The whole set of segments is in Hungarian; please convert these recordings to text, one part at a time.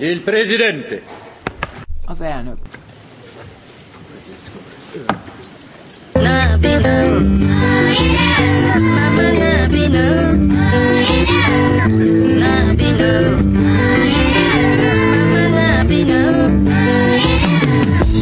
Il presidente. Az elnök. Love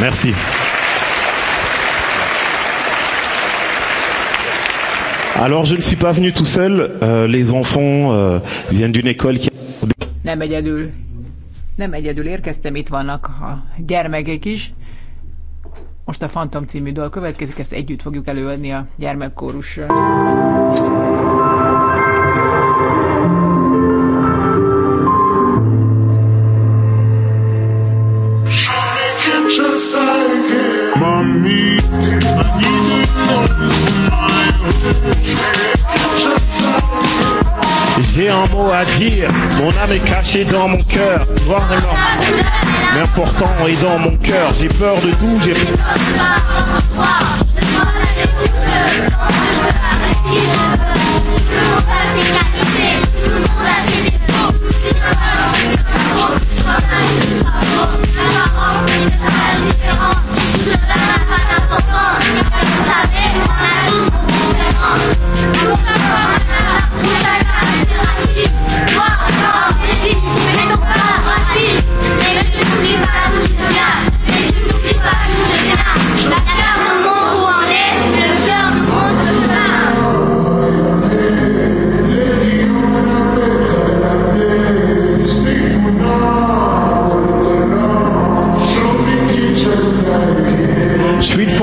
Merci. Alors je ne suis pas venu tout seul. Euh, les enfants euh, viennent d'une école qui. Nem egyedül. Nem egyedül érkeztem, itt vannak a gyermekek is. Most a Fantom című dal következik, ezt együtt fogjuk előadni a gyermekkórussal. J'ai un mot à dire, mon âme est cachée dans mon cœur, noir et blanc. Mais important est dans mon cœur, j'ai peur de tout, j'ai peur. Différence ciao.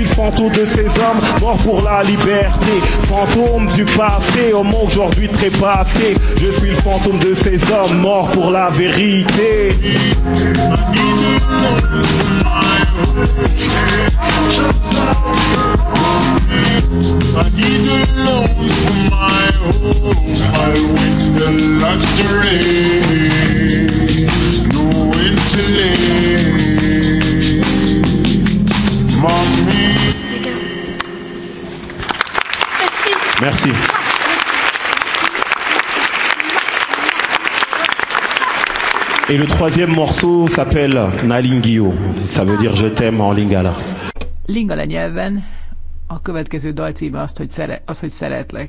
suis le fantôme de ces hommes morts pour la liberté. Fantôme du passé, homme aujourd'hui très passé. Je suis le fantôme de ces hommes morts pour la vérité. I need a loan from my home. I win the lottery. No intellect. Mommy. Merci. Et le troisième morceau s'appelle Nalingio. Ça veut dire je t'aime en lingala. Lingala nyelven a következő dal címe az, hogy, szere, az, hogy szeretlek.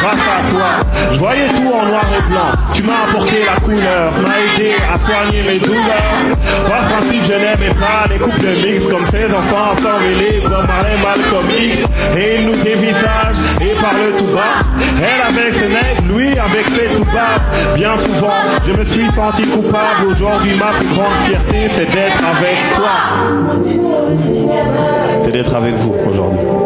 grâce à toi. Je voyais tout en noir et blanc. Tu m'as apporté la couleur, m'as aidé à soigner mes douleurs. Par principe, je n'aimais pas les couples de mix comme ces enfants sans vélé, comme Marin mal comme Et il nous dévisage et parle tout bas. Elle avec ses nègres, lui avec ses tout bas. Bien souvent, je me suis senti coupable. Aujourd'hui, ma plus grande fierté, c'est d'être avec toi. C'est d'être avec vous aujourd'hui.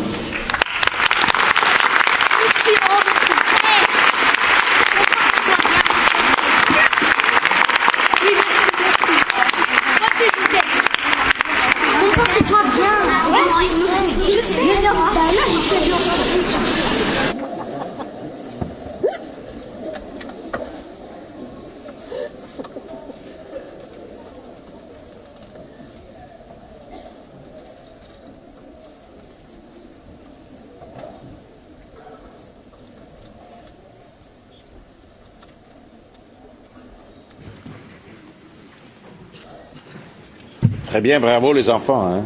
Très eh bien, bravo les enfants. Hein?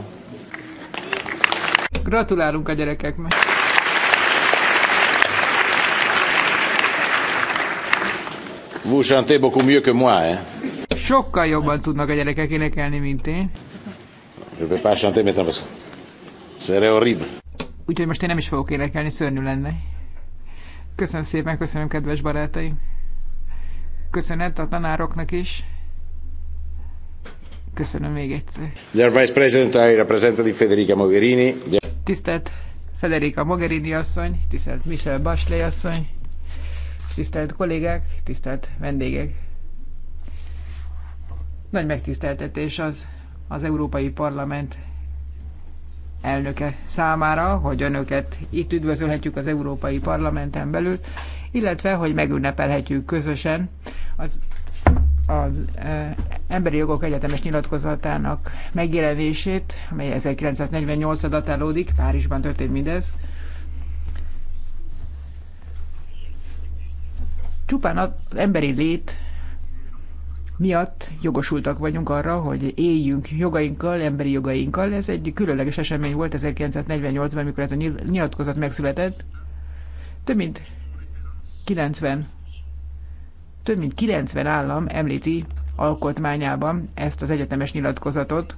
Gratulálunk a gyerekeknek. Vous chantez beaucoup mieux que moi, hein? Sokkal jobban tudnak a gyerekek énekelni, mint én. Je vais pas chanter maintenant parce que c'est horrible. Úgyhogy most én nem is fogok énekelni, szörnyű lenne. Köszönöm szépen, köszönöm kedves barátaim. Köszönet a tanároknak is. Köszönöm még egyszer. Dear Vice President, I representative Federica Mogherini. Tisztelt Federica Mogherini asszony, tisztelt Michel Bachelet asszony, tisztelt kollégák, tisztelt vendégek. Nagy megtiszteltetés az az Európai Parlament elnöke számára, hogy önöket itt üdvözölhetjük az Európai Parlamenten belül, illetve hogy megünnepelhetjük közösen az az e, Emberi Jogok Egyetemes Nyilatkozatának megjelenését, amely 1948-ra datálódik, Párizsban történt mindez. Csupán az emberi lét miatt jogosultak vagyunk arra, hogy éljünk jogainkkal, emberi jogainkkal. Ez egy különleges esemény volt 1948-ban, mikor ez a nyilatkozat megszületett. Több mint 90 több mint 90 állam említi alkotmányában ezt az egyetemes nyilatkozatot.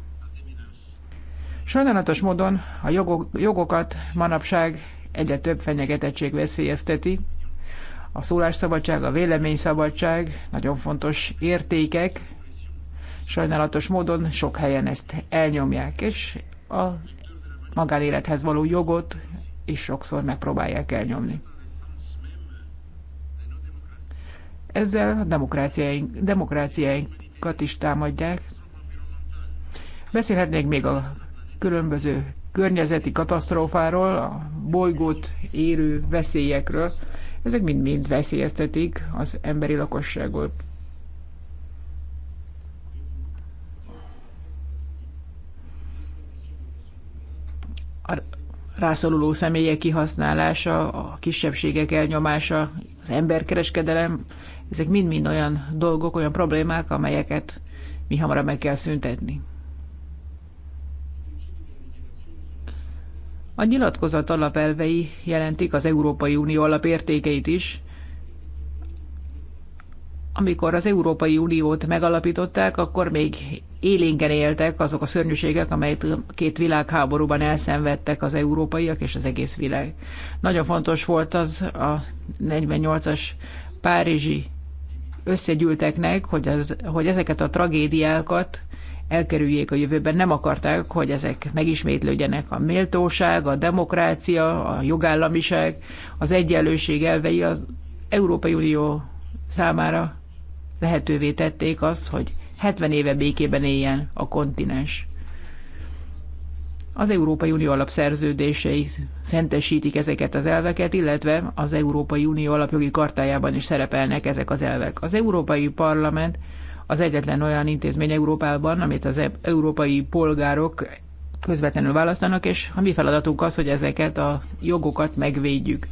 Sajnálatos módon a jogok, jogokat manapság egyre több fenyegetettség veszélyezteti. A szólásszabadság, a véleményszabadság nagyon fontos értékek. Sajnálatos módon sok helyen ezt elnyomják, és a magánélethez való jogot is sokszor megpróbálják elnyomni. ezzel a demokráciáink, demokráciáinkat is támadják. Beszélhetnék még a különböző környezeti katasztrófáról, a bolygót érő veszélyekről. Ezek mind-mind veszélyeztetik az emberi lakosságot. A rászoruló személyek kihasználása, a kisebbségek elnyomása, az emberkereskedelem ezek mind-mind olyan dolgok, olyan problémák, amelyeket mi hamarabb meg kell szüntetni. A nyilatkozat alapelvei jelentik az Európai Unió alapértékeit is. Amikor az Európai Uniót megalapították, akkor még élénken éltek azok a szörnyűségek, amelyet a két világháborúban elszenvedtek az európaiak és az egész világ. Nagyon fontos volt az a 48-as párizsi összegyűlteknek, hogy, az, hogy ezeket a tragédiákat elkerüljék a jövőben. Nem akarták, hogy ezek megismétlődjenek. A méltóság, a demokrácia, a jogállamiság, az egyenlőség elvei az Európai Unió számára lehetővé tették azt, hogy 70 éve békében éljen a kontinens. Az Európai Unió alapszerződései szentesítik ezeket az elveket, illetve az Európai Unió alapjogi kartájában is szerepelnek ezek az elvek. Az Európai Parlament az egyetlen olyan intézmény Európában, amit az e- európai polgárok közvetlenül választanak, és a mi feladatunk az, hogy ezeket a jogokat megvédjük.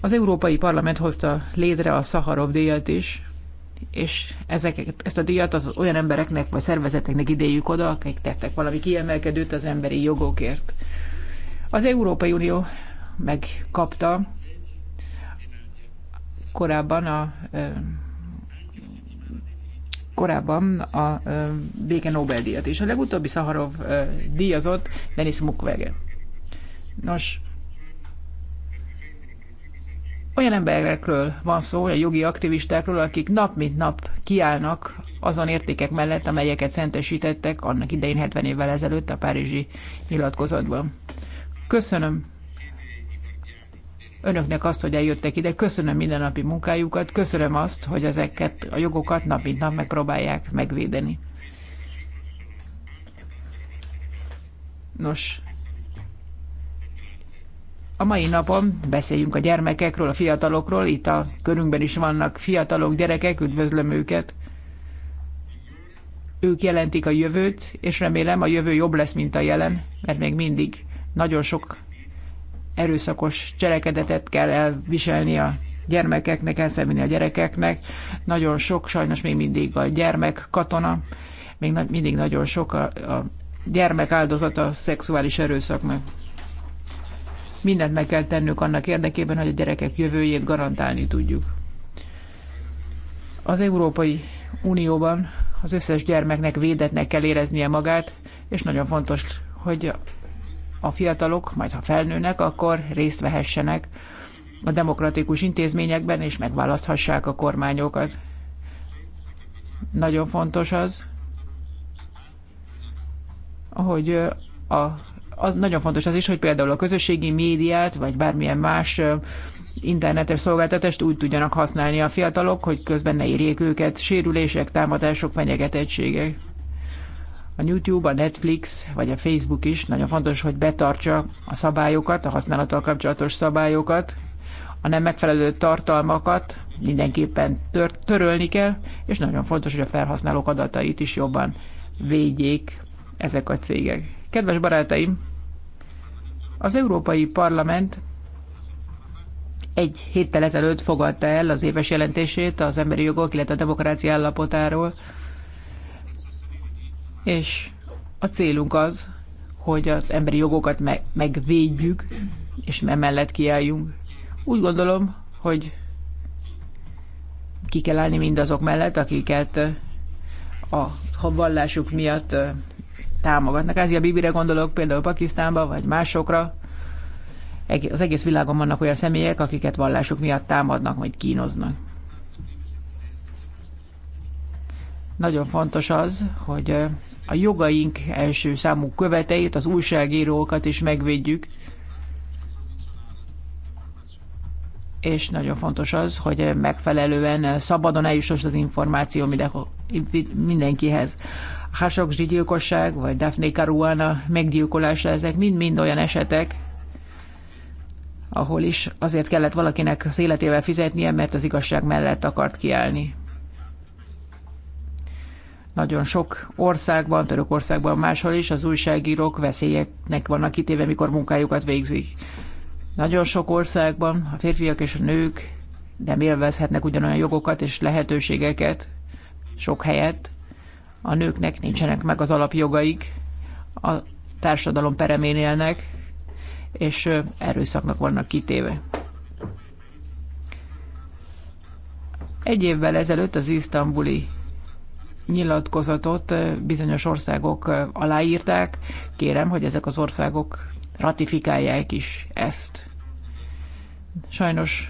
Az Európai Parlament hozta létre a Szaharov díjat is, és ezek, ezt a díjat az olyan embereknek vagy szervezeteknek idéjük oda, akik tettek valami kiemelkedőt az emberi jogokért. Az Európai Unió megkapta korábban a korábban a béke Nobel-díjat, és a legutóbbi Szaharov díjazott Denis Mukwege. Nos, olyan emberekről van szó, olyan jogi aktivistákról, akik nap mint nap kiállnak azon értékek mellett, amelyeket szentesítettek annak idején 70 évvel ezelőtt a Párizsi nyilatkozatban. Köszönöm önöknek azt, hogy eljöttek ide, köszönöm minden napi munkájukat, köszönöm azt, hogy ezeket a jogokat nap mint nap megpróbálják megvédeni. Nos, a mai napon beszéljünk a gyermekekről, a fiatalokról, itt a körünkben is vannak fiatalok, gyerekek, üdvözlöm őket. Ők jelentik a jövőt, és remélem a jövő jobb lesz, mint a jelen, mert még mindig nagyon sok erőszakos cselekedetet kell elviselni a gyermekeknek, elszenvedni a gyerekeknek. Nagyon sok, sajnos még mindig a gyermek katona, még mindig nagyon sok a, a gyermek áldozata a szexuális erőszaknak. Mindent meg kell tennünk annak érdekében, hogy a gyerekek jövőjét garantálni tudjuk. Az Európai Unióban az összes gyermeknek védetnek kell éreznie magát, és nagyon fontos, hogy a fiatalok, majd ha felnőnek, akkor részt vehessenek a demokratikus intézményekben, és megválaszthassák a kormányokat. Nagyon fontos az, hogy a az nagyon fontos az is, hogy például a közösségi médiát, vagy bármilyen más internetes szolgáltatást úgy tudjanak használni a fiatalok, hogy közben ne érjék őket sérülések, támadások, fenyegetettségek. A YouTube, a Netflix vagy a Facebook is nagyon fontos, hogy betartsa a szabályokat, a használattal kapcsolatos szabályokat, a nem megfelelő tartalmakat mindenképpen tör- törölni kell, és nagyon fontos, hogy a felhasználók adatait is jobban védjék ezek a cégek. Kedves barátaim, az Európai Parlament egy héttel ezelőtt fogadta el az éves jelentését az emberi jogok, illetve a demokrácia állapotáról, és a célunk az, hogy az emberi jogokat meg, megvédjük, és emellett kiálljunk. Úgy gondolom, hogy ki kell állni mindazok mellett, akiket a vallásuk miatt támogatnak. Ázia Bibire gondolok, például Pakisztánba, vagy másokra. Az egész világon vannak olyan személyek, akiket vallásuk miatt támadnak, vagy kínoznak. Nagyon fontos az, hogy a jogaink első számú követeit, az újságírókat is megvédjük, és nagyon fontos az, hogy megfelelően szabadon eljussos az információ mindenkihez. Khashoggi gyilkosság, vagy Daphne Caruana meggyilkolása, ezek mind-mind olyan esetek, ahol is azért kellett valakinek az életével fizetnie, mert az igazság mellett akart kiállni. Nagyon sok országban, Törökországban, máshol is az újságírók veszélyeknek vannak kitéve, mikor munkájukat végzik. Nagyon sok országban a férfiak és a nők nem élvezhetnek ugyanolyan jogokat és lehetőségeket sok helyet, a nőknek nincsenek meg az alapjogaik, a társadalom peremén élnek, és erőszaknak vannak kitéve. Egy évvel ezelőtt az isztambuli nyilatkozatot bizonyos országok aláírták. Kérem, hogy ezek az országok ratifikálják is ezt. Sajnos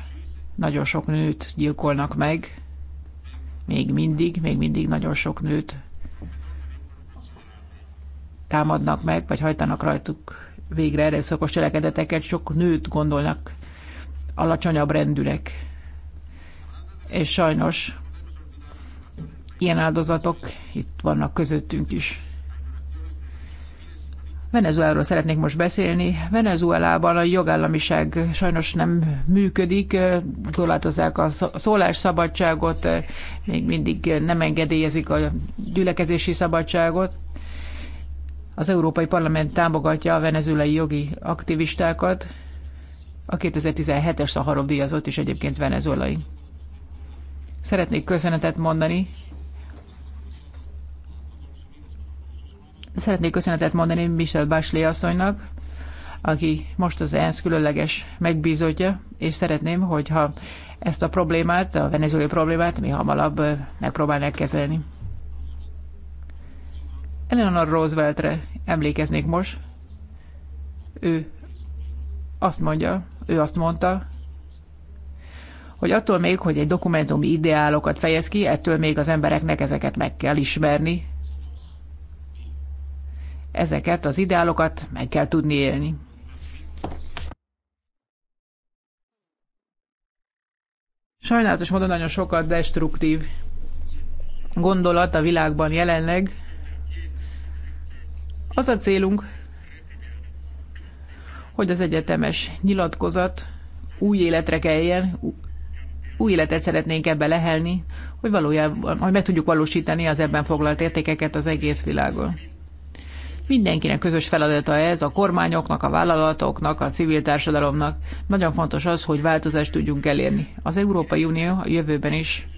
nagyon sok nőt gyilkolnak meg, még mindig, még mindig nagyon sok nőt támadnak meg, vagy hajtanak rajtuk végre erőszakos cselekedeteket, sok nőt gondolnak alacsonyabb rendűnek. És sajnos ilyen áldozatok itt vannak közöttünk is. Venezuelról szeretnék most beszélni. Venezuelában a jogállamiság sajnos nem működik, korlátozzák a szólásszabadságot, még mindig nem engedélyezik a gyülekezési szabadságot. Az Európai Parlament támogatja a venezuelai jogi aktivistákat, a 2017-es Szaharov díjazott is egyébként venezuelai. Szeretnék köszönetet mondani. Szeretnék köszönetet mondani Michel Bachelet asszonynak, aki most az ENSZ különleges megbízottja, és szeretném, hogyha ezt a problémát, a venezuelai problémát mi hamarabb megpróbálnák kezelni. Eleanor Rooseveltre emlékeznék most. Ő azt mondja, ő azt mondta, hogy attól még, hogy egy dokumentum ideálokat fejez ki, ettől még az embereknek ezeket meg kell ismerni. Ezeket az ideálokat meg kell tudni élni. Sajnálatos módon nagyon sokat destruktív gondolat a világban jelenleg, az a célunk, hogy az egyetemes nyilatkozat új életre keljen, új életet szeretnénk ebbe lehelni, hogy valójában, hogy meg tudjuk valósítani az ebben foglalt értékeket az egész világon. Mindenkinek közös feladata ez, a kormányoknak, a vállalatoknak, a civil társadalomnak. Nagyon fontos az, hogy változást tudjunk elérni. Az Európai Unió a jövőben is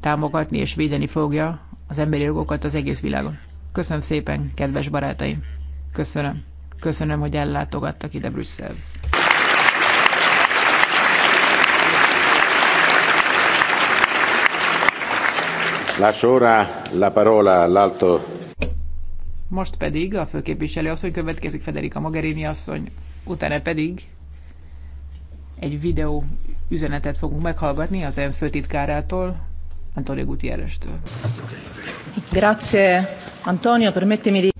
támogatni és védeni fogja az emberi jogokat az egész világon. Köszönöm szépen, kedves barátaim. Köszönöm. Köszönöm, hogy ellátogattak ide Brüsszel. Lascio ora la parola all'alto. Most pedig a főképviselő asszony következik, Federica Mogherini asszony, utána pedig egy videó üzenetet fogunk meghallgatni az ENSZ főtitkárától, Antonio gutierrez Grazie. Antonio, permettimi di...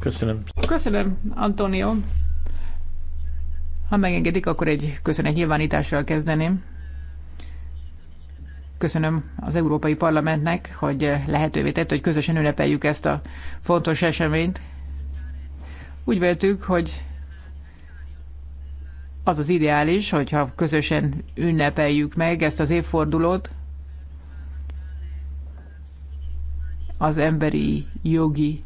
Köszönöm. Köszönöm, Antonio. Ha megengedik, akkor egy köszönet nyilvánítással kezdeném. Köszönöm az Európai Parlamentnek, hogy lehetővé tett, hogy közösen ünnepeljük ezt a fontos eseményt. Úgy véltük, hogy az az ideális, hogyha közösen ünnepeljük meg ezt az évfordulót, az emberi jogi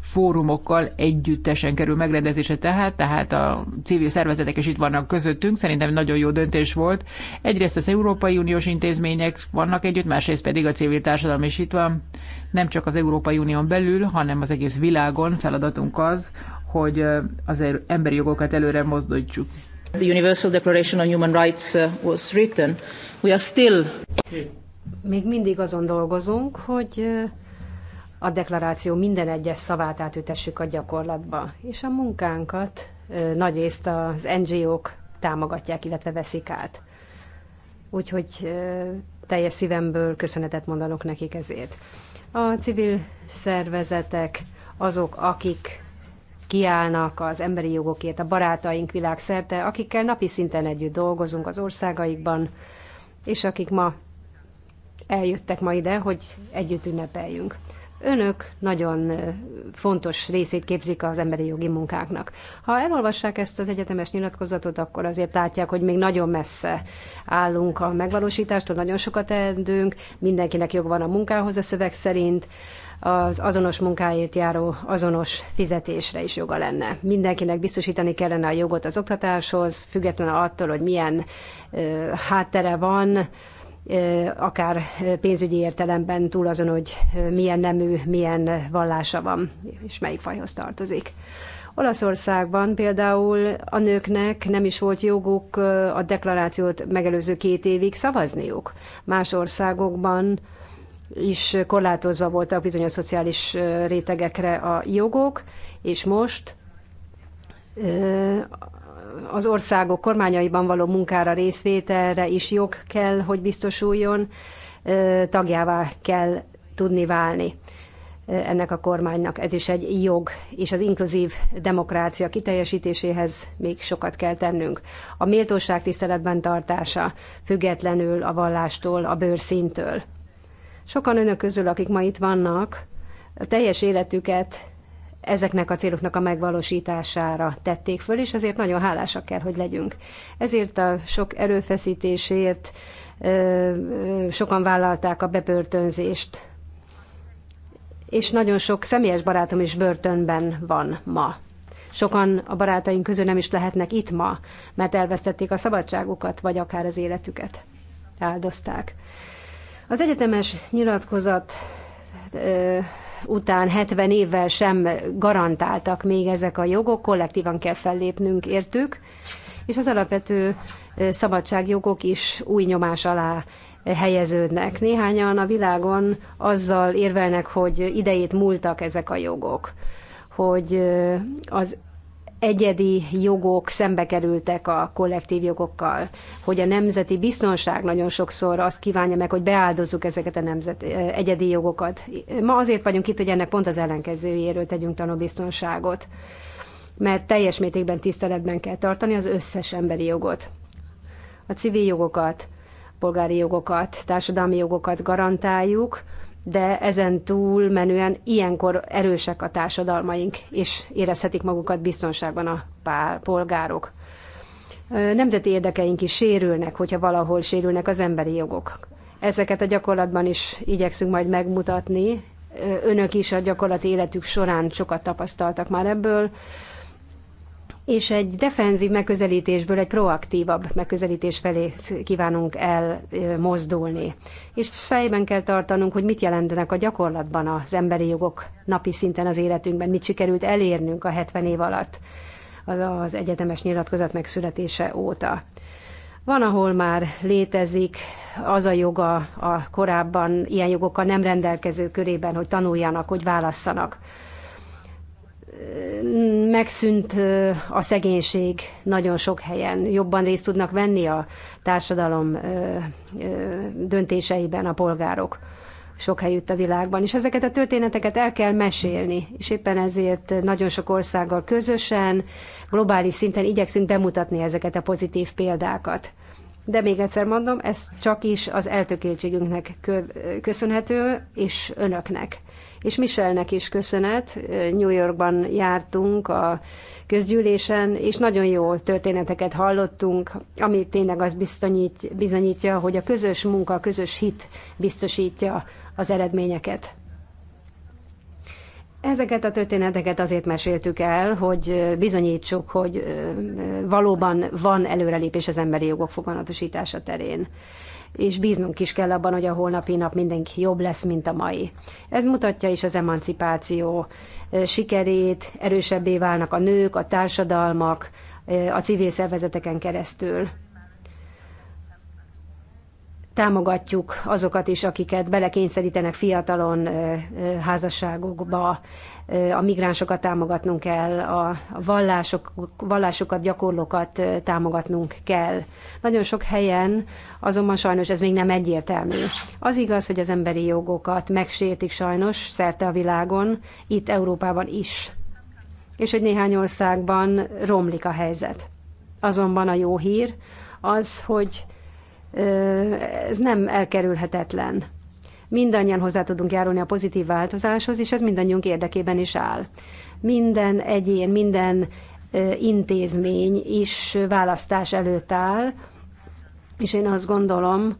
fórumokkal együttesen kerül megrendezése tehát, tehát a civil szervezetek is itt vannak közöttünk, szerintem nagyon jó döntés volt. Egyrészt az Európai Uniós intézmények vannak együtt, másrészt pedig a civil társadalom is itt van. Nem csak az Európai Unión belül, hanem az egész világon feladatunk az, hogy eh, az er- emberi jogokat előre mozdítsuk. The Universal Declaration on Human Rights eh, was written. We are still... Még mindig azon dolgozunk, hogy eh, a deklaráció minden egyes szavát átütessük a gyakorlatba. És a munkánkat nagy részt az NGO-k támogatják, illetve veszik át. Úgyhogy teljes szívemből köszönetet mondanok nekik ezért. A civil szervezetek azok, akik kiállnak az emberi jogokért, a barátaink világszerte, akikkel napi szinten együtt dolgozunk az országaikban, és akik ma eljöttek ma ide, hogy együtt ünnepeljünk. Önök nagyon fontos részét képzik az emberi jogi munkáknak. Ha elolvassák ezt az egyetemes nyilatkozatot, akkor azért látják, hogy még nagyon messze állunk a megvalósítástól, nagyon sokat teendünk, mindenkinek jog van a munkához a szöveg szerint, az azonos munkáért járó azonos fizetésre is joga lenne. Mindenkinek biztosítani kellene a jogot az oktatáshoz, függetlenül attól, hogy milyen ö, háttere van, akár pénzügyi értelemben túl azon, hogy milyen nemű, milyen vallása van, és melyik fajhoz tartozik. Olaszországban például a nőknek nem is volt joguk a deklarációt megelőző két évig szavazniuk. Más országokban is korlátozva voltak bizonyos szociális rétegekre a jogok, és most az országok kormányaiban való munkára részvételre is jog kell, hogy biztosuljon, tagjává kell tudni válni ennek a kormánynak. Ez is egy jog, és az inkluzív demokrácia kiteljesítéséhez még sokat kell tennünk. A méltóság tiszteletben tartása függetlenül a vallástól, a bőrszintől. Sokan önök közül, akik ma itt vannak, a teljes életüket ezeknek a céloknak a megvalósítására tették föl, és ezért nagyon hálásak kell, hogy legyünk. Ezért a sok erőfeszítésért sokan vállalták a bebörtönzést, és nagyon sok személyes barátom is börtönben van ma. Sokan a barátaink közül nem is lehetnek itt ma, mert elvesztették a szabadságukat, vagy akár az életüket. Áldozták. Az egyetemes nyilatkozat után 70 évvel sem garantáltak még ezek a jogok, kollektívan kell fellépnünk értük, és az alapvető szabadságjogok is új nyomás alá helyeződnek. Néhányan a világon azzal érvelnek, hogy idejét múltak ezek a jogok, hogy az egyedi jogok szembe kerültek a kollektív jogokkal, hogy a nemzeti biztonság nagyon sokszor azt kívánja meg, hogy beáldozzuk ezeket a nemzet, egyedi jogokat. Ma azért vagyunk itt, hogy ennek pont az ellenkezőjéről tegyünk tanúbiztonságot, mert teljes mértékben tiszteletben kell tartani az összes emberi jogot, a civil jogokat, polgári jogokat, társadalmi jogokat garantáljuk, de ezen túl menően ilyenkor erősek a társadalmaink, és érezhetik magukat biztonságban a pár, polgárok. Nemzeti érdekeink is sérülnek, hogyha valahol sérülnek az emberi jogok. Ezeket a gyakorlatban is igyekszünk majd megmutatni. Önök is a gyakorlati életük során sokat tapasztaltak már ebből és egy defenzív megközelítésből egy proaktívabb megközelítés felé kívánunk elmozdulni. És fejben kell tartanunk, hogy mit jelentenek a gyakorlatban az emberi jogok napi szinten az életünkben, mit sikerült elérnünk a 70 év alatt az, az egyetemes nyilatkozat megszületése óta. Van, ahol már létezik az a joga a korábban ilyen jogokkal nem rendelkező körében, hogy tanuljanak, hogy válasszanak megszűnt a szegénység nagyon sok helyen, jobban részt tudnak venni a társadalom döntéseiben a polgárok sok helyütt a világban, és ezeket a történeteket el kell mesélni, és éppen ezért nagyon sok országgal közösen, globális szinten igyekszünk bemutatni ezeket a pozitív példákat. De még egyszer mondom, ez csak is az eltökéltségünknek köszönhető, és önöknek és Michelnek is köszönet. New Yorkban jártunk a közgyűlésen, és nagyon jó történeteket hallottunk, ami tényleg azt bizonyít, bizonyítja, hogy a közös munka, a közös hit biztosítja az eredményeket. Ezeket a történeteket azért meséltük el, hogy bizonyítsuk, hogy valóban van előrelépés az emberi jogok foganatosítása terén és bíznunk is kell abban, hogy a holnapi nap mindenki jobb lesz, mint a mai. Ez mutatja is az emancipáció sikerét, erősebbé válnak a nők, a társadalmak, a civil szervezeteken keresztül támogatjuk azokat is, akiket belekényszerítenek fiatalon házasságokba, a migránsokat támogatnunk kell, a vallások, vallásokat, gyakorlókat támogatnunk kell. Nagyon sok helyen azonban sajnos ez még nem egyértelmű. Az igaz, hogy az emberi jogokat megsértik sajnos szerte a világon, itt Európában is. És hogy néhány országban romlik a helyzet. Azonban a jó hír az, hogy ez nem elkerülhetetlen. Mindannyian hozzá tudunk járulni a pozitív változáshoz, és ez mindannyiunk érdekében is áll. Minden egyén, minden intézmény is választás előtt áll, és én azt gondolom,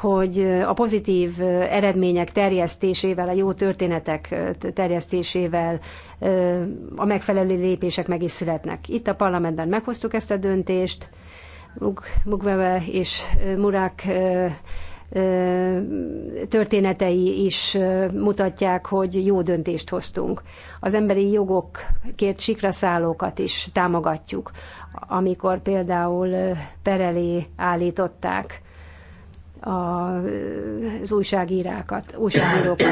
hogy a pozitív eredmények terjesztésével, a jó történetek terjesztésével a megfelelő lépések meg is születnek. Itt a parlamentben meghoztuk ezt a döntést, Mugveve és Murák történetei is mutatják, hogy jó döntést hoztunk. Az emberi jogokért sikraszállókat is támogatjuk, amikor például perelé állították az újságírákat, újságírókat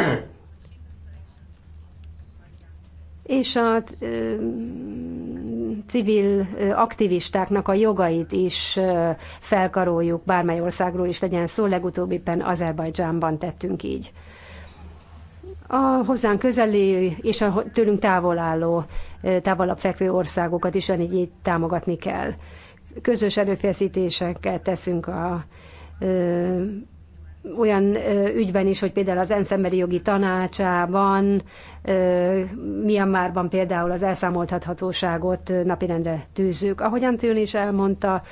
és a civil aktivistáknak a jogait is felkaroljuk, bármely országról is legyen szó, legutóbb éppen Azerbajdzsánban tettünk így. A hozzánk közeli és a tőlünk távol álló, távolabb fekvő országokat is így, így támogatni kell. Közös erőfeszítéseket teszünk a olyan ügyben is, hogy például az ENSZ emberi jogi tanácsában, Myanmarban például az elszámoltathatóságot napirendre tűzzük. Ahogyan Tűn is elmondta,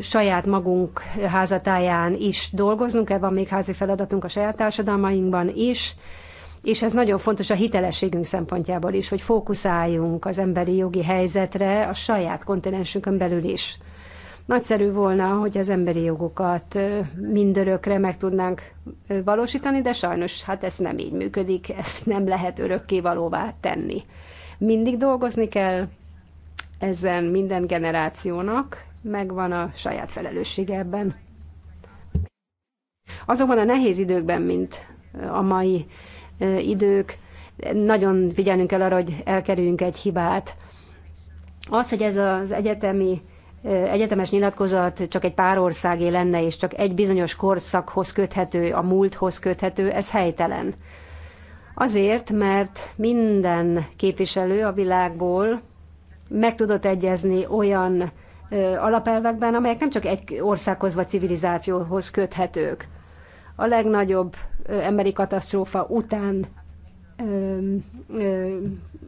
saját magunk házatáján is dolgoznunk, ebben van még házi feladatunk a saját társadalmainkban is, és ez nagyon fontos a hitelességünk szempontjából is, hogy fókuszáljunk az emberi jogi helyzetre a saját kontinensünkön belül is. Nagyszerű volna, hogy az emberi jogokat mindörökre meg tudnánk valósítani, de sajnos hát ez nem így működik, ezt nem lehet örökké valóvá tenni. Mindig dolgozni kell, ezen minden generációnak megvan a saját felelőssége ebben. Azokban a nehéz időkben, mint a mai idők, nagyon figyelnünk kell arra, hogy elkerüljünk egy hibát. Az, hogy ez az egyetemi egyetemes nyilatkozat csak egy pár országé lenne, és csak egy bizonyos korszakhoz köthető, a múlthoz köthető, ez helytelen. Azért, mert minden képviselő a világból meg tudott egyezni olyan alapelvekben, amelyek nem csak egy országhoz vagy civilizációhoz köthetők. A legnagyobb emberi katasztrófa után ö, ö,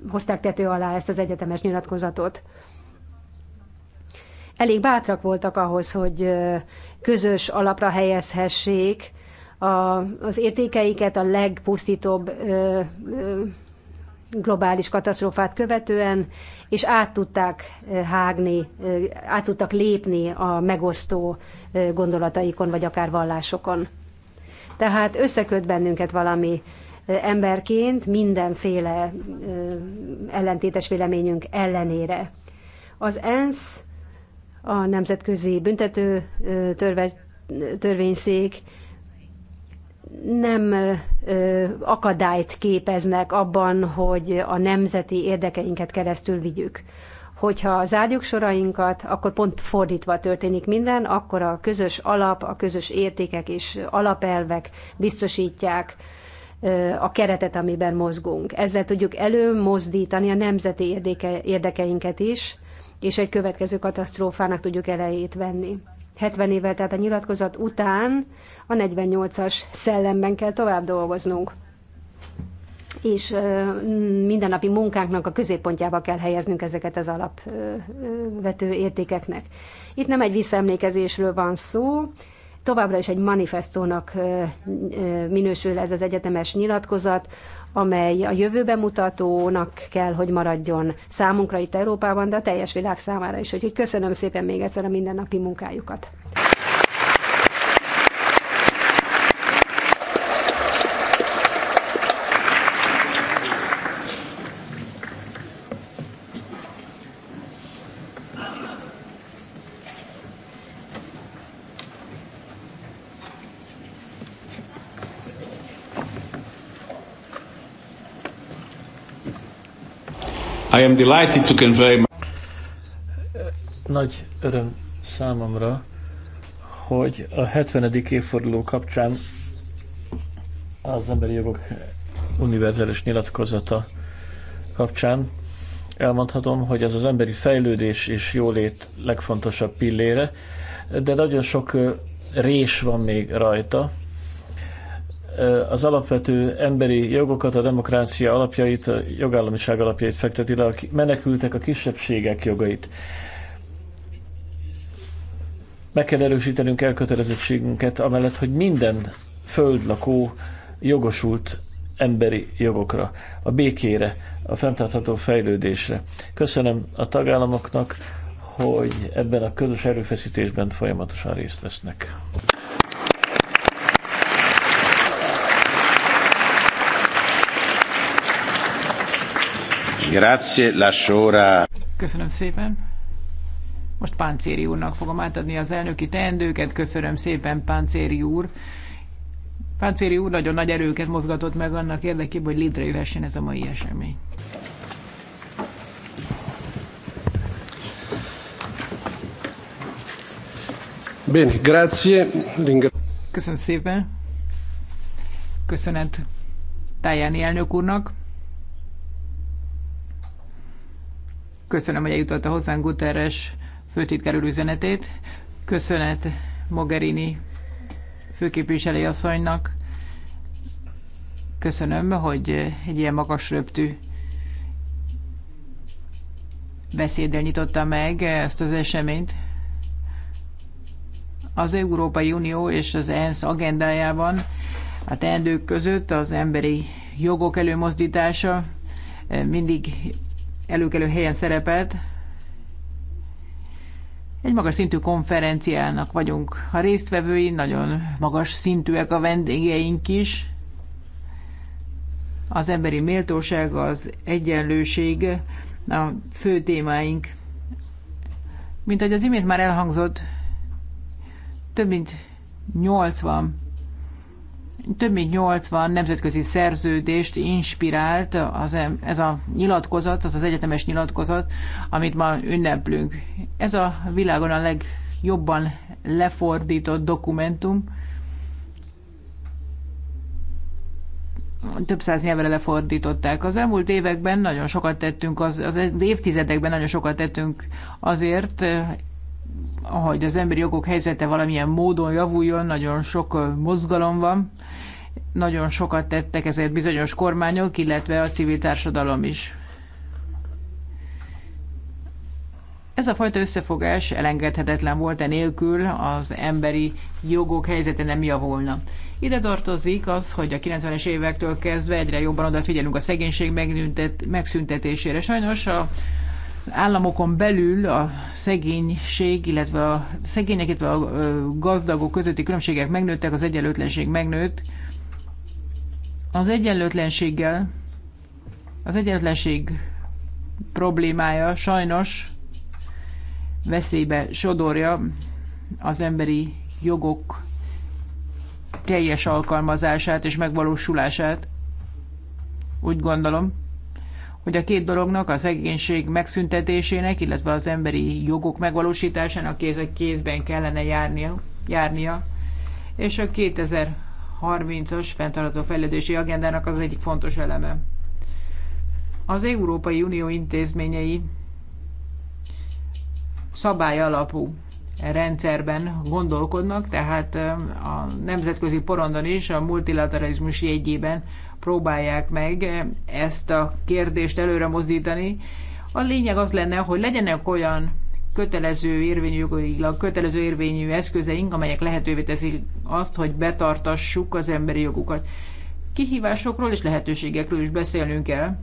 hozták tető alá ezt az egyetemes nyilatkozatot elég bátrak voltak ahhoz, hogy közös alapra helyezhessék a, az értékeiket a legpusztítóbb ö, ö, globális katasztrófát követően, és át tudták hágni, át tudtak lépni a megosztó gondolataikon, vagy akár vallásokon. Tehát összeköt bennünket valami emberként mindenféle ellentétes véleményünk ellenére. Az ENSZ a Nemzetközi Büntető Törvényszék nem akadályt képeznek abban, hogy a nemzeti érdekeinket keresztül vigyük. Hogyha zárjuk sorainkat, akkor pont fordítva történik minden, akkor a közös alap, a közös értékek és alapelvek biztosítják a keretet, amiben mozgunk. Ezzel tudjuk előmozdítani a nemzeti érdeke, érdekeinket is, és egy következő katasztrófának tudjuk elejét venni. 70 évvel, tehát a nyilatkozat után a 48-as szellemben kell tovább dolgoznunk. És mindennapi munkánknak a középpontjába kell helyeznünk ezeket az alapvető értékeknek. Itt nem egy visszaemlékezésről van szó, továbbra is egy manifestónak minősül ez az egyetemes nyilatkozat, amely a jövőben mutatónak kell, hogy maradjon számunkra itt Európában, de a teljes világ számára is. Úgyhogy köszönöm szépen még egyszer a mindennapi munkájukat. I am delighted to convey my... Nagy öröm számomra, hogy a 70. évforduló kapcsán az Emberi Jogok Univerzális Nyilatkozata kapcsán elmondhatom, hogy ez az emberi fejlődés és jólét legfontosabb pillére, de nagyon sok rés van még rajta, az alapvető emberi jogokat, a demokrácia alapjait, a jogállamiság alapjait fekteti le, a menekültek a kisebbségek jogait. Meg kell erősítenünk elkötelezettségünket, amellett, hogy minden földlakó jogosult emberi jogokra, a békére, a fenntartható fejlődésre. Köszönöm a tagállamoknak, hogy ebben a közös erőfeszítésben folyamatosan részt vesznek. Grazie, lascio ora. Köszönöm szépen. Most Páncéri úrnak fogom átadni az elnöki teendőket. Köszönöm szépen, Páncéri úr. Páncéri úr nagyon nagy erőket mozgatott meg annak érdekében, hogy létrejöhessen ez a mai esemény. Bene, grazie. Köszönöm szépen. Köszönet Tájáni elnök úrnak. Köszönöm, hogy eljutott a hozzánk Guterres főtitkerül üzenetét. Köszönet Mogherini főképviselő asszonynak. Köszönöm, hogy egy ilyen magas röptű beszéddel nyitotta meg ezt az eseményt. Az Európai Unió és az ENSZ agendájában a teendők között az emberi jogok előmozdítása mindig előkelő helyen szerepelt. Egy magas szintű konferenciának vagyunk a résztvevői, nagyon magas szintűek a vendégeink is. Az emberi méltóság, az egyenlőség a fő témáink. Mint ahogy az imént már elhangzott, több mint 80 több mint 80 nemzetközi szerződést inspirált az, ez a nyilatkozat, az az egyetemes nyilatkozat, amit ma ünneplünk. Ez a világon a legjobban lefordított dokumentum, több száz nyelvre lefordították. Az elmúlt években nagyon sokat tettünk, az, az évtizedekben nagyon sokat tettünk azért, ahogy az emberi jogok helyzete valamilyen módon javuljon, nagyon sok mozgalom van, nagyon sokat tettek ezért bizonyos kormányok, illetve a civil társadalom is. Ez a fajta összefogás elengedhetetlen volt, enélkül az emberi jogok helyzete nem javulna. Ide tartozik az, hogy a 90-es évektől kezdve egyre jobban odafigyelünk a szegénység megszüntetésére. Sajnos a államokon belül a szegénység, illetve a szegények, illetve a gazdagok közötti különbségek megnőttek, az egyenlőtlenség megnőtt. Az egyenlőtlenséggel, az egyenlőtlenség problémája sajnos veszélybe sodorja az emberi jogok teljes alkalmazását és megvalósulását. Úgy gondolom, hogy a két dolognak, a szegénység megszüntetésének, illetve az emberi jogok megvalósításának kézek kézben kellene járnia, járnia. és a 2030-as fenntartható fejlődési agendának az egyik fontos eleme. Az Európai Unió intézményei szabály alapú rendszerben gondolkodnak, tehát a nemzetközi porondon is a multilateralizmus jegyében próbálják meg ezt a kérdést előre mozdítani. A lényeg az lenne, hogy legyenek olyan kötelező érvényű, kötelező érvényű eszközeink, amelyek lehetővé teszik azt, hogy betartassuk az emberi jogukat. Kihívásokról és lehetőségekről is beszélnünk kell.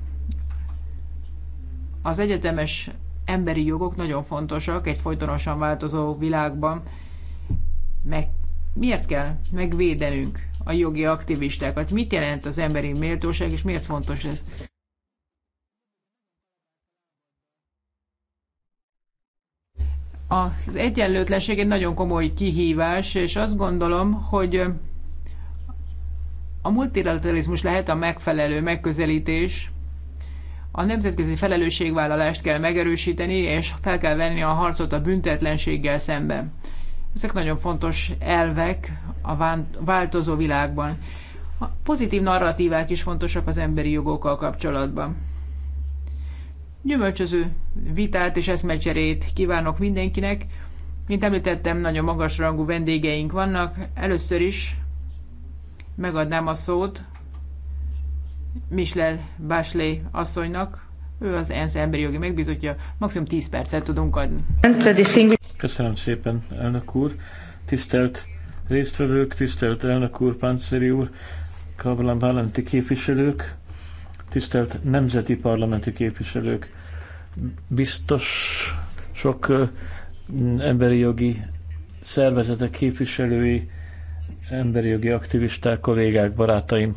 Az egyetemes emberi jogok nagyon fontosak egy folytonosan változó világban. Meg, miért kell megvédenünk a jogi aktivistákat? Mit jelent az emberi méltóság, és miért fontos ez? Az egyenlőtlenség egy nagyon komoly kihívás, és azt gondolom, hogy a multilateralizmus lehet a megfelelő megközelítés, a nemzetközi felelősségvállalást kell megerősíteni, és fel kell venni a harcot a büntetlenséggel szemben. Ezek nagyon fontos elvek a változó világban. A pozitív narratívák is fontosak az emberi jogokkal kapcsolatban. Gyümölcsöző vitát és eszmecserét kívánok mindenkinek. Mint említettem, nagyon magas rangú vendégeink vannak. Először is megadnám a szót Michel Bachelet asszonynak, ő az ENSZ emberi jogi megbízottja, maximum 10 percet tudunk adni. Köszönöm szépen, elnök úr. Tisztelt résztvevők, tisztelt elnök úr, Pánceri úr, Kablan parlamenti képviselők, tisztelt nemzeti parlamenti képviselők, biztos sok emberi jogi szervezetek képviselői, emberi jogi aktivisták, kollégák, barátaim.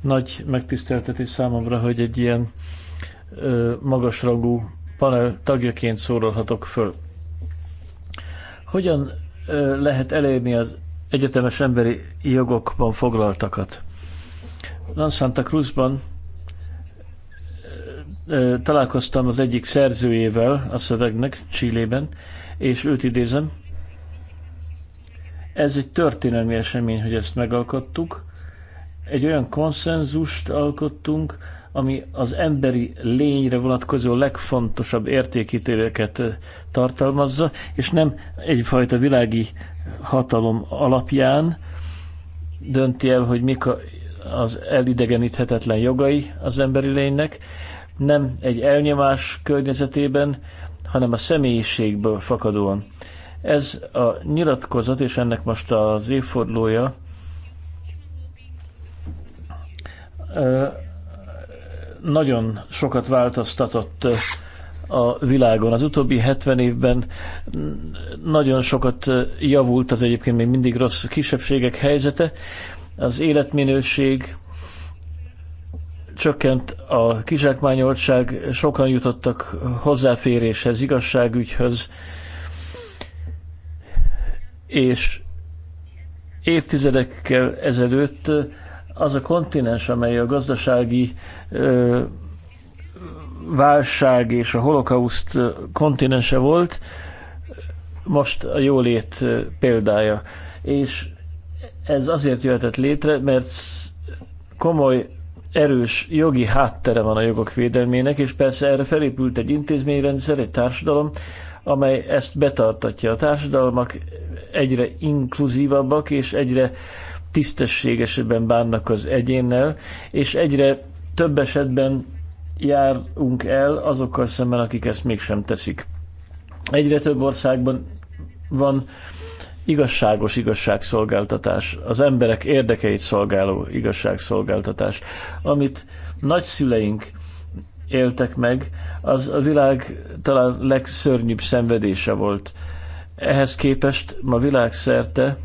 Nagy megtiszteltetés számomra, hogy egy ilyen magasrangú panel tagjaként szólalhatok föl. Hogyan lehet elérni az egyetemes emberi jogokban foglaltakat? Lan Santa Cruzban találkoztam az egyik szerzőjével a szövegnek, Csillében, és őt idézem. Ez egy történelmi esemény, hogy ezt megalkottuk egy olyan konszenzust alkottunk, ami az emberi lényre vonatkozó legfontosabb értékítéleket eh, tartalmazza, és nem egyfajta világi hatalom alapján dönti el, hogy mik a, az elidegeníthetetlen jogai az emberi lénynek, nem egy elnyomás környezetében, hanem a személyiségből fakadóan. Ez a nyilatkozat, és ennek most az évfordulója, nagyon sokat változtatott a világon. Az utóbbi 70 évben nagyon sokat javult az egyébként még mindig rossz kisebbségek helyzete. Az életminőség csökkent a kizsákmányoltság, sokan jutottak hozzáféréshez, igazságügyhöz, és évtizedekkel ezelőtt az a kontinens, amely a gazdasági ö, válság és a holokauszt kontinense volt, most a jólét példája. És ez azért jöhetett létre, mert komoly, erős jogi háttere van a jogok védelmének, és persze erre felépült egy intézményrendszer, egy társadalom, amely ezt betartatja. A társadalmak egyre inkluzívabbak és egyre uh, tisztességesebben bánnak az egyénnel, és egyre több esetben járunk el azokkal szemben, akik ezt mégsem teszik. Egyre több országban van igazságos igazságszolgáltatás, az emberek érdekeit szolgáló igazságszolgáltatás. Amit nagyszüleink éltek meg, az a világ talán legszörnyűbb szenvedése volt. Ehhez képest ma világszerte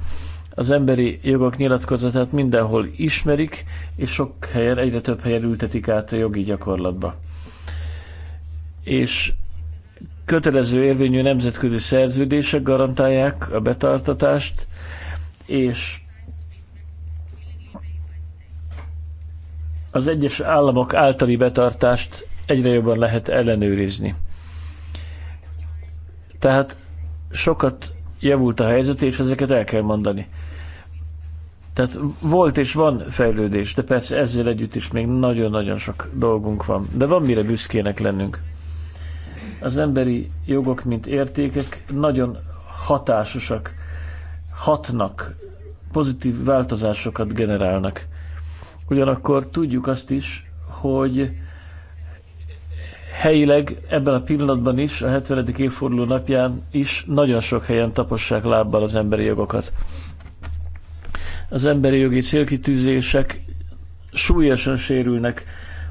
az emberi jogok nyilatkozatát mindenhol ismerik, és sok helyen, egyre több helyen ültetik át a jogi gyakorlatba. És kötelező érvényű nemzetközi szerződések garantálják a betartatást, és az egyes államok általi betartást egyre jobban lehet ellenőrizni. Tehát sokat javult a helyzet, és ezeket el kell mondani. Tehát volt és van fejlődés, de persze ezzel együtt is még nagyon-nagyon sok dolgunk van. De van mire büszkének lennünk. Az emberi jogok, mint értékek nagyon hatásosak, hatnak, pozitív változásokat generálnak. Ugyanakkor tudjuk azt is, hogy helyileg ebben a pillanatban is, a 70. évforduló napján is nagyon sok helyen tapossák lábbal az emberi jogokat az emberi jogi célkitűzések súlyosan sérülnek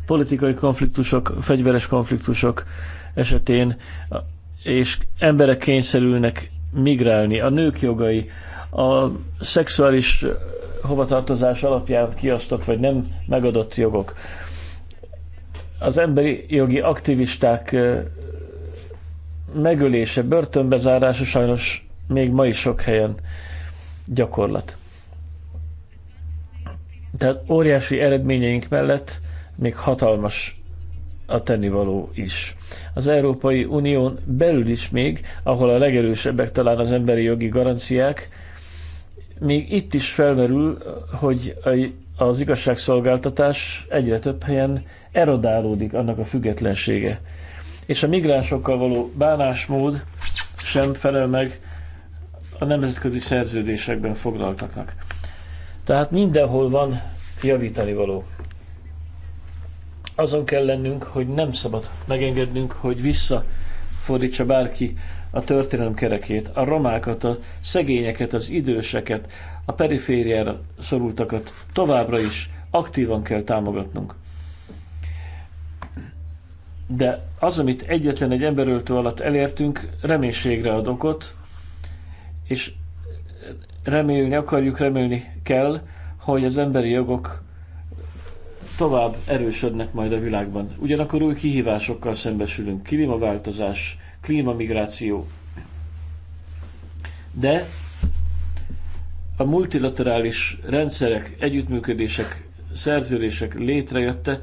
politikai konfliktusok, fegyveres konfliktusok esetén, és emberek kényszerülnek migrálni. A nők jogai, a szexuális hovatartozás alapján kiasztott vagy nem megadott jogok. Az emberi jogi aktivisták megölése, börtönbezárása sajnos még ma is sok helyen gyakorlat. Tehát óriási eredményeink mellett még hatalmas a tennivaló is. Az Európai Unión belül is még, ahol a legerősebbek talán az emberi jogi garanciák, még itt is felmerül, hogy az igazságszolgáltatás egyre több helyen erodálódik annak a függetlensége. És a migránsokkal való bánásmód sem felel meg a nemzetközi szerződésekben foglaltaknak. Tehát mindenhol van javítani való. Azon kell lennünk, hogy nem szabad megengednünk, hogy visszafordítsa bárki a történelem kerekét, a romákat, a szegényeket, az időseket, a perifériára szorultakat továbbra is aktívan kell támogatnunk. De az, amit egyetlen egy emberöltő alatt elértünk, reménységre ad okot, és remélni akarjuk, remélni kell, hogy az emberi jogok tovább erősödnek majd a világban. Ugyanakkor új kihívásokkal szembesülünk. Klímaváltozás, klímamigráció. De a multilaterális rendszerek, együttműködések, szerződések létrejötte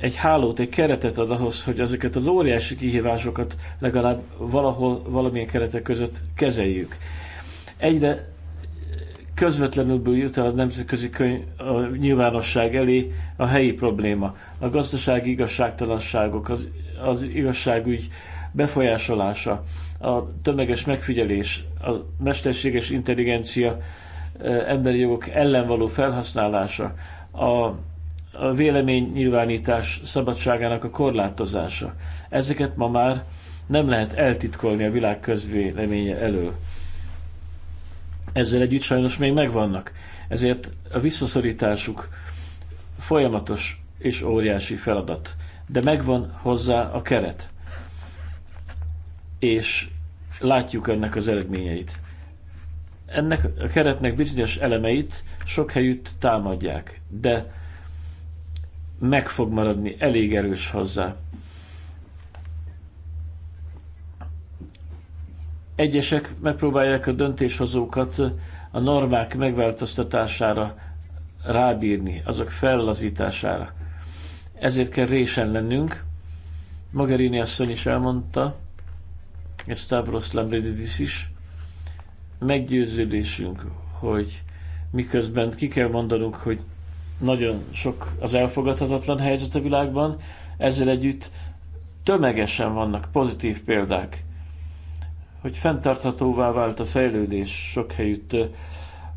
egy hálót, egy keretet ad ahhoz, hogy ezeket az óriási kihívásokat legalább valahol, valamilyen keretek között kezeljük. Egyre közvetlenül jut el a nemzetközi könyv, a nyilvánosság elé a helyi probléma. A gazdasági igazságtalanságok, az, az igazságügy befolyásolása, a tömeges megfigyelés, a mesterséges intelligencia e, emberi jogok ellen való felhasználása, a a nyilvánítás szabadságának a korlátozása. Ezeket ma már nem lehet eltitkolni a világ közvéleménye elől ezzel együtt sajnos még megvannak. Ezért a visszaszorításuk folyamatos és óriási feladat. De megvan hozzá a keret. És látjuk ennek az eredményeit. Ennek a keretnek bizonyos elemeit sok helyütt támadják, de meg fog maradni elég erős hozzá. Egyesek megpróbálják a döntéshozókat a normák megváltoztatására rábírni, azok fellazítására. Ezért kell résen lennünk. Magarini asszony is elmondta, és Stavros Lambridis is, meggyőződésünk, hogy miközben ki kell mondanunk, hogy nagyon sok az elfogadhatatlan helyzet a világban, ezzel együtt tömegesen vannak pozitív példák hogy fenntarthatóvá vált a fejlődés sok helyütt,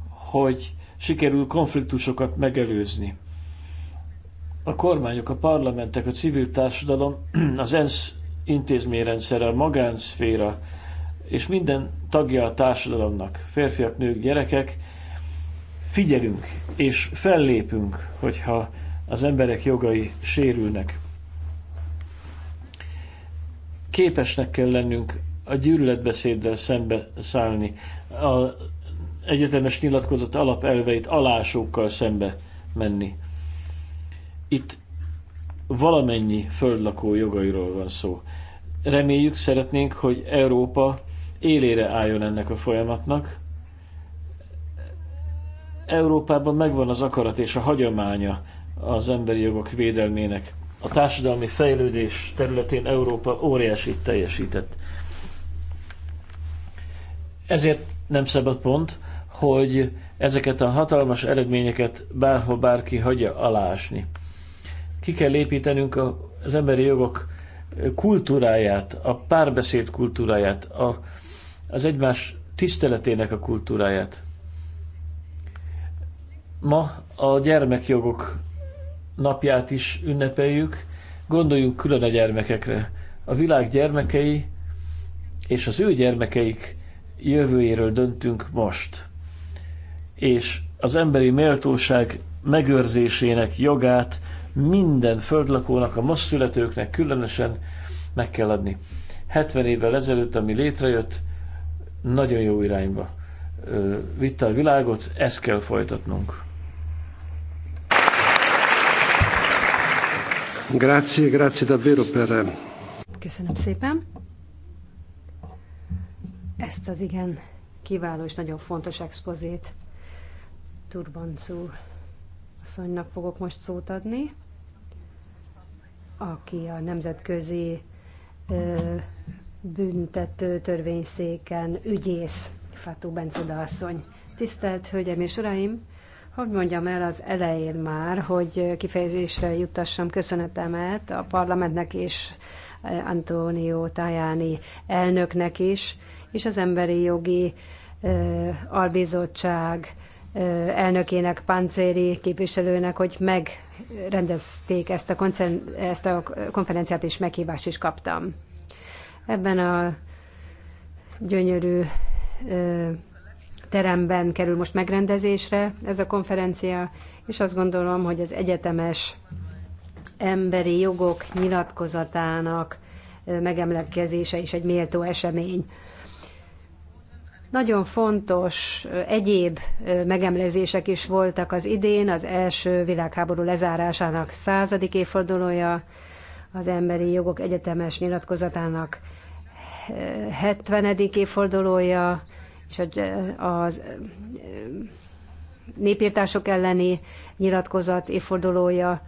hogy sikerül konfliktusokat megelőzni. A kormányok, a parlamentek, a civil társadalom, az ENSZ intézményrendszer a magánszféra és minden tagja a társadalomnak, férfiak, nők, gyerekek, figyelünk és fellépünk, hogyha az emberek jogai sérülnek. Képesnek kell lennünk a gyűlöletbeszéddel szembe szállni, a egyetemes nyilatkozat alapelveit alásókkal szembe menni. Itt valamennyi földlakó jogairól van szó. Reméljük, szeretnénk, hogy Európa élére álljon ennek a folyamatnak. Európában megvan az akarat és a hagyománya az emberi jogok védelmének. A társadalmi fejlődés területén Európa óriási teljesített. Ezért nem szabad pont, hogy ezeket a hatalmas eredményeket bárhol bárki hagyja alásni. Ki kell építenünk az emberi jogok kultúráját, a párbeszéd kultúráját, a, az egymás tiszteletének a kultúráját. Ma a gyermekjogok napját is ünnepeljük, gondoljunk külön a gyermekekre. A világ gyermekei és az ő gyermekeik jövőjéről döntünk most. És az emberi méltóság megőrzésének jogát minden földlakónak, a most születőknek különösen meg kell adni. 70 évvel ezelőtt, ami létrejött, nagyon jó irányba vitte a világot, ezt kell folytatnunk. Grazie, grazie davvero per... Köszönöm szépen ezt az igen kiváló és nagyon fontos expozét. Turbancú asszonynak fogok most szót adni, aki a nemzetközi ö, büntető törvényszéken ügyész Fatú Bencuda asszony. Tisztelt Hölgyeim és Uraim! Hogy mondjam el az elején már, hogy kifejezésre juttassam köszönetemet a parlamentnek és Antonio Tajani elnöknek is, és az Emberi Jogi Albizottság elnökének, páncéri képviselőnek, hogy megrendezték ezt a, ezt a konferenciát, és meghívást is kaptam. Ebben a gyönyörű teremben kerül most megrendezésre ez a konferencia, és azt gondolom, hogy az egyetemes emberi jogok nyilatkozatának megemlékezése is egy méltó esemény. Nagyon fontos egyéb megemlékezések is voltak az idén, az első világháború lezárásának századik évfordulója, az Emberi Jogok Egyetemes nyilatkozatának 70. Eh, évfordulója, és a, eh, a eh, népírtások elleni nyilatkozat évfordulója,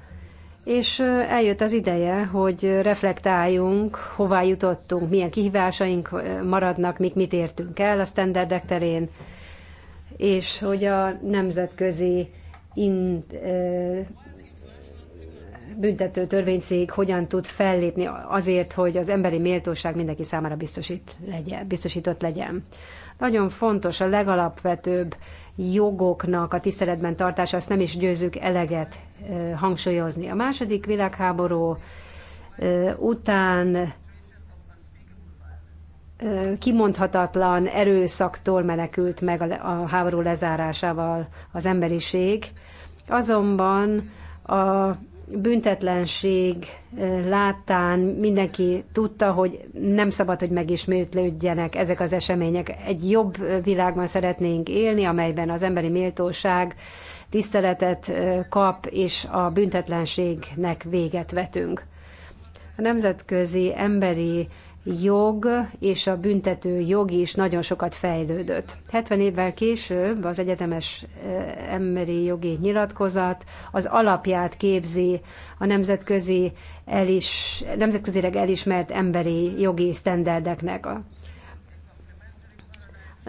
és eljött az ideje, hogy reflektáljunk, hová jutottunk, milyen kihívásaink maradnak, mik mit értünk el a standardek terén, és hogy a nemzetközi in, büntető törvényszék hogyan tud fellépni azért, hogy az emberi méltóság mindenki számára biztosít legyen, biztosított legyen. Nagyon fontos a legalapvetőbb jogoknak a tiszteletben tartása, azt nem is győzzük eleget hangsúlyozni. A második világháború után kimondhatatlan erőszaktól menekült meg a háború lezárásával az emberiség. Azonban a büntetlenség láttán mindenki tudta, hogy nem szabad, hogy megismétlődjenek ezek az események. Egy jobb világban szeretnénk élni, amelyben az emberi méltóság tiszteletet kap, és a büntetlenségnek véget vetünk. A nemzetközi emberi jog és a büntető jog is nagyon sokat fejlődött. 70 évvel később az egyetemes emberi jogi nyilatkozat az alapját képzi a nemzetközi elis, nemzetközileg elismert emberi jogi sztenderdeknek. A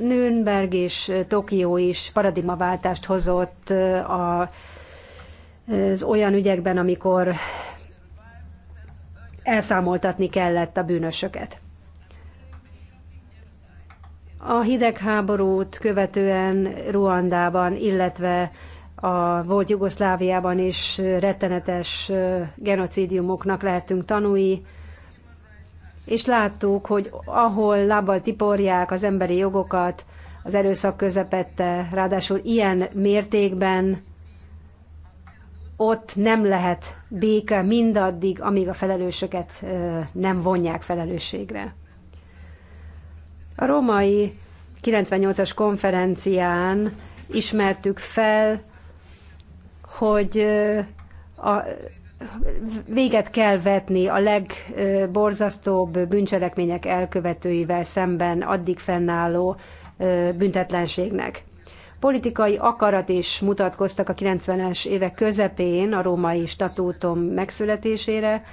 Nürnberg és Tokió is paradigmaváltást hozott a, az olyan ügyekben, amikor elszámoltatni kellett a bűnösöket. A hidegháborút követően Ruandában, illetve a volt Jugoszláviában is rettenetes genocidiumoknak lehetünk tanúi és láttuk, hogy ahol lábbal tiporják az emberi jogokat, az erőszak közepette, ráadásul ilyen mértékben ott nem lehet béke mindaddig, amíg a felelősöket nem vonják felelősségre. A római 98-as konferencián ismertük fel, hogy a véget kell vetni a legborzasztóbb bűncselekmények elkövetőivel szemben addig fennálló büntetlenségnek. Politikai akarat is mutatkoztak a 90-es évek közepén a római statútum megszületésére,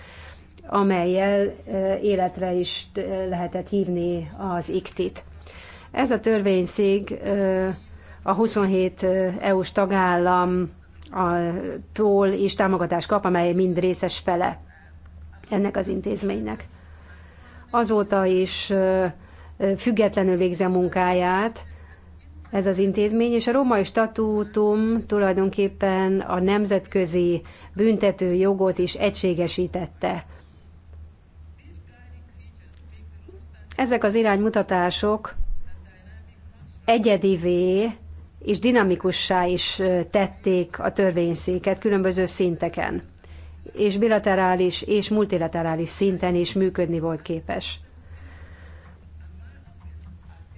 amelyel életre is lehetett hívni az iktit. Ez a törvényszék a 27 EU-s tagállam a, tól is támogatást kap, amely mind részes fele ennek az intézménynek. Azóta is függetlenül végzi a munkáját ez az intézmény, és a római statútum tulajdonképpen a nemzetközi büntető jogot is egységesítette. Ezek az iránymutatások egyedivé és dinamikussá is tették a törvényszéket különböző szinteken, és bilaterális és multilaterális szinten is működni volt képes.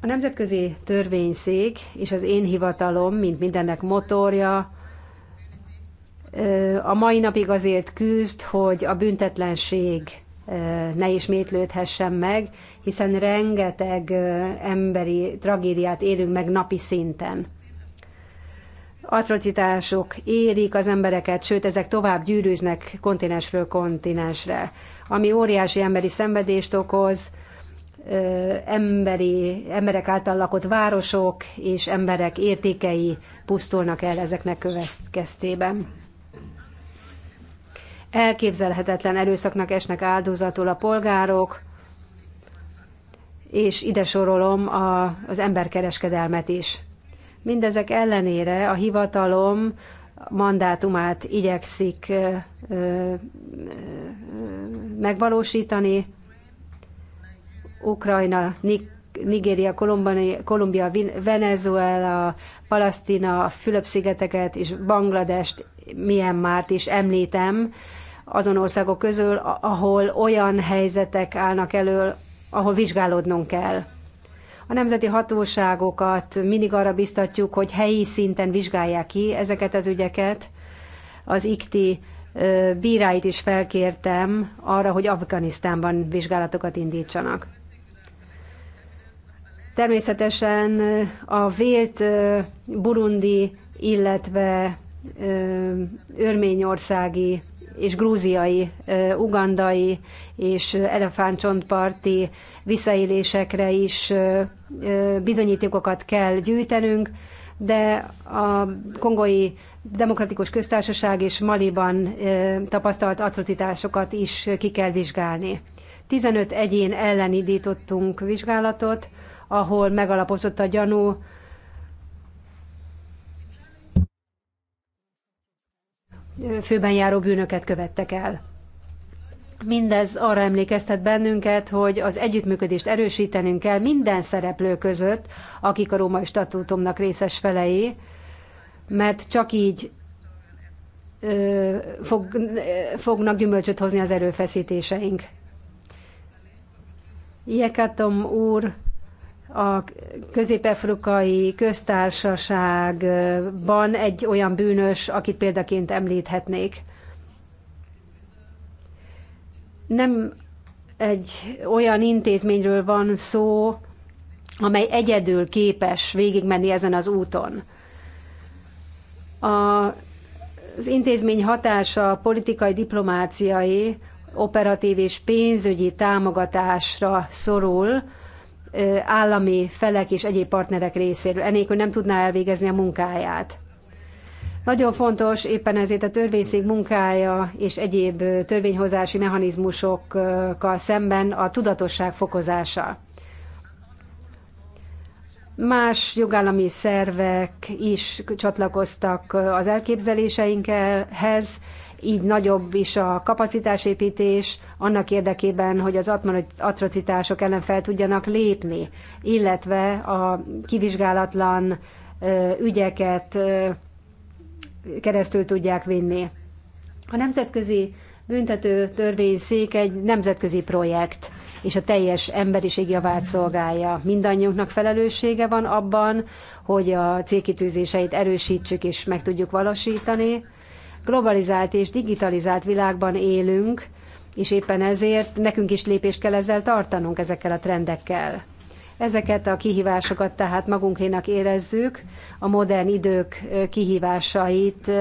A Nemzetközi Törvényszék és az én hivatalom, mint mindennek motorja, a mai napig azért küzd, hogy a büntetlenség ne ismétlődhessen meg, hiszen rengeteg emberi tragédiát élünk meg napi szinten atrocitások érik az embereket, sőt ezek tovább gyűrűznek kontinensről kontinensre, ami óriási emberi szenvedést okoz, emberi, emberek által lakott városok és emberek értékei pusztulnak el ezeknek következtében. Elképzelhetetlen erőszaknak esnek áldozatul a polgárok, és ide sorolom a, az emberkereskedelmet is. Mindezek ellenére a hivatalom mandátumát igyekszik megvalósítani. Ukrajna, Nigéria, Kolumbia, Venezuela, Palasztina, Fülöp-szigeteket és Bangladest, márt is említem azon országok közül, ahol olyan helyzetek állnak elő, ahol vizsgálódnunk kell. A nemzeti hatóságokat mindig arra biztatjuk, hogy helyi szinten vizsgálják ki ezeket az ügyeket. Az IKTI bíráit is felkértem arra, hogy Afganisztánban vizsgálatokat indítsanak. Természetesen a vélt burundi, illetve örményországi és grúziai, ugandai és elefántcsontparti visszaélésekre is bizonyítékokat kell gyűjtenünk, de a kongói demokratikus köztársaság és Maliban tapasztalt atrocitásokat is ki kell vizsgálni. 15 egyén ellen indítottunk vizsgálatot, ahol megalapozott a gyanú, főben járó bűnöket követtek el. Mindez arra emlékeztet bennünket, hogy az együttműködést erősítenünk kell minden szereplő között, akik a római statútumnak részes felei, mert csak így ö, fog, ö, fognak gyümölcsöt hozni az erőfeszítéseink. Jekatom úr a közép-afrikai köztársaságban egy olyan bűnös, akit példaként említhetnék. Nem egy olyan intézményről van szó, amely egyedül képes végigmenni ezen az úton. A, az intézmény hatása politikai, diplomáciai, operatív és pénzügyi támogatásra szorul, állami felek és egyéb partnerek részéről, enélkül nem tudná elvégezni a munkáját. Nagyon fontos éppen ezért a törvényszék munkája és egyéb törvényhozási mechanizmusokkal szemben a tudatosság fokozása. Más jogállami szervek is csatlakoztak az elképzeléseinkhez, így nagyobb is a kapacitásépítés annak érdekében, hogy az atrocitások ellen fel tudjanak lépni, illetve a kivizsgálatlan ügyeket keresztül tudják vinni. A Nemzetközi Büntető Törvényszék egy nemzetközi projekt, és a teljes emberiség javát szolgálja. Mindannyiunknak felelőssége van abban, hogy a célkitűzéseit erősítsük és meg tudjuk valósítani globalizált és digitalizált világban élünk, és éppen ezért nekünk is lépést kell ezzel tartanunk ezekkel a trendekkel. Ezeket a kihívásokat tehát magunkénak érezzük, a modern idők kihívásait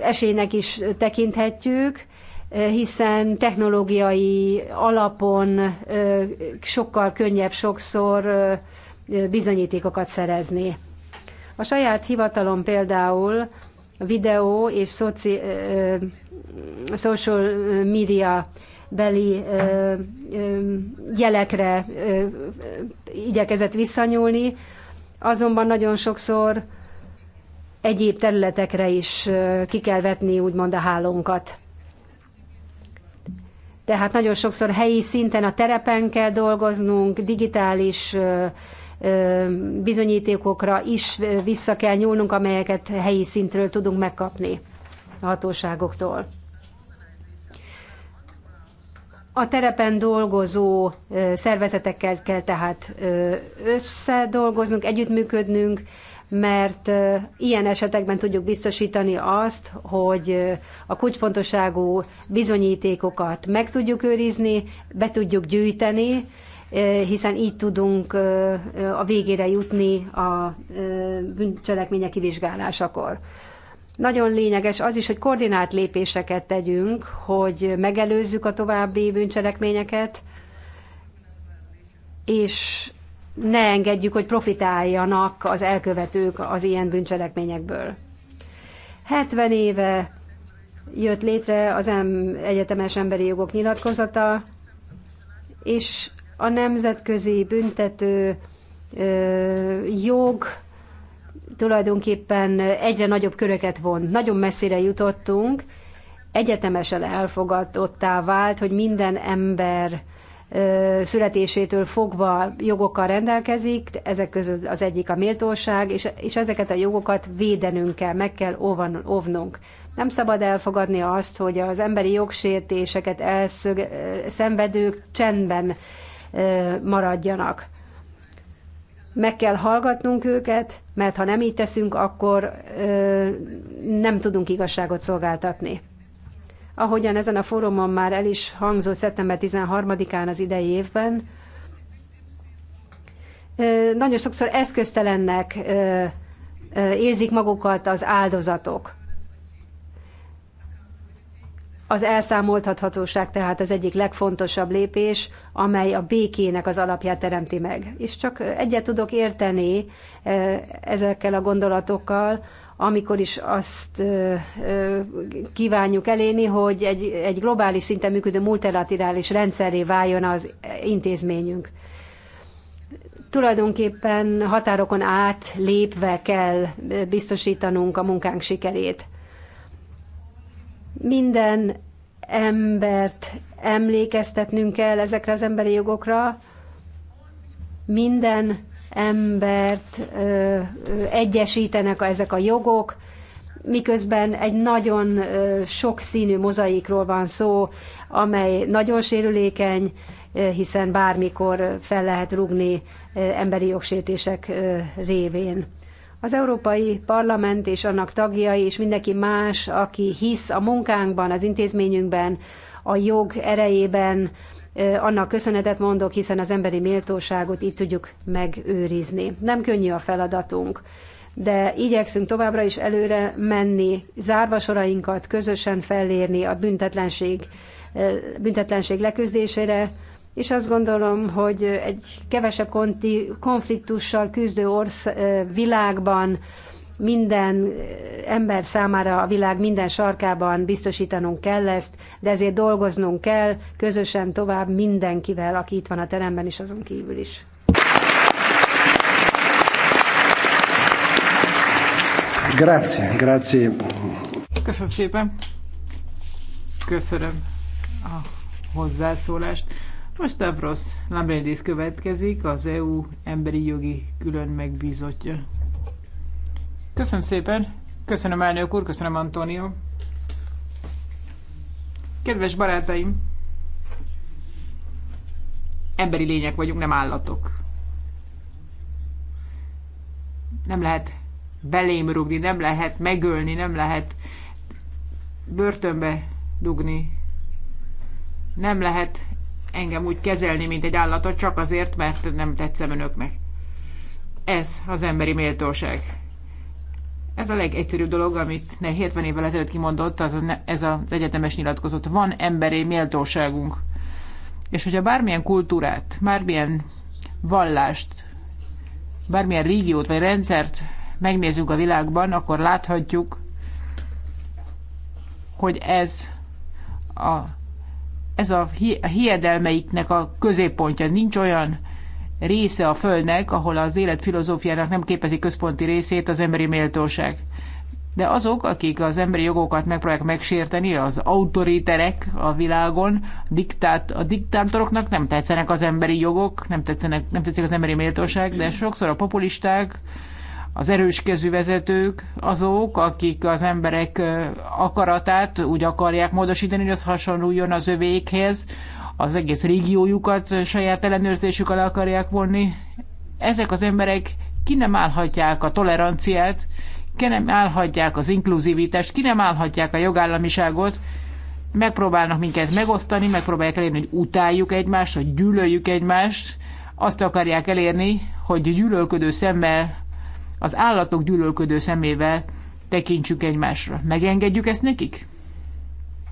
esélynek is tekinthetjük, hiszen technológiai alapon sokkal könnyebb sokszor bizonyítékokat szerezni. A saját hivatalom például videó és szoci, ö, social media beli ö, ö, jelekre ö, igyekezett visszanyúlni, azonban nagyon sokszor egyéb területekre is ki kell vetni úgymond a hálónkat. Tehát nagyon sokszor helyi szinten a terepen kell dolgoznunk, digitális bizonyítékokra is vissza kell nyúlnunk, amelyeket helyi szintről tudunk megkapni a hatóságoktól. A terepen dolgozó szervezetekkel kell tehát összedolgoznunk, együttműködnünk, mert ilyen esetekben tudjuk biztosítani azt, hogy a kulcsfontosságú bizonyítékokat meg tudjuk őrizni, be tudjuk gyűjteni, hiszen így tudunk a végére jutni a bűncselekmények kivizsgálásakor. Nagyon lényeges az is, hogy koordinált lépéseket tegyünk, hogy megelőzzük a további bűncselekményeket, és ne engedjük, hogy profitáljanak az elkövetők az ilyen bűncselekményekből. 70 éve jött létre az Egyetemes Emberi Jogok nyilatkozata, és a nemzetközi büntető jog tulajdonképpen egyre nagyobb köröket von. Nagyon messzire jutottunk, egyetemesen elfogadottá vált, hogy minden ember születésétől fogva jogokkal rendelkezik, ezek közül az egyik a méltóság, és, és ezeket a jogokat védenünk kell, meg kell óvan, óvnunk. Nem szabad elfogadni azt, hogy az emberi jogsértéseket elszög, szenvedők csendben maradjanak. Meg kell hallgatnunk őket, mert ha nem így teszünk, akkor nem tudunk igazságot szolgáltatni. Ahogyan ezen a fórumon már el is hangzott szeptember 13-án az idei évben, nagyon sokszor eszköztelennek érzik magukat az áldozatok. Az elszámoltathatóság tehát az egyik legfontosabb lépés, amely a békének az alapját teremti meg. És csak egyet tudok érteni e, ezekkel a gondolatokkal, amikor is azt ö, e, ö, e, kívánjuk eléni, hogy egy, egy globális szinten működő multilaterális rendszeré váljon az intézményünk. Tulajdonképpen határokon át lépve kell biztosítanunk a munkánk sikerét. Minden embert emlékeztetnünk kell ezekre az emberi jogokra, minden embert ö, egyesítenek ezek a jogok, miközben egy nagyon sokszínű mozaikról van szó, amely nagyon sérülékeny, hiszen bármikor fel lehet rugni emberi jogsértések révén. Az Európai Parlament és annak tagjai és mindenki más, aki hisz a munkánkban, az intézményünkben, a jog erejében, annak köszönetet mondok, hiszen az emberi méltóságot itt tudjuk megőrizni. Nem könnyű a feladatunk, de igyekszünk továbbra is előre menni, zárva sorainkat, közösen fellérni a büntetlenség, büntetlenség leküzdésére, és azt gondolom, hogy egy kevesebb konfliktussal küzdő orsz, világban minden ember számára a világ minden sarkában biztosítanunk kell ezt, de ezért dolgoznunk kell közösen tovább mindenkivel, aki itt van a teremben és azon kívül is. Grazie, grazie. Köszönöm szépen. Köszönöm a hozzászólást. Most Stavros Lambrédész következik, az EU emberi jogi külön megbízottja. Köszönöm szépen, köszönöm elnök úr, köszönöm Antonio. Kedves barátaim, emberi lények vagyunk, nem állatok. Nem lehet belém rugni, nem lehet megölni, nem lehet börtönbe dugni. Nem lehet engem úgy kezelni, mint egy állatot, csak azért, mert nem tetszem önöknek. Ez az emberi méltóság. Ez a legegyszerűbb dolog, amit 70 évvel ezelőtt kimondott, az, ez az egyetemes nyilatkozat. Van emberi méltóságunk. És hogyha bármilyen kultúrát, bármilyen vallást, bármilyen régiót vagy rendszert megnézzünk a világban, akkor láthatjuk, hogy ez a ez a hiedelmeiknek a középpontja. Nincs olyan része a Földnek, ahol az élet filozófiának nem képezi központi részét az emberi méltóság. De azok, akik az emberi jogokat megpróbálják megsérteni, az autoriterek a világon, diktát, a diktátoroknak nem tetszenek az emberi jogok, nem, tetszenek, nem tetszik az emberi méltóság, de sokszor a populisták, az erős kezű vezetők azok, akik az emberek akaratát úgy akarják módosítani, hogy az hasonluljon az övékhez, az egész régiójukat saját ellenőrzésük alá akarják vonni. Ezek az emberek ki nem állhatják a toleranciát, ki nem állhatják az inkluzivitást, ki nem állhatják a jogállamiságot, megpróbálnak minket megosztani, megpróbálják elérni, hogy utáljuk egymást, hogy gyűlöljük egymást, azt akarják elérni, hogy gyűlölködő szemmel az állatok gyűlölködő szemével tekintsük egymásra. Megengedjük ezt nekik?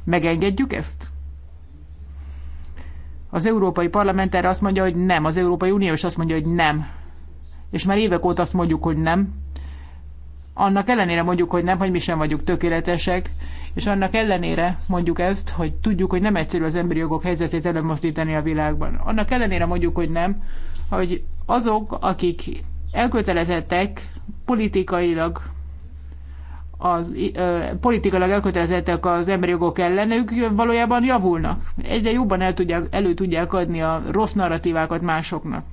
Megengedjük ezt? Az Európai Parlament erre azt mondja, hogy nem. Az Európai Unió is azt mondja, hogy nem. És már évek óta azt mondjuk, hogy nem. Annak ellenére mondjuk, hogy nem, hogy mi sem vagyunk tökéletesek, és annak ellenére mondjuk ezt, hogy tudjuk, hogy nem egyszerű az emberi jogok helyzetét előmozdítani a világban. Annak ellenére mondjuk, hogy nem, hogy azok, akik elkötelezettek politikailag az ö, politikailag elkötelezettek az emberi jogok ellen, ők valójában javulnak. Egyre jobban el tudják, elő tudják adni a rossz narratívákat másoknak.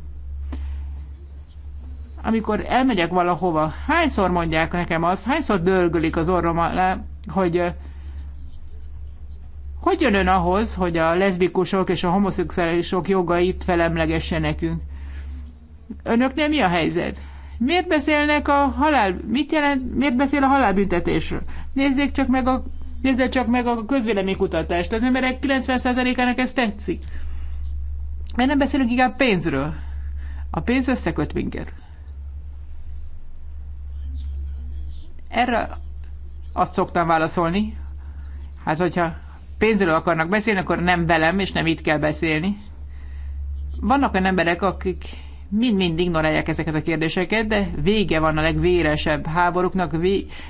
Amikor elmegyek valahova, hányszor mondják nekem azt, hányszor dörgölik az orrom alá, hogy hogy jön ön ahhoz, hogy a leszbikusok és a homoszexuálisok jogait felemlegesse nekünk? nem mi a helyzet? Miért beszélnek a halál, mit jelent, miért beszél a halálbüntetésről? Nézzék csak meg a, nézzék csak meg a közvéleménykutatást. Az emberek 90%-ának ez tetszik. Mert nem beszélünk inkább pénzről. A pénz összeköt minket. Erre azt szoktam válaszolni, hát hogyha pénzről akarnak beszélni, akkor nem velem, és nem itt kell beszélni. Vannak olyan emberek, akik mind-mind ignorálják ezeket a kérdéseket, de vége van a legvéresebb háborúknak,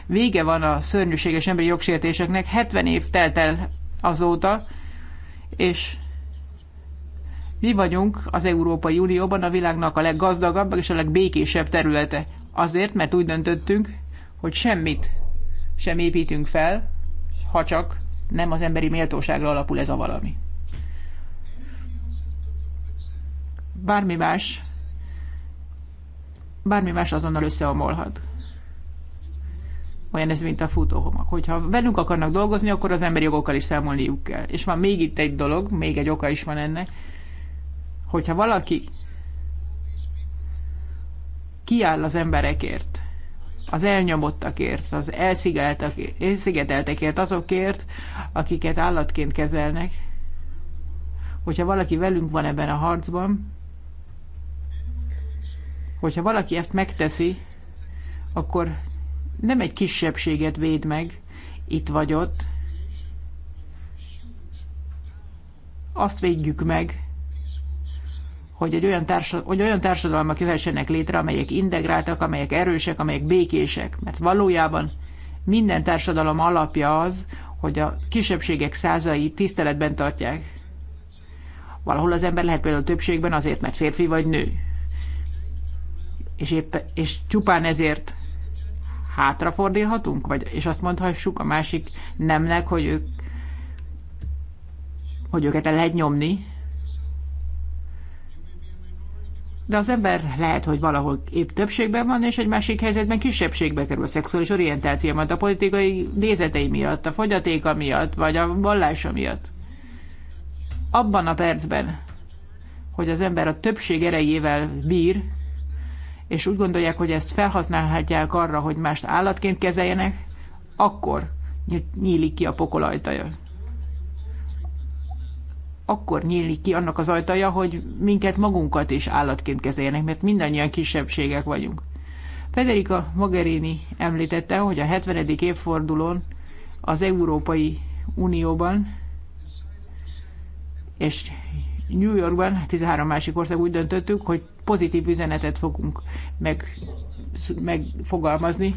vége van a szörnyűséges emberi jogsértéseknek, 70 év telt el azóta, és mi vagyunk az Európai Unióban a világnak a leggazdagabb és a legbékésebb területe. Azért, mert úgy döntöttünk, hogy semmit sem építünk fel, ha csak nem az emberi méltóságra alapul ez a valami. Bármi más bármi más azonnal összeomolhat. Olyan ez, mint a futóhomok. Hogyha velünk akarnak dolgozni, akkor az emberi jogokkal is számolniuk kell. És van még itt egy dolog, még egy oka is van ennek, hogyha valaki kiáll az emberekért, az elnyomottakért, az elszigeteltekért, azokért, akiket állatként kezelnek, hogyha valaki velünk van ebben a harcban, hogyha valaki ezt megteszi, akkor nem egy kisebbséget véd meg, itt vagy ott, azt védjük meg, hogy, egy olyan társa, hogy olyan társadalmak jöhessenek létre, amelyek integráltak, amelyek erősek, amelyek békések. Mert valójában minden társadalom alapja az, hogy a kisebbségek százai tiszteletben tartják. Valahol az ember lehet például többségben azért, mert férfi vagy nő és, épp, és csupán ezért hátrafordulhatunk? Vagy, és azt mondhassuk a másik nemnek, hogy ők hogy őket el lehet nyomni. De az ember lehet, hogy valahol épp többségben van, és egy másik helyzetben kisebbségbe kerül a szexuális orientáció miatt, a politikai nézetei miatt, a fogyatéka miatt, vagy a vallása miatt. Abban a percben, hogy az ember a többség erejével bír, és úgy gondolják, hogy ezt felhasználhatják arra, hogy mást állatként kezeljenek, akkor nyílik ki a pokol ajtaja. Akkor nyílik ki annak az ajtaja, hogy minket magunkat is állatként kezeljenek, mert mindannyian kisebbségek vagyunk. Federica Mogherini említette, hogy a 70. évfordulón az Európai Unióban és New Yorkban 13 hát másik ország úgy döntöttük, hogy pozitív üzenetet fogunk meg, megfogalmazni.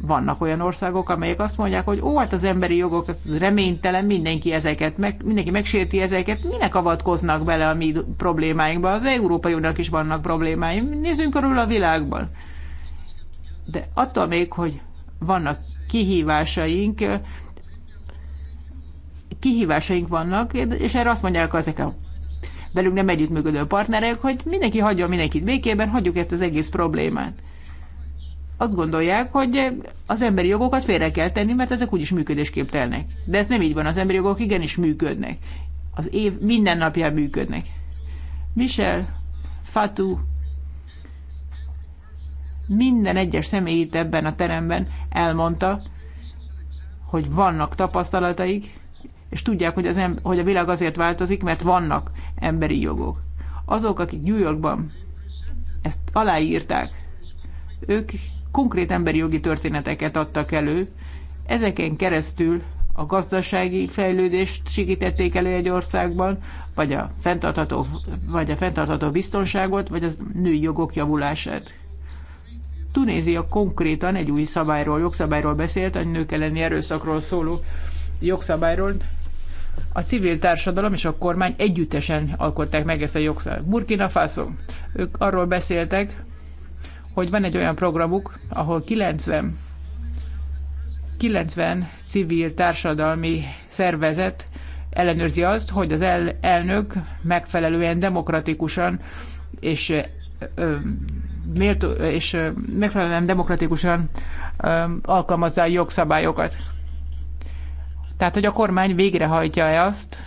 Vannak olyan országok, amelyek azt mondják, hogy ó, hát az emberi jogok az reménytelen, mindenki ezeket, meg, mindenki megsérti ezeket, minek avatkoznak bele a mi problémáinkba? Az Európai Uniónak is vannak problémáim, Nézzünk körül a világban. De attól még, hogy vannak kihívásaink, kihívásaink vannak, és erre azt mondják ezek a velünk nem együttműködő partnerek, hogy mindenki hagyja mindenkit békében, hagyjuk ezt az egész problémát. Azt gondolják, hogy az emberi jogokat félre kell tenni, mert ezek úgyis működésképtelnek. De ez nem így van, az emberi jogok igenis működnek. Az év minden napján működnek. Michel, Fatou, minden egyes személy itt ebben a teremben elmondta, hogy vannak tapasztalataik, és tudják, hogy, az ember, hogy a világ azért változik, mert vannak emberi jogok. Azok, akik New Yorkban ezt aláírták, ők konkrét emberi jogi történeteket adtak elő, ezeken keresztül a gazdasági fejlődést segítették elő egy országban, vagy a fenntartható, vagy a fenntartható biztonságot, vagy a női jogok javulását. Tunézia konkrétan egy új szabályról, jogszabályról beszélt, a nők elleni erőszakról szóló jogszabályról, a civil társadalom és a kormány együttesen alkották meg ezt a jogszabályt. Burkina Faso, ők arról beszéltek, hogy van egy olyan programuk, ahol 90, 90 civil társadalmi szervezet ellenőrzi azt, hogy az el, elnök megfelelően demokratikusan és ö, méltó, és megfelelően demokratikusan ö, alkalmazza a jogszabályokat. Tehát, hogy a kormány végrehajtja-e azt,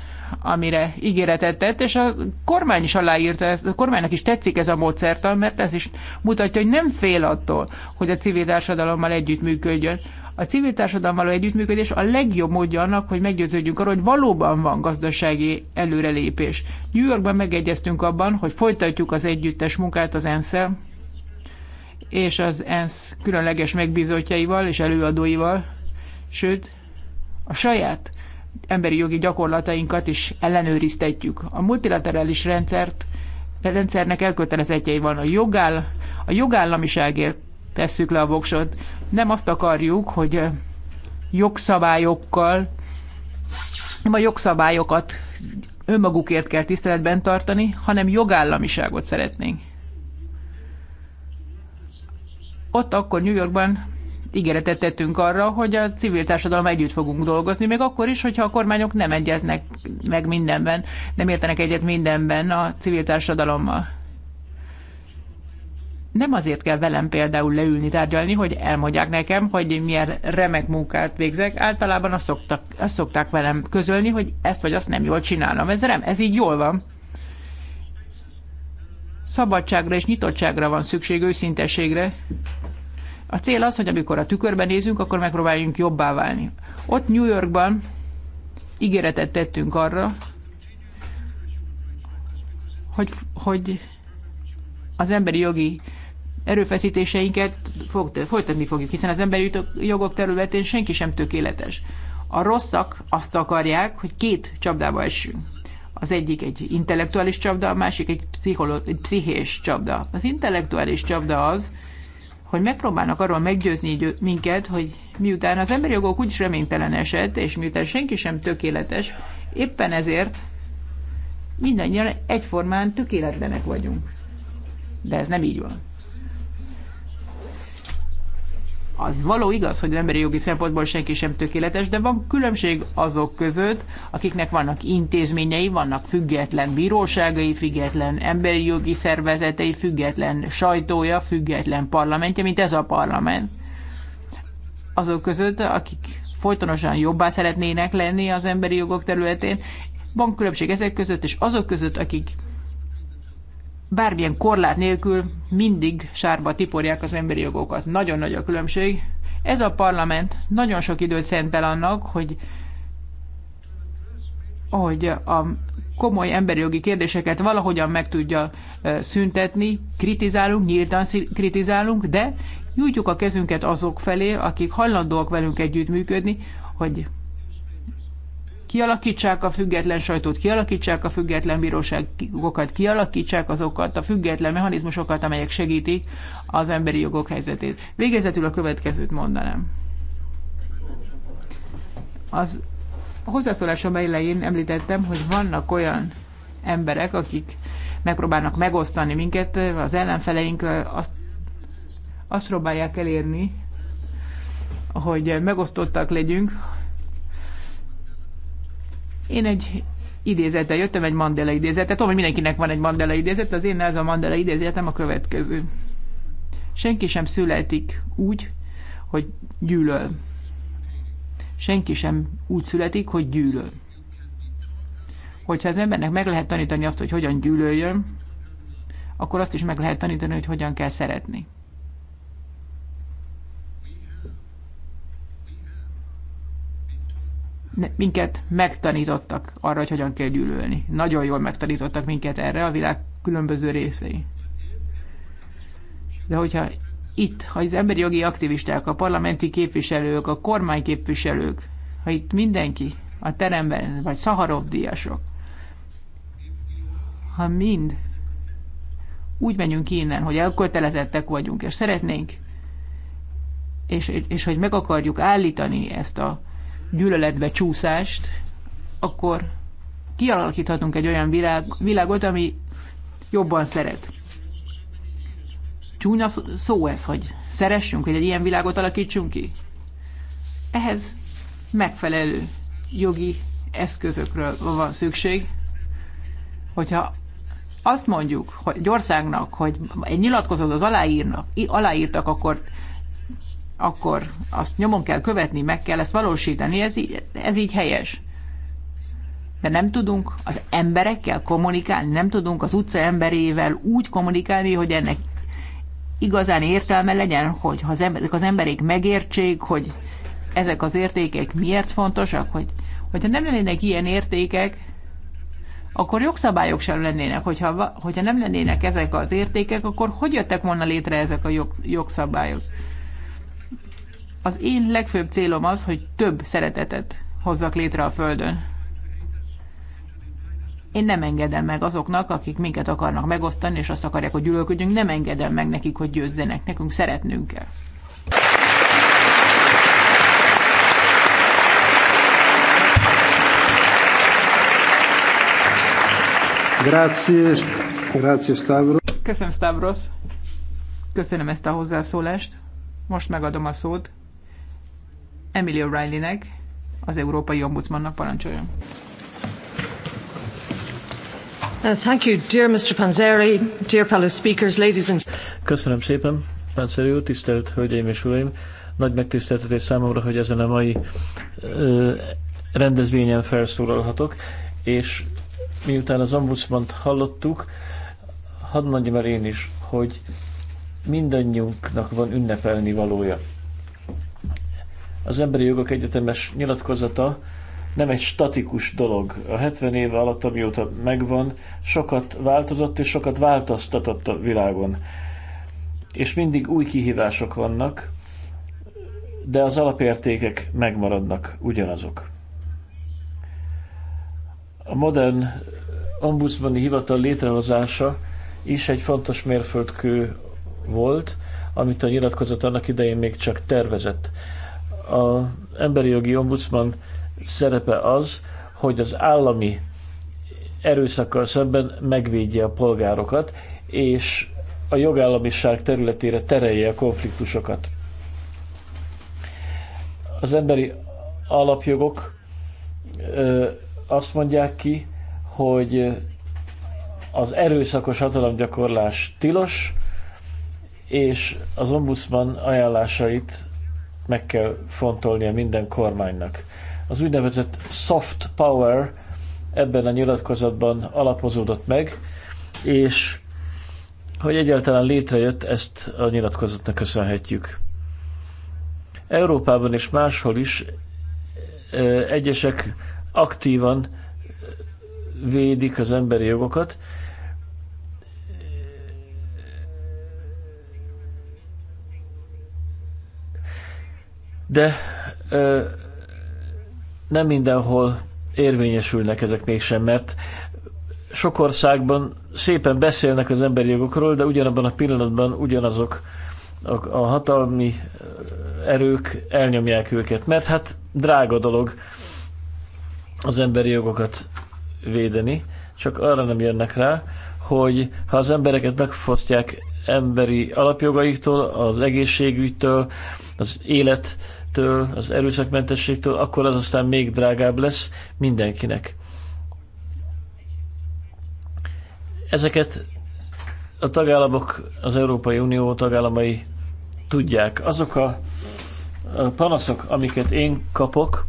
amire ígéretet tett, és a kormány is aláírta ezt, a kormánynak is tetszik ez a módszertan, mert ez is mutatja, hogy nem fél attól, hogy a civil társadalommal együttműködjön. A civil társadalommal együttműködés a legjobb módja annak, hogy meggyőződjünk arról, hogy valóban van gazdasági előrelépés. New Yorkban megegyeztünk abban, hogy folytatjuk az együttes munkát az ensz és az ENSZ különleges megbízottjaival és előadóival, sőt, a saját emberi jogi gyakorlatainkat is ellenőriztetjük. A multilaterális rendszert, rendszernek elkötelezettjei van a jogáll, a jogállamiságért tesszük le a voksot. Nem azt akarjuk, hogy jogszabályokkal, nem a jogszabályokat önmagukért kell tiszteletben tartani, hanem jogállamiságot szeretnénk. Ott akkor New Yorkban ígéretet tettünk arra, hogy a civil társadalom együtt fogunk dolgozni, még akkor is, hogyha a kormányok nem egyeznek meg mindenben, nem értenek egyet mindenben a civil társadalommal. Nem azért kell velem például leülni tárgyalni, hogy elmondják nekem, hogy milyen remek munkát végzek. Általában azt, szoktak, azt szokták velem közölni, hogy ezt vagy azt nem jól csinálom. Ez, nem, ez így jól van szabadságra és nyitottságra van szükség, őszintességre. A cél az, hogy amikor a tükörben nézünk, akkor megpróbáljunk jobbá válni. Ott New Yorkban ígéretet tettünk arra, hogy, hogy az emberi jogi erőfeszítéseinket fog, folytatni fogjuk, hiszen az emberi jogok területén senki sem tökéletes. A rosszak azt akarják, hogy két csapdába essünk. Az egyik egy intellektuális csapda, a másik egy, pszicholo- egy pszichés csapda. Az intellektuális csapda az, hogy megpróbálnak arról meggyőzni minket, hogy miután az emberi jogok úgyis reménytelen esett, és miután senki sem tökéletes, éppen ezért mindannyian egyformán tökéletlenek vagyunk. De ez nem így van. az való igaz, hogy az emberi jogi szempontból senki sem tökéletes, de van különbség azok között, akiknek vannak intézményei, vannak független bíróságai, független emberi jogi szervezetei, független sajtója, független parlamentje, mint ez a parlament. Azok között, akik folytonosan jobbá szeretnének lenni az emberi jogok területén, van különbség ezek között, és azok között, akik bármilyen korlát nélkül mindig sárba tiporják az emberi jogokat. Nagyon nagy a különbség. Ez a parlament nagyon sok időt szentel annak, hogy hogy a komoly emberi jogi kérdéseket valahogyan meg tudja szüntetni, kritizálunk, nyíltan kritizálunk, de nyújtjuk a kezünket azok felé, akik hajlandóak velünk együttműködni, hogy kialakítsák a független sajtót, kialakítsák a független bíróságokat, kialakítsák azokat a független mechanizmusokat, amelyek segítik az emberi jogok helyzetét. Végezetül a következőt mondanám. Az hozzászólásom elején említettem, hogy vannak olyan emberek, akik megpróbálnak megosztani minket, az ellenfeleink azt, azt próbálják elérni, hogy megosztottak legyünk, én egy idézettel jöttem, egy Mandela idézettel. Tudom, hogy mindenkinek van egy Mandela idézet, az én ez a Mandela idézetem a következő. Senki sem születik úgy, hogy gyűlöl. Senki sem úgy születik, hogy gyűlöl. Hogyha az embernek meg lehet tanítani azt, hogy hogyan gyűlöljön, akkor azt is meg lehet tanítani, hogy hogyan kell szeretni. minket megtanítottak arra, hogy hogyan kell gyűlölni. Nagyon jól megtanítottak minket erre a világ különböző részei. De hogyha itt, ha az emberi jogi aktivisták, a parlamenti képviselők, a kormányképviselők, ha itt mindenki a teremben, vagy Szaharov díjasok, ha mind úgy menjünk innen, hogy elkötelezettek vagyunk, és szeretnénk, és, és, és hogy meg akarjuk állítani ezt a gyűlöletbe csúszást, akkor kialakíthatunk egy olyan világ, világot, ami jobban szeret. Csúnya szó ez, hogy szeressünk, hogy egy ilyen világot alakítsunk ki. Ehhez megfelelő jogi eszközökről van szükség, hogyha azt mondjuk hogy egy országnak, hogy egy nyilatkozatot aláírnak, aláírtak, akkor akkor azt nyomon kell követni, meg kell ezt valósítani, ez így, ez így helyes. De nem tudunk az emberekkel kommunikálni, nem tudunk az utca emberével úgy kommunikálni, hogy ennek igazán értelme legyen, hogy ha az, emberek, az emberek megértsék, hogy ezek az értékek miért fontosak, hogy hogyha nem lennének ilyen értékek, akkor jogszabályok sem lennének. Hogyha, hogyha nem lennének ezek az értékek, akkor hogy jöttek volna létre ezek a jog, jogszabályok? Az én legfőbb célom az, hogy több szeretetet hozzak létre a Földön. Én nem engedem meg azoknak, akik minket akarnak megosztani, és azt akarják, hogy gyűlölködjünk, nem engedem meg nekik, hogy győzzenek. Nekünk szeretnünk kell. Grazie, grazie Stavros. Köszönöm Stavros. Köszönöm ezt a hozzászólást. Most megadom a szót Emilio riley az Európai Ombudsmannak parancsoljon. Uh, thank you, dear Mr. Panzeri, dear fellow speakers, ladies and... Köszönöm szépen, Panzeri úr, tisztelt Hölgyeim és Uraim! Nagy megtiszteltetés számomra, hogy ezen a mai ö, rendezvényen felszólalhatok, és miután az ombudsman hallottuk, hadd mondjam el én is, hogy mindannyiunknak van ünnepelni valója az Emberi Jogok Egyetemes nyilatkozata nem egy statikus dolog. A 70 éve alatt, amióta megvan, sokat változott és sokat változtatott a világon. És mindig új kihívások vannak, de az alapértékek megmaradnak ugyanazok. A modern ombudsmani hivatal létrehozása is egy fontos mérföldkő volt, amit a nyilatkozat annak idején még csak tervezett az emberi jogi ombudsman szerepe az, hogy az állami erőszakkal szemben megvédje a polgárokat, és a jogállamiság területére terelje a konfliktusokat. Az emberi alapjogok ö, azt mondják ki, hogy az erőszakos hatalomgyakorlás tilos, és az ombudsman ajánlásait meg kell fontolnia minden kormánynak. Az úgynevezett soft power ebben a nyilatkozatban alapozódott meg, és hogy egyáltalán létrejött, ezt a nyilatkozatnak köszönhetjük. Európában és máshol is egyesek aktívan védik az emberi jogokat, de ö, nem mindenhol érvényesülnek ezek mégsem, mert sok országban szépen beszélnek az emberi jogokról, de ugyanabban a pillanatban ugyanazok a, a hatalmi erők elnyomják őket, mert hát drága dolog az emberi jogokat védeni, csak arra nem jönnek rá, hogy ha az embereket megfosztják emberi alapjogaiktól, az egészségügytől, az élet től, az erőszakmentességtől, akkor az aztán még drágább lesz mindenkinek. Ezeket a tagállamok, az Európai Unió tagállamai tudják. Azok a panaszok, amiket én kapok,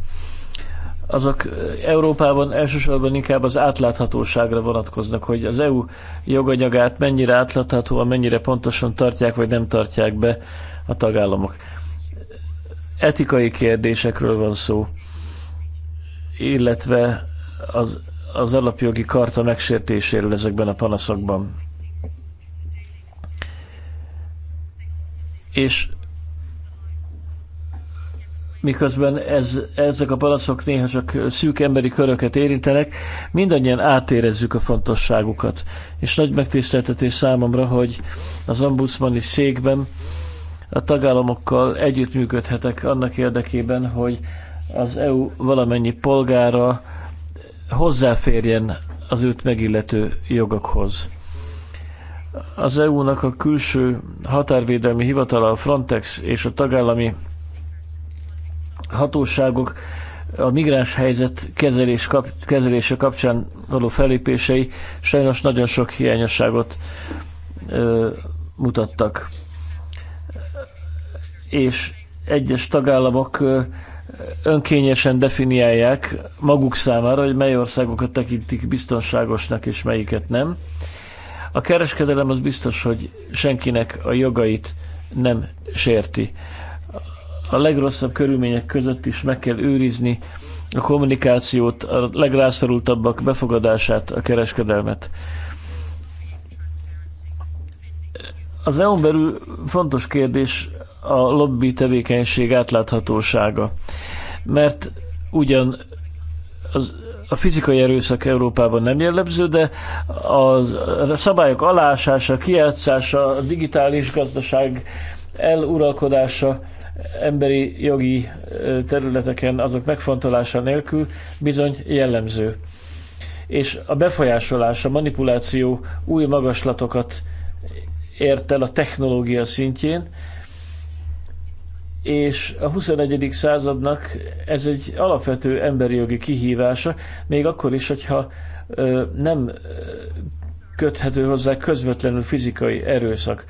azok Európában elsősorban inkább az átláthatóságra vonatkoznak, hogy az EU joganyagát mennyire átlátható, mennyire pontosan tartják vagy nem tartják be a tagállamok etikai kérdésekről van szó, illetve az, az alapjogi karta megsértéséről ezekben a panaszokban. És miközben ez, ezek a panaszok néha csak szűk emberi köröket érintenek, mindannyian átérezzük a fontosságukat. És nagy megtiszteltetés számomra, hogy az ombudsmani székben a tagállamokkal együttműködhetek annak érdekében, hogy az EU valamennyi polgára hozzáférjen az őt megillető jogokhoz. Az EU-nak a külső határvédelmi hivatala, a Frontex és a tagállami hatóságok a migráns helyzet kezelés kap, kezelése kapcsán való felépései sajnos nagyon sok hiányosságot ö, mutattak és egyes tagállamok önkényesen definiálják maguk számára, hogy mely országokat tekintik biztonságosnak és melyiket nem. A kereskedelem az biztos, hogy senkinek a jogait nem sérti. A legrosszabb körülmények között is meg kell őrizni a kommunikációt, a legrászorultabbak befogadását, a kereskedelmet. Az EU-n belül fontos kérdés a lobby tevékenység átláthatósága. Mert ugyan az, a fizikai erőszak Európában nem jellemző, de az, a szabályok alásása, kijátszása, a digitális gazdaság eluralkodása emberi jogi területeken azok megfontolása nélkül bizony jellemző. És a befolyásolás, a manipuláció új magaslatokat ért el a technológia szintjén, és a 21. századnak ez egy alapvető emberi jogi kihívása, még akkor is, hogyha nem köthető hozzá közvetlenül fizikai erőszak.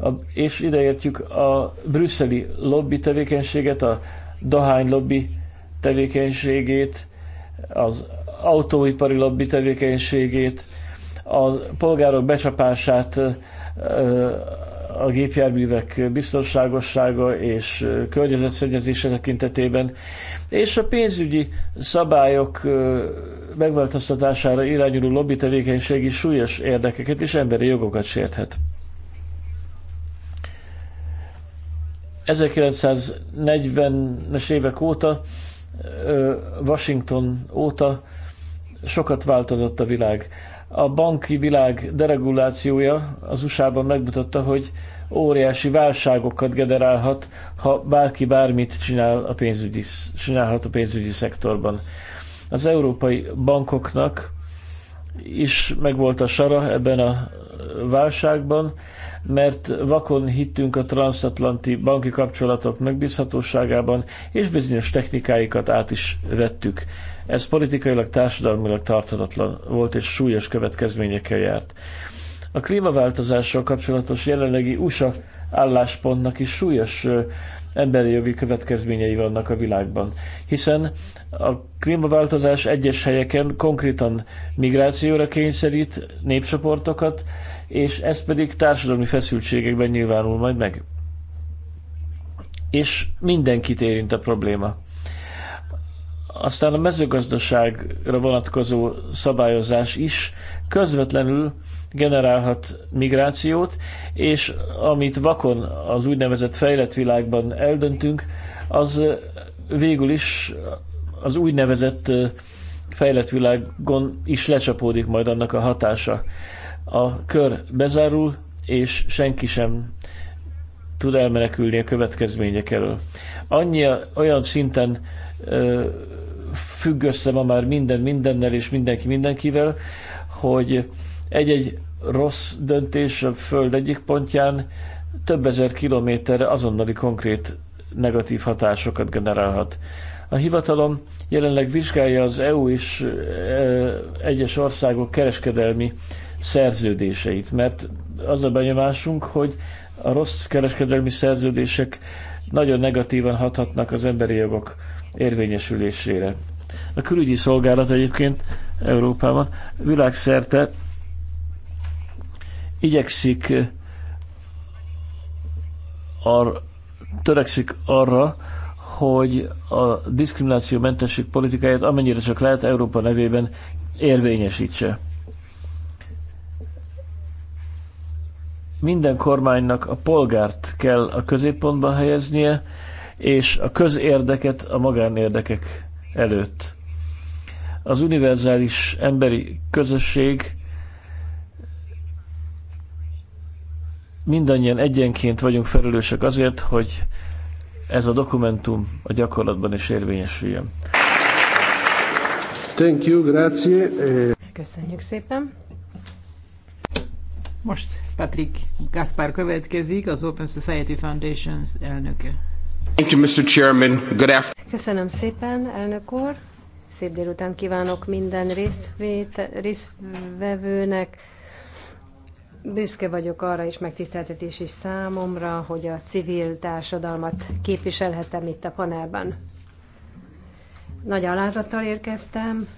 A, és ideértjük a brüsszeli lobby tevékenységet, a dohány lobby tevékenységét, az autóipari lobby tevékenységét, a polgárok becsapását, a gépjárművek biztonságossága és környezetszennyezése tekintetében, és a pénzügyi szabályok megváltoztatására irányuló lobby tevékenység is súlyos érdekeket és emberi jogokat sérthet. 1940-es évek óta, Washington óta sokat változott a világ. A banki világ deregulációja az USA-ban megmutatta, hogy óriási válságokat generálhat, ha bárki bármit csinál a pénzügyi, csinálhat a pénzügyi szektorban. Az európai bankoknak is megvolt a sara ebben a válságban, mert vakon hittünk a transatlanti banki kapcsolatok megbízhatóságában, és bizonyos technikáikat át is vettük. Ez politikailag, társadalmilag tarthatatlan volt és súlyos következményekkel járt. A klímaváltozással kapcsolatos jelenlegi USA álláspontnak is súlyos emberi jogi következményei vannak a világban, hiszen a klímaváltozás egyes helyeken konkrétan migrációra kényszerít népcsoportokat, és ez pedig társadalmi feszültségekben nyilvánul majd meg. És mindenkit érint a probléma. Aztán a mezőgazdaságra vonatkozó szabályozás is közvetlenül generálhat migrációt, és amit vakon az úgynevezett fejlett világban eldöntünk, az végül is az úgynevezett fejlett világon is lecsapódik majd annak a hatása. A kör bezárul, és senki sem tud elmenekülni a következmények elől. Annyi olyan szinten ö, függ össze ma már minden mindennel és mindenki mindenkivel, hogy egy-egy rossz döntés a Föld egyik pontján több ezer kilométerre azonnali konkrét negatív hatásokat generálhat. A hivatalom jelenleg vizsgálja az EU és e, egyes országok kereskedelmi szerződéseit, mert az a benyomásunk, hogy a rossz kereskedelmi szerződések nagyon negatívan hathatnak az emberi jogok érvényesülésére. A külügyi szolgálat egyébként Európában világszerte igyekszik eh, ar, törekszik arra, hogy a diszkrimináció mentesség politikáját amennyire csak lehet Európa nevében érvényesítse. Minden kormánynak a polgárt kell a középpontba helyeznie, és a közérdeket a magánérdekek előtt. Az univerzális emberi közösség mindannyian egyenként vagyunk felelősek azért, hogy ez a dokumentum a gyakorlatban is érvényesüljön. Thank you, grazie. Köszönjük szépen. Most Patrick Gaspar következik, az Open Society Foundation elnöke. Thank you, Mr. Chairman. Good Köszönöm szépen, elnök úr. Szép délután kívánok minden részvét, résztvevőnek. Büszke vagyok arra, is megtiszteltetés is számomra, hogy a civil társadalmat képviselhetem itt a panelben. Nagy alázattal érkeztem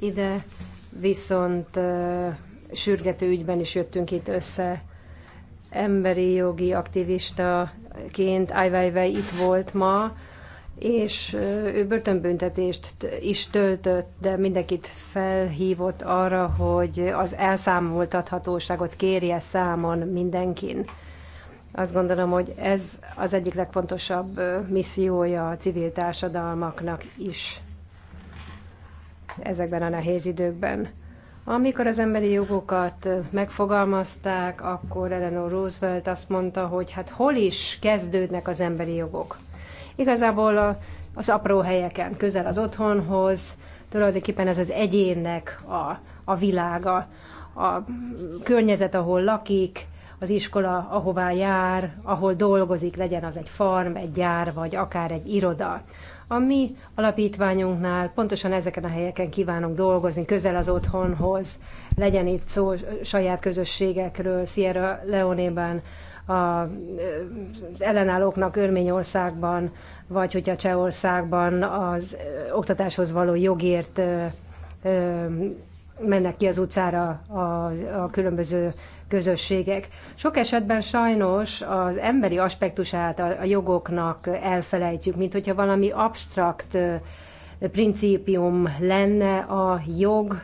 ide, viszont uh, sürgető ügyben is jöttünk itt össze. Emberi jogi aktivista ként Ai Weiwei itt volt ma, és ő börtönbüntetést is töltött, de mindenkit felhívott arra, hogy az elszámoltathatóságot kérje számon mindenkin. Azt gondolom, hogy ez az egyik legfontosabb missziója a civil társadalmaknak is ezekben a nehéz időkben. Amikor az emberi jogokat megfogalmazták, akkor Eleanor Roosevelt azt mondta, hogy hát hol is kezdődnek az emberi jogok. Igazából az apró helyeken, közel az otthonhoz, tulajdonképpen ez az egyénnek a, a világa, a környezet, ahol lakik, az iskola, ahová jár, ahol dolgozik, legyen az egy farm, egy gyár, vagy akár egy iroda. A mi alapítványunknál pontosan ezeken a helyeken kívánunk dolgozni, közel az otthonhoz, legyen itt szó saját közösségekről, Sierra Leone-ben, az ellenállóknak Örményországban, vagy hogyha Csehországban az oktatáshoz való jogért mennek ki az utcára a, a különböző közösségek. Sok esetben sajnos az emberi aspektusát a jogoknak elfelejtjük, mint hogyha valami absztrakt principium lenne a jog,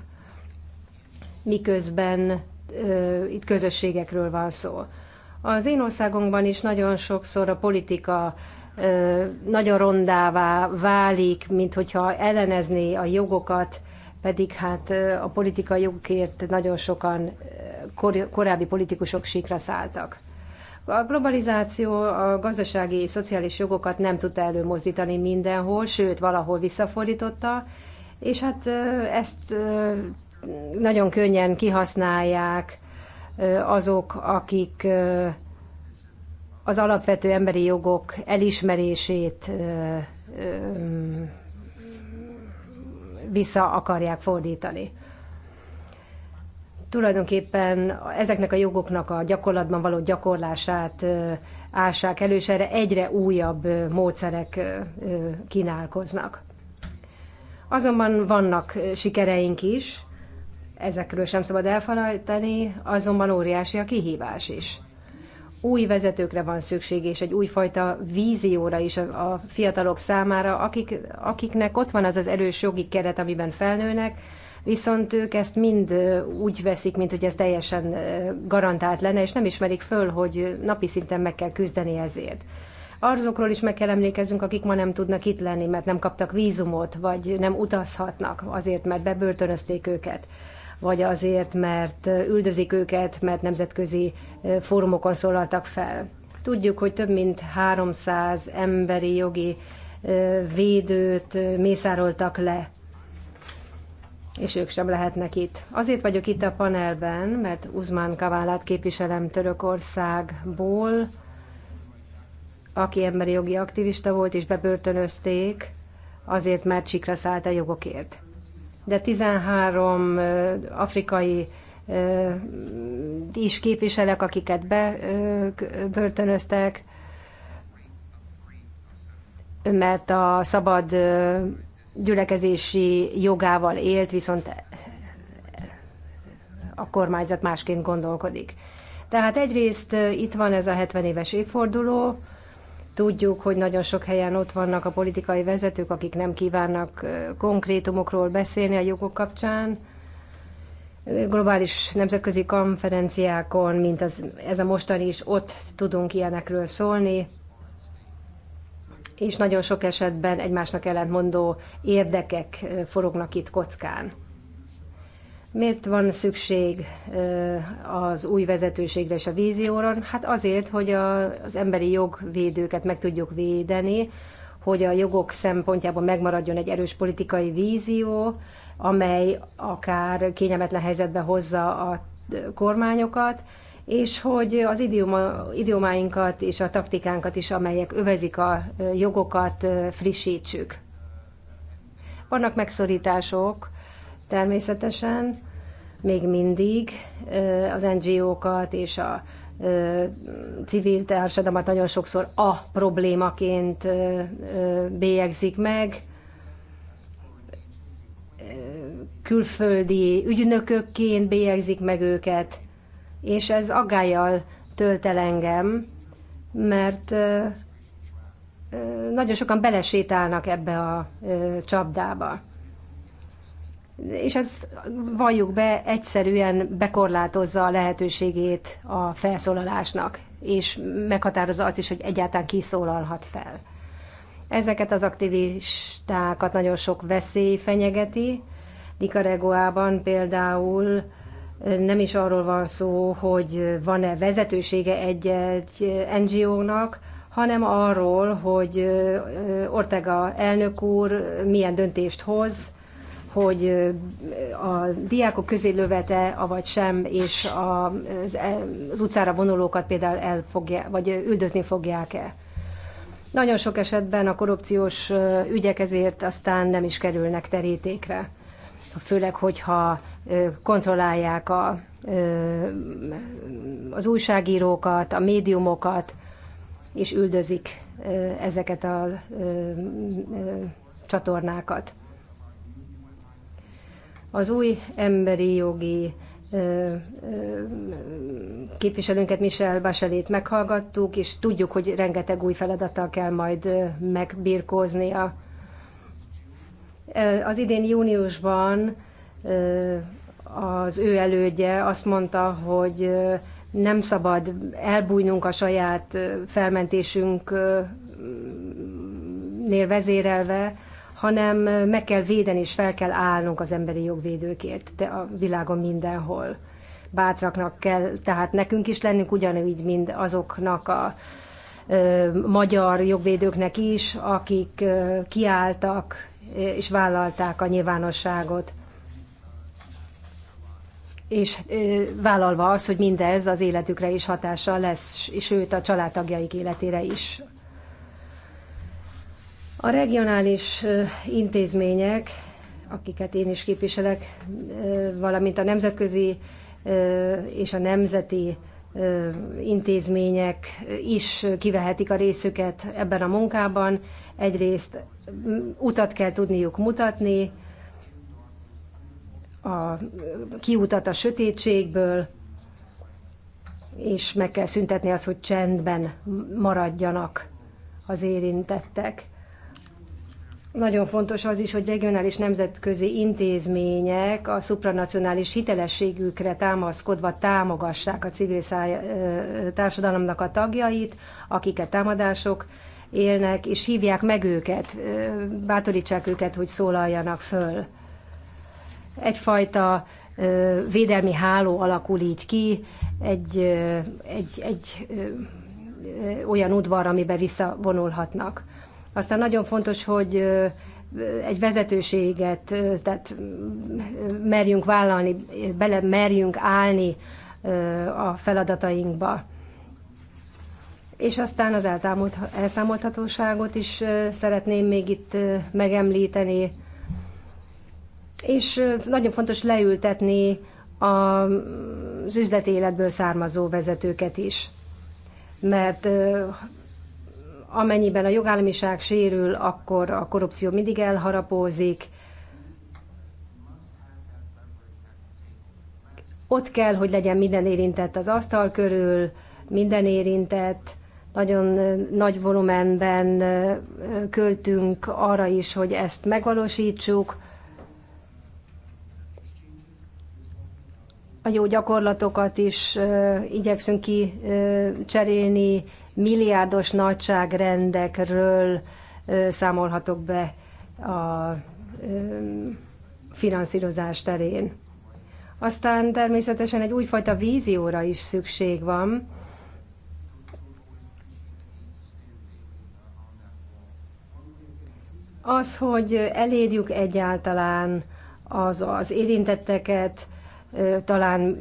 miközben itt közösségekről van szó. Az én országunkban is nagyon sokszor a politika nagyon rondává válik, mint hogyha ellenezné a jogokat, pedig hát a politika jogért nagyon sokan kor- korábbi politikusok sikra szálltak. A globalizáció a gazdasági és szociális jogokat nem tudta előmozdítani mindenhol, sőt, valahol visszafordította, és hát ezt nagyon könnyen kihasználják azok, akik az alapvető emberi jogok elismerését vissza akarják fordítani tulajdonképpen ezeknek a jogoknak a gyakorlatban való gyakorlását ássák elő, és erre egyre újabb módszerek kínálkoznak. Azonban vannak sikereink is, ezekről sem szabad elfelejteni, azonban óriási a kihívás is. Új vezetőkre van szükség, és egy újfajta vízióra is a fiatalok számára, akik, akiknek ott van az az erős jogi keret, amiben felnőnek, viszont ők ezt mind úgy veszik, mint hogy ez teljesen garantált lenne, és nem ismerik föl, hogy napi szinten meg kell küzdeni ezért. Arzokról is meg kell emlékezzünk, akik ma nem tudnak itt lenni, mert nem kaptak vízumot, vagy nem utazhatnak azért, mert bebörtönözték őket vagy azért, mert üldözik őket, mert nemzetközi fórumokon szólaltak fel. Tudjuk, hogy több mint 300 emberi jogi védőt mészároltak le és ők sem lehetnek itt. Azért vagyok itt a panelben, mert Uzmán Kaválát képviselem Törökországból, aki emberi jogi aktivista volt, és bebörtönözték, azért, mert csikra szállt a jogokért. De 13 afrikai is képviselek, akiket bebörtönöztek, mert a szabad gyülekezési jogával élt, viszont a kormányzat másként gondolkodik. Tehát egyrészt itt van ez a 70 éves évforduló, tudjuk, hogy nagyon sok helyen ott vannak a politikai vezetők, akik nem kívánnak konkrétumokról beszélni a jogok kapcsán, globális nemzetközi konferenciákon, mint az, ez a mostani is, ott tudunk ilyenekről szólni, és nagyon sok esetben egymásnak ellentmondó érdekek forognak itt kockán. Miért van szükség az új vezetőségre és a vízióra? Hát azért, hogy az emberi jogvédőket meg tudjuk védeni, hogy a jogok szempontjából megmaradjon egy erős politikai vízió, amely akár kényelmetlen helyzetbe hozza a kormányokat, és hogy az idioma, idiomáinkat és a taktikánkat is, amelyek övezik a jogokat, frissítsük. Vannak megszorítások, természetesen, még mindig az NGO-kat és a civil társadalmat nagyon sokszor a problémaként bélyegzik meg, külföldi ügynökökként bélyegzik meg őket, és ez aggájjal tölt el engem, mert nagyon sokan belesétálnak ebbe a csapdába. És ez, valljuk be, egyszerűen bekorlátozza a lehetőségét a felszólalásnak, és meghatározza azt is, hogy egyáltalán kiszólalhat fel. Ezeket az aktivistákat nagyon sok veszély fenyegeti. Nicaraguában például nem is arról van szó, hogy van-e vezetősége egy-egy NGO-nak, hanem arról, hogy Ortega elnök úr milyen döntést hoz, hogy a diákok közé lövete, avagy sem, és az, utcára vonulókat például el fogja, vagy üldözni fogják-e. Nagyon sok esetben a korrupciós ügyek ezért aztán nem is kerülnek terítékre. Főleg, hogyha kontrollálják a, az újságírókat, a médiumokat, és üldözik ezeket a csatornákat. Az új emberi jogi képviselőnket, Michel Bachelet meghallgattuk, és tudjuk, hogy rengeteg új feladattal kell majd megbirkóznia. Az idén júniusban az ő elődje azt mondta, hogy nem szabad elbújnunk a saját felmentésünknél vezérelve, hanem meg kell védeni és fel kell állnunk az emberi jogvédőkért de a világon mindenhol. Bátraknak kell tehát nekünk is lennünk, ugyanúgy, mint azoknak a ö, magyar jogvédőknek is, akik ö, kiálltak és vállalták a nyilvánosságot és vállalva az, hogy mindez az életükre is hatása lesz, sőt a családtagjaik életére is. A regionális intézmények, akiket én is képviselek, valamint a nemzetközi és a nemzeti intézmények is kivehetik a részüket ebben a munkában. Egyrészt utat kell tudniuk mutatni, a kiutat a sötétségből, és meg kell szüntetni azt, hogy csendben maradjanak az érintettek. Nagyon fontos az is, hogy regionális nemzetközi intézmények a szupranacionális hitelességükre támaszkodva támogassák a civil száj, társadalomnak a tagjait, akiket támadások élnek, és hívják meg őket, bátorítsák őket, hogy szólaljanak föl egyfajta védelmi háló alakul így ki, egy, egy, egy olyan udvar, amiben visszavonulhatnak. Aztán nagyon fontos, hogy egy vezetőséget, tehát merjünk vállalni, bele merjünk állni a feladatainkba. És aztán az elszámolhatóságot is szeretném még itt megemlíteni, és nagyon fontos leültetni az üzleti életből származó vezetőket is. Mert amennyiben a jogállamiság sérül, akkor a korrupció mindig elharapózik. Ott kell, hogy legyen minden érintett az asztal körül, minden érintett, nagyon nagy volumenben költünk arra is, hogy ezt megvalósítsuk a jó gyakorlatokat is igyekszünk kicserélni, milliárdos nagyságrendekről számolhatok be a finanszírozás terén. Aztán természetesen egy újfajta vízióra is szükség van, az, hogy elérjük egyáltalán az, az érintetteket, talán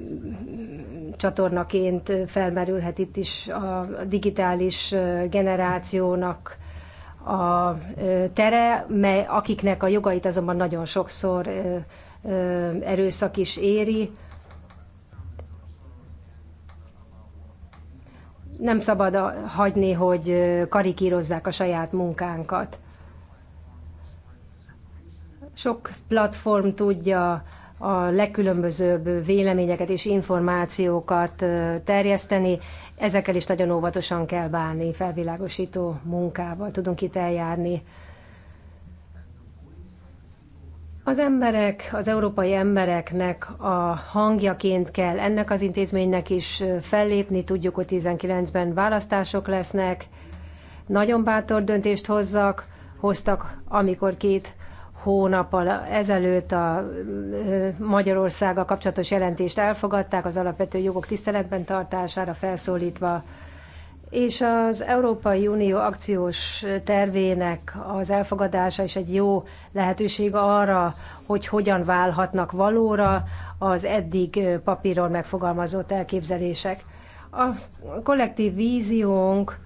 csatornaként felmerülhet itt is a digitális generációnak a tere, mely, akiknek a jogait azonban nagyon sokszor erőszak is éri. Nem szabad hagyni, hogy karikírozzák a saját munkánkat. Sok platform tudja a legkülönbözőbb véleményeket és információkat terjeszteni. Ezekkel is nagyon óvatosan kell bánni, felvilágosító munkával tudunk itt eljárni. Az emberek, az európai embereknek a hangjaként kell ennek az intézménynek is fellépni. Tudjuk, hogy 19-ben választások lesznek. Nagyon bátor döntést hozzak, hoztak, amikor két hónappal ezelőtt a Magyarországa kapcsolatos jelentést elfogadták az alapvető jogok tiszteletben tartására felszólítva, és az Európai Unió akciós tervének az elfogadása is egy jó lehetőség arra, hogy hogyan válhatnak valóra az eddig papíron megfogalmazott elképzelések. A kollektív víziónk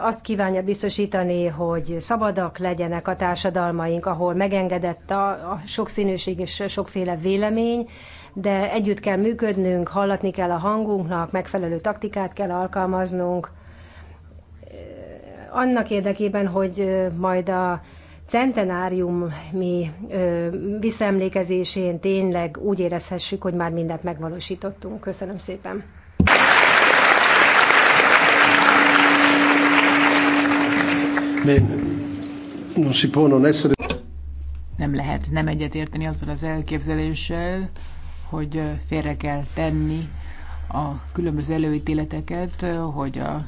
azt kívánja biztosítani, hogy szabadak legyenek a társadalmaink, ahol megengedett a, a sokszínűség és sokféle vélemény, de együtt kell működnünk, hallatni kell a hangunknak, megfelelő taktikát kell alkalmaznunk, annak érdekében, hogy majd a mi visszaemlékezésén tényleg úgy érezhessük, hogy már mindent megvalósítottunk. Köszönöm szépen! Nem lehet nem egyetérteni azzal az elképzeléssel, hogy félre kell tenni a különböző előítéleteket, hogy a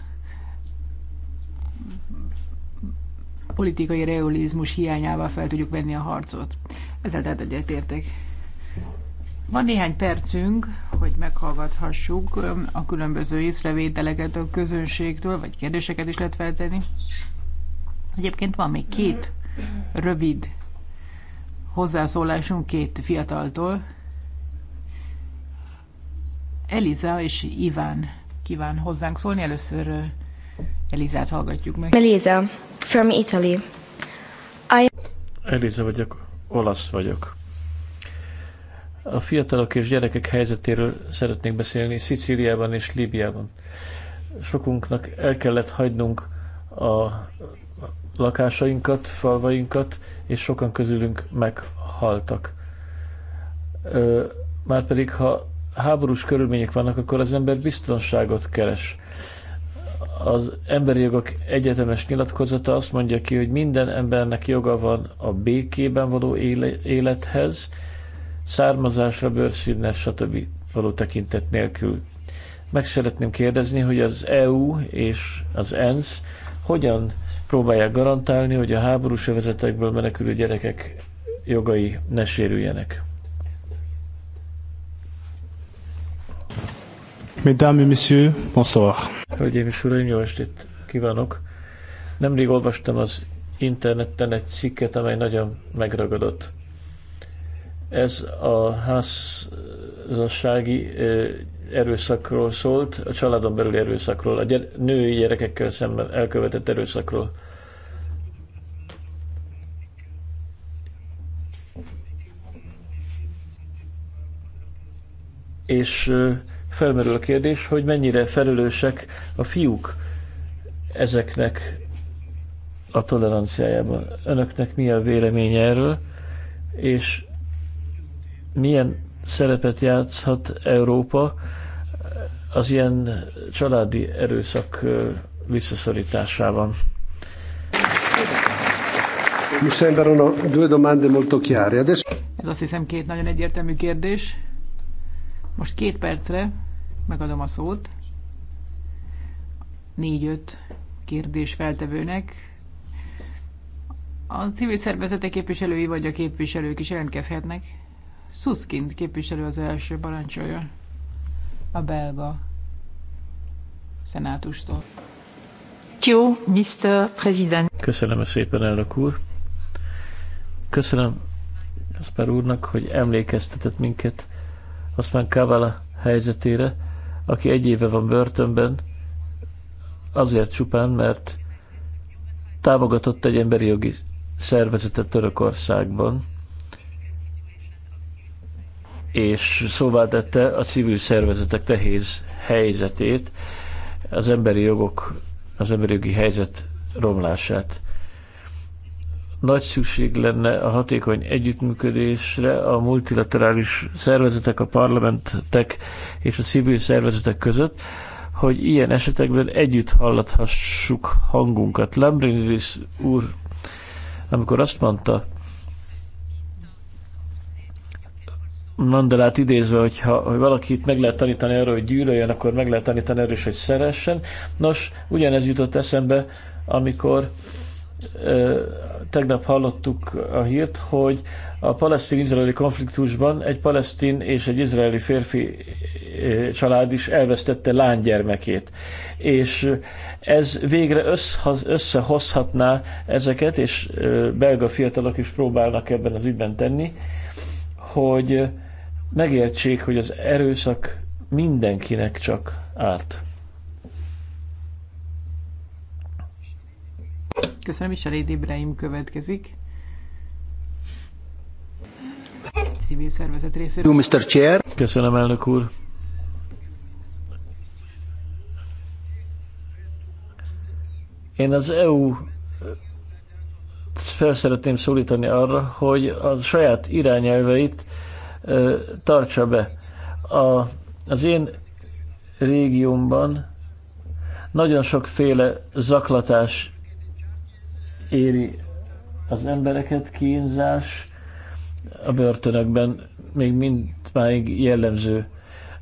politikai realizmus hiányával fel tudjuk venni a harcot. Ezzel tehát egyetértek. Van néhány percünk, hogy meghallgathassuk a különböző észrevételeket a közönségtől, vagy kérdéseket is lehet feltenni. Egyébként van még két rövid hozzászólásunk két fiataltól. Eliza és Iván kíván hozzánk szólni. Először Elizát hallgatjuk meg. Eliza, from Italy. I... Eliza vagyok, olasz vagyok. A fiatalok és gyerekek helyzetéről szeretnék beszélni Szicíliában és Líbiában. Sokunknak el kellett hagynunk a lakásainkat, falvainkat, és sokan közülünk meghaltak. Márpedig, ha háborús körülmények vannak, akkor az ember biztonságot keres. Az Emberi Jogok Egyetemes Nyilatkozata azt mondja ki, hogy minden embernek joga van a békében való élethez, származásra, bőrszínre, stb. való tekintet nélkül. Meg szeretném kérdezni, hogy az EU és az ENSZ hogyan próbálják garantálni, hogy a háborús övezetekből menekülő gyerekek jogai ne sérüljenek. Mesdames et messieurs, bonsoir. Hölgyeim és uraim, jó estét kívánok! Nemrég olvastam az interneten egy cikket, amely nagyon megragadott. Ez a házassági erőszakról szólt, a családon belüli erőszakról, a gyere- női gyerekekkel szemben elkövetett erőszakról. És felmerül a kérdés, hogy mennyire felelősek a fiúk ezeknek a toleranciájában. Önöknek mi a véleménye erről, és milyen szerepet játszhat Európa az ilyen családi erőszak visszaszorításában. Ez azt hiszem két nagyon egyértelmű kérdés. Most két percre megadom a szót. Négy-öt kérdés feltevőnek. A civil szervezetek képviselői vagy a képviselők is jelentkezhetnek. Suskind képviselő az első parancsolja a belga szenátustól. Mr. President. Köszönöm szépen, elnök úr. Köszönöm Kaspar úrnak, hogy emlékeztetett minket aztán Kavala helyzetére, aki egy éve van börtönben, azért csupán, mert támogatott egy emberi jogi szervezetet Törökországban, és szóvá tette a civil szervezetek nehéz helyzetét, az emberi jogok, az emberi jogi helyzet romlását. Nagy szükség lenne a hatékony együttműködésre a multilaterális szervezetek, a parlamentek és a civil szervezetek között, hogy ilyen esetekben együtt hallathassuk hangunkat. Lambrinidis úr, amikor azt mondta, Mandelát idézve, hogyha, hogy valakit meg lehet tanítani arra, hogy gyűlöljön, akkor meg lehet tanítani arra is, hogy szeressen. Nos, ugyanez jutott eszembe, amikor ö, tegnap hallottuk a hírt, hogy a palesztin-izraeli konfliktusban egy palesztin és egy izraeli férfi család is elvesztette lánygyermekét. És ez végre összehozhatná ezeket, és belga fiatalok is próbálnak ebben az ügyben tenni, hogy megértsék, hogy az erőszak mindenkinek csak árt. Köszönöm, is a Lady Ibrahim következik. Civil szervezet részéről. Mr. Chair. Köszönöm, elnök úr. Én az EU fel szeretném szólítani arra, hogy a saját irányelveit tartsa be. A, az én régiómban nagyon sokféle zaklatás éri az embereket, kínzás a börtönökben még mindmáig jellemző.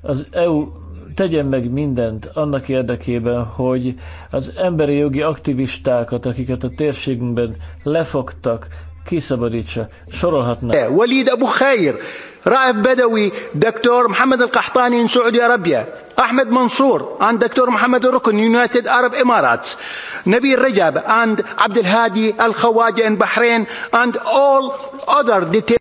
Az EU tegyen meg mindent annak érdekében, hogy az emberi jogi aktivistákat, akiket a térségünkben lefogtak, kiszabadítsa. Sorolhatná. Eh, Walid Abu Khair, Raif Bedawi, Dr. Mohamed Al-Qahtani in Saudi Arabia, Ahmed Mansour and Dr. Mohamed Rukn, United Arab Emirates, Nabil Rajab and Abdel Hadi Al-Khawaja in Bahrain and all other details.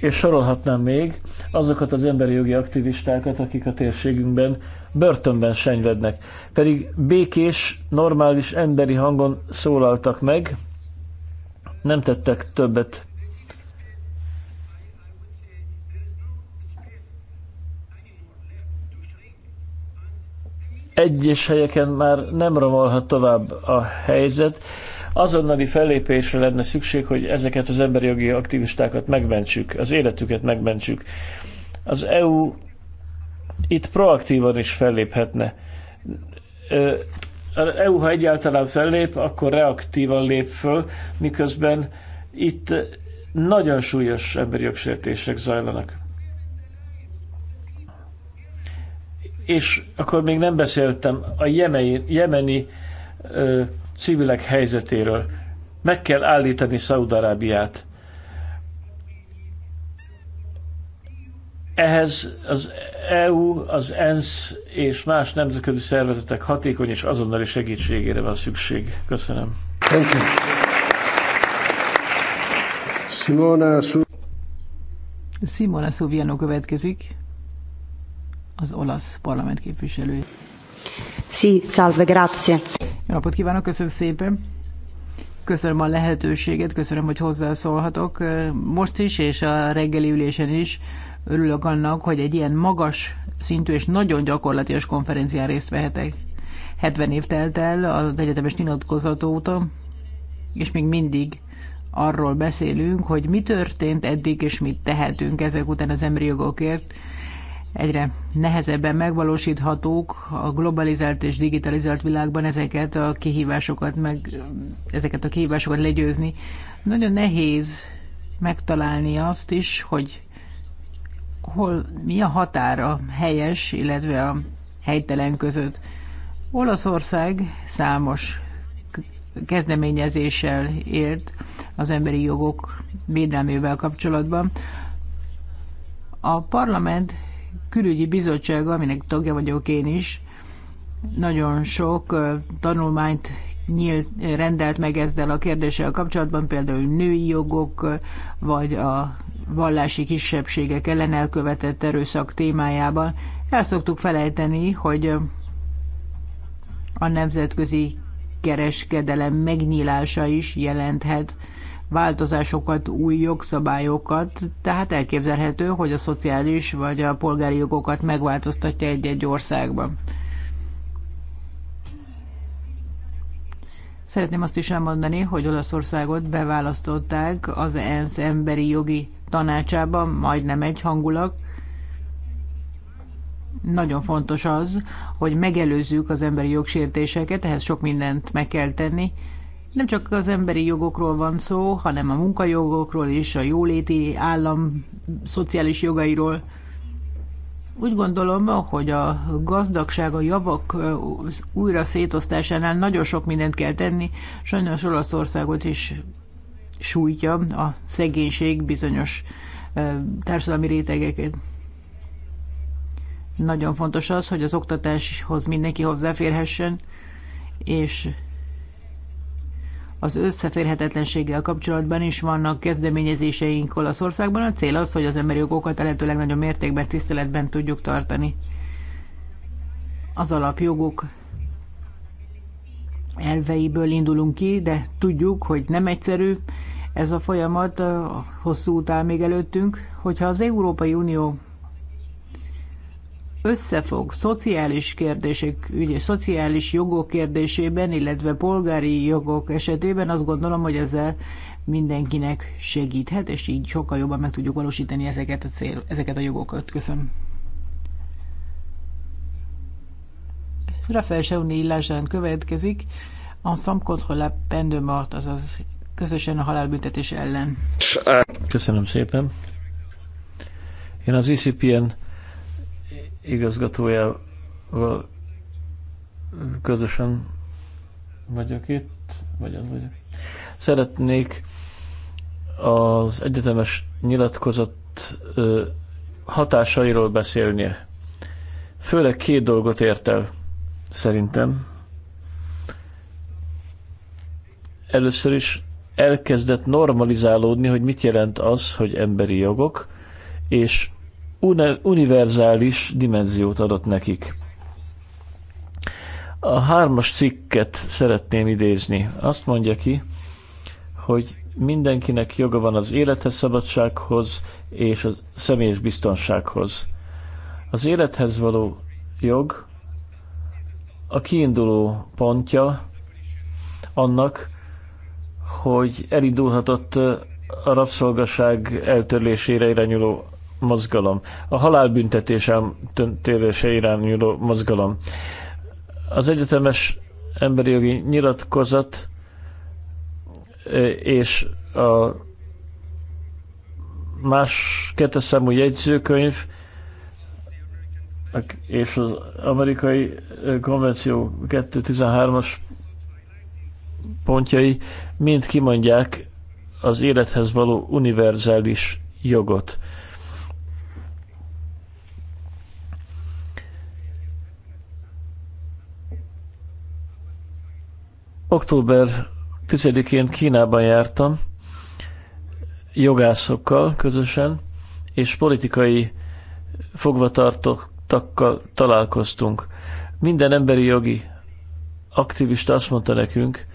És sorolhatnám még azokat az emberi jogi aktivistákat, akik a térségünkben börtönben senyvednek. Pedig békés, normális emberi hangon szólaltak meg, nem tettek többet. Egyes helyeken már nem romolhat tovább a helyzet. Azonnali fellépésre lenne szükség, hogy ezeket az emberi jogi aktivistákat megmentsük, az életüket megmentsük. Az EU itt proaktívan is felléphetne az EU, ha egyáltalán fellép, akkor reaktívan lép föl, miközben itt nagyon súlyos emberi jogsértések zajlanak. És akkor még nem beszéltem a jemei, jemeni ö, civilek helyzetéről. Meg kell állítani Szaudarábiát. Ehhez az EU, az ENSZ és más nemzetközi szervezetek hatékony és azonnali segítségére van szükség. Köszönöm. Simona, Su- Simona Suviano következik, az olasz parlament képviselő. Sí, salve, grazie. Jó napot kívánok, köszönöm szépen. Köszönöm a lehetőséget, köszönöm, hogy hozzászólhatok most is, és a reggeli ülésen is Örülök annak, hogy egy ilyen magas szintű és nagyon gyakorlatilag konferencián részt vehetek. 70 év telt el az egyetemes nyilatkozató óta, és még mindig arról beszélünk, hogy mi történt eddig, és mit tehetünk ezek után az emberi jogokért. Egyre nehezebben megvalósíthatók a globalizált és digitalizált világban ezeket a kihívásokat, meg, ezeket a kihívásokat legyőzni. Nagyon nehéz megtalálni azt is, hogy hol mi a határ a helyes, illetve a helytelen között. Olaszország számos kezdeményezéssel élt az emberi jogok védelmével kapcsolatban. A parlament külügyi bizottsága, aminek tagja vagyok én is, nagyon sok tanulmányt nyílt, rendelt meg ezzel a kérdéssel kapcsolatban, például női jogok, vagy a vallási kisebbségek ellen elkövetett erőszak témájában. El szoktuk felejteni, hogy a nemzetközi kereskedelem megnyílása is jelenthet változásokat, új jogszabályokat, tehát elképzelhető, hogy a szociális vagy a polgári jogokat megváltoztatja egy-egy országban. Szeretném azt is elmondani, hogy Olaszországot beválasztották az ENSZ emberi jogi tanácsában majdnem egyhangulag. Nagyon fontos az, hogy megelőzzük az emberi jogsértéseket, ehhez sok mindent meg kell tenni. Nem csak az emberi jogokról van szó, hanem a munkajogokról és a jóléti állam szociális jogairól. Úgy gondolom, hogy a gazdagság, a javak újra szétosztásánál nagyon sok mindent kell tenni. Sajnos Olaszországot is sújtja a szegénység bizonyos társadalmi rétegeket. Nagyon fontos az, hogy az oktatáshoz mindenki hozzáférhessen, és az összeférhetetlenséggel kapcsolatban is vannak kezdeményezéseink Olaszországban. A cél az, hogy az emberi jogokat a lehető legnagyobb mértékben tiszteletben tudjuk tartani. Az alapjogok elveiből indulunk ki, de tudjuk, hogy nem egyszerű, ez a folyamat hosszú után még előttünk, hogyha az Európai Unió összefog szociális kérdések, ugye szociális jogok kérdésében, illetve polgári jogok esetében, azt gondolom, hogy ezzel mindenkinek segíthet, és így sokkal jobban meg tudjuk valósítani ezeket a, cél, ezeket a jogokat. Köszönöm. Rafael Seuni illásán következik. Ensemble contre la peine de mort, azaz közösen a halálbüntetés ellen. Köszönöm szépen. Én az ICPN e igazgatójával közösen vagyok itt, vagy az vagyok. Szeretnék az egyetemes nyilatkozat hatásairól beszélni. Főleg két dolgot ért el, szerintem. Először is elkezdett normalizálódni, hogy mit jelent az, hogy emberi jogok, és univerzális dimenziót adott nekik. A hármas cikket szeretném idézni. Azt mondja ki, hogy mindenkinek joga van az élethez, szabadsághoz és a személyes biztonsághoz. Az élethez való jog a kiinduló pontja annak, hogy elindulhatott a rabszolgaság eltörlésére irányuló mozgalom, a halálbüntetés eltöntérésre irányuló mozgalom. Az egyetemes emberi jogi nyilatkozat és a más kettes számú jegyzőkönyv és az amerikai konvenció 213-as pontjai mind kimondják az élethez való univerzális jogot. Október 10-én Kínában jártam jogászokkal közösen, és politikai fogvatartottakkal találkoztunk. Minden emberi jogi aktivista azt mondta nekünk,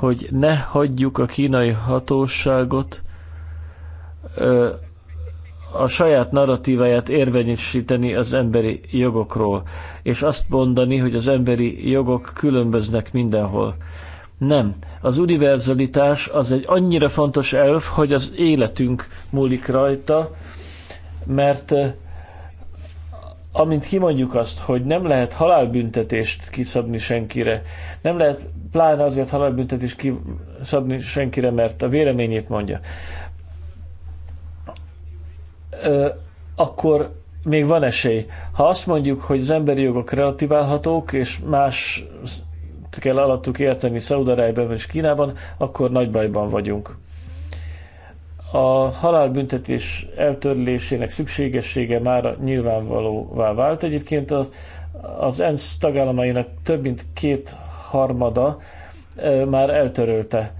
hogy ne hagyjuk a kínai hatóságot ö, a saját narratíváját érvényesíteni az emberi jogokról, és azt mondani, hogy az emberi jogok különböznek mindenhol. Nem. Az univerzalitás az egy annyira fontos elv, hogy az életünk múlik rajta, mert amint kimondjuk azt, hogy nem lehet halálbüntetést kiszabni senkire, nem lehet pláne azért halálbüntetést kiszabni senkire, mert a véleményét mondja, akkor még van esély. Ha azt mondjuk, hogy az emberi jogok relativálhatók, és más kell alattuk érteni Szaudarájban és Kínában, akkor nagy bajban vagyunk a halálbüntetés eltörlésének szükségessége már nyilvánvalóvá vált. Egyébként az ENSZ tagállamainak több mint két harmada már eltörölte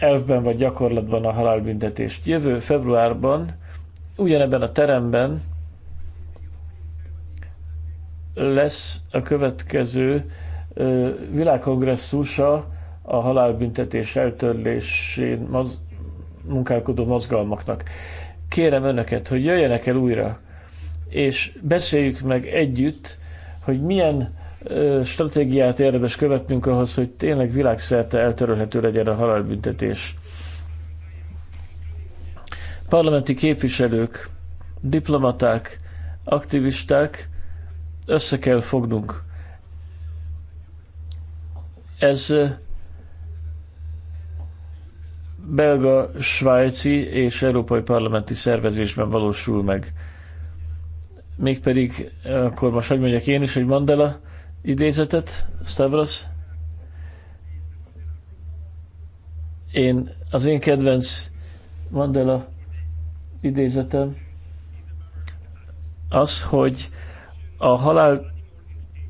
elfben vagy gyakorlatban a halálbüntetést. Jövő februárban ugyanebben a teremben lesz a következő világkongresszusa a halálbüntetés eltörlésén munkálkodó mozgalmaknak. Kérem önöket, hogy jöjjenek el újra, és beszéljük meg együtt, hogy milyen stratégiát érdemes követnünk ahhoz, hogy tényleg világszerte eltörölhető legyen a halálbüntetés. Parlamenti képviselők, diplomaták, aktivisták, össze kell fognunk. Ez belga, svájci és európai parlamenti szervezésben valósul meg. Mégpedig, eh, akkor most hogy mondjak én is hogy Mandela idézetet, Stavros? Én, az én kedvenc Mandela idézetem az, hogy a halál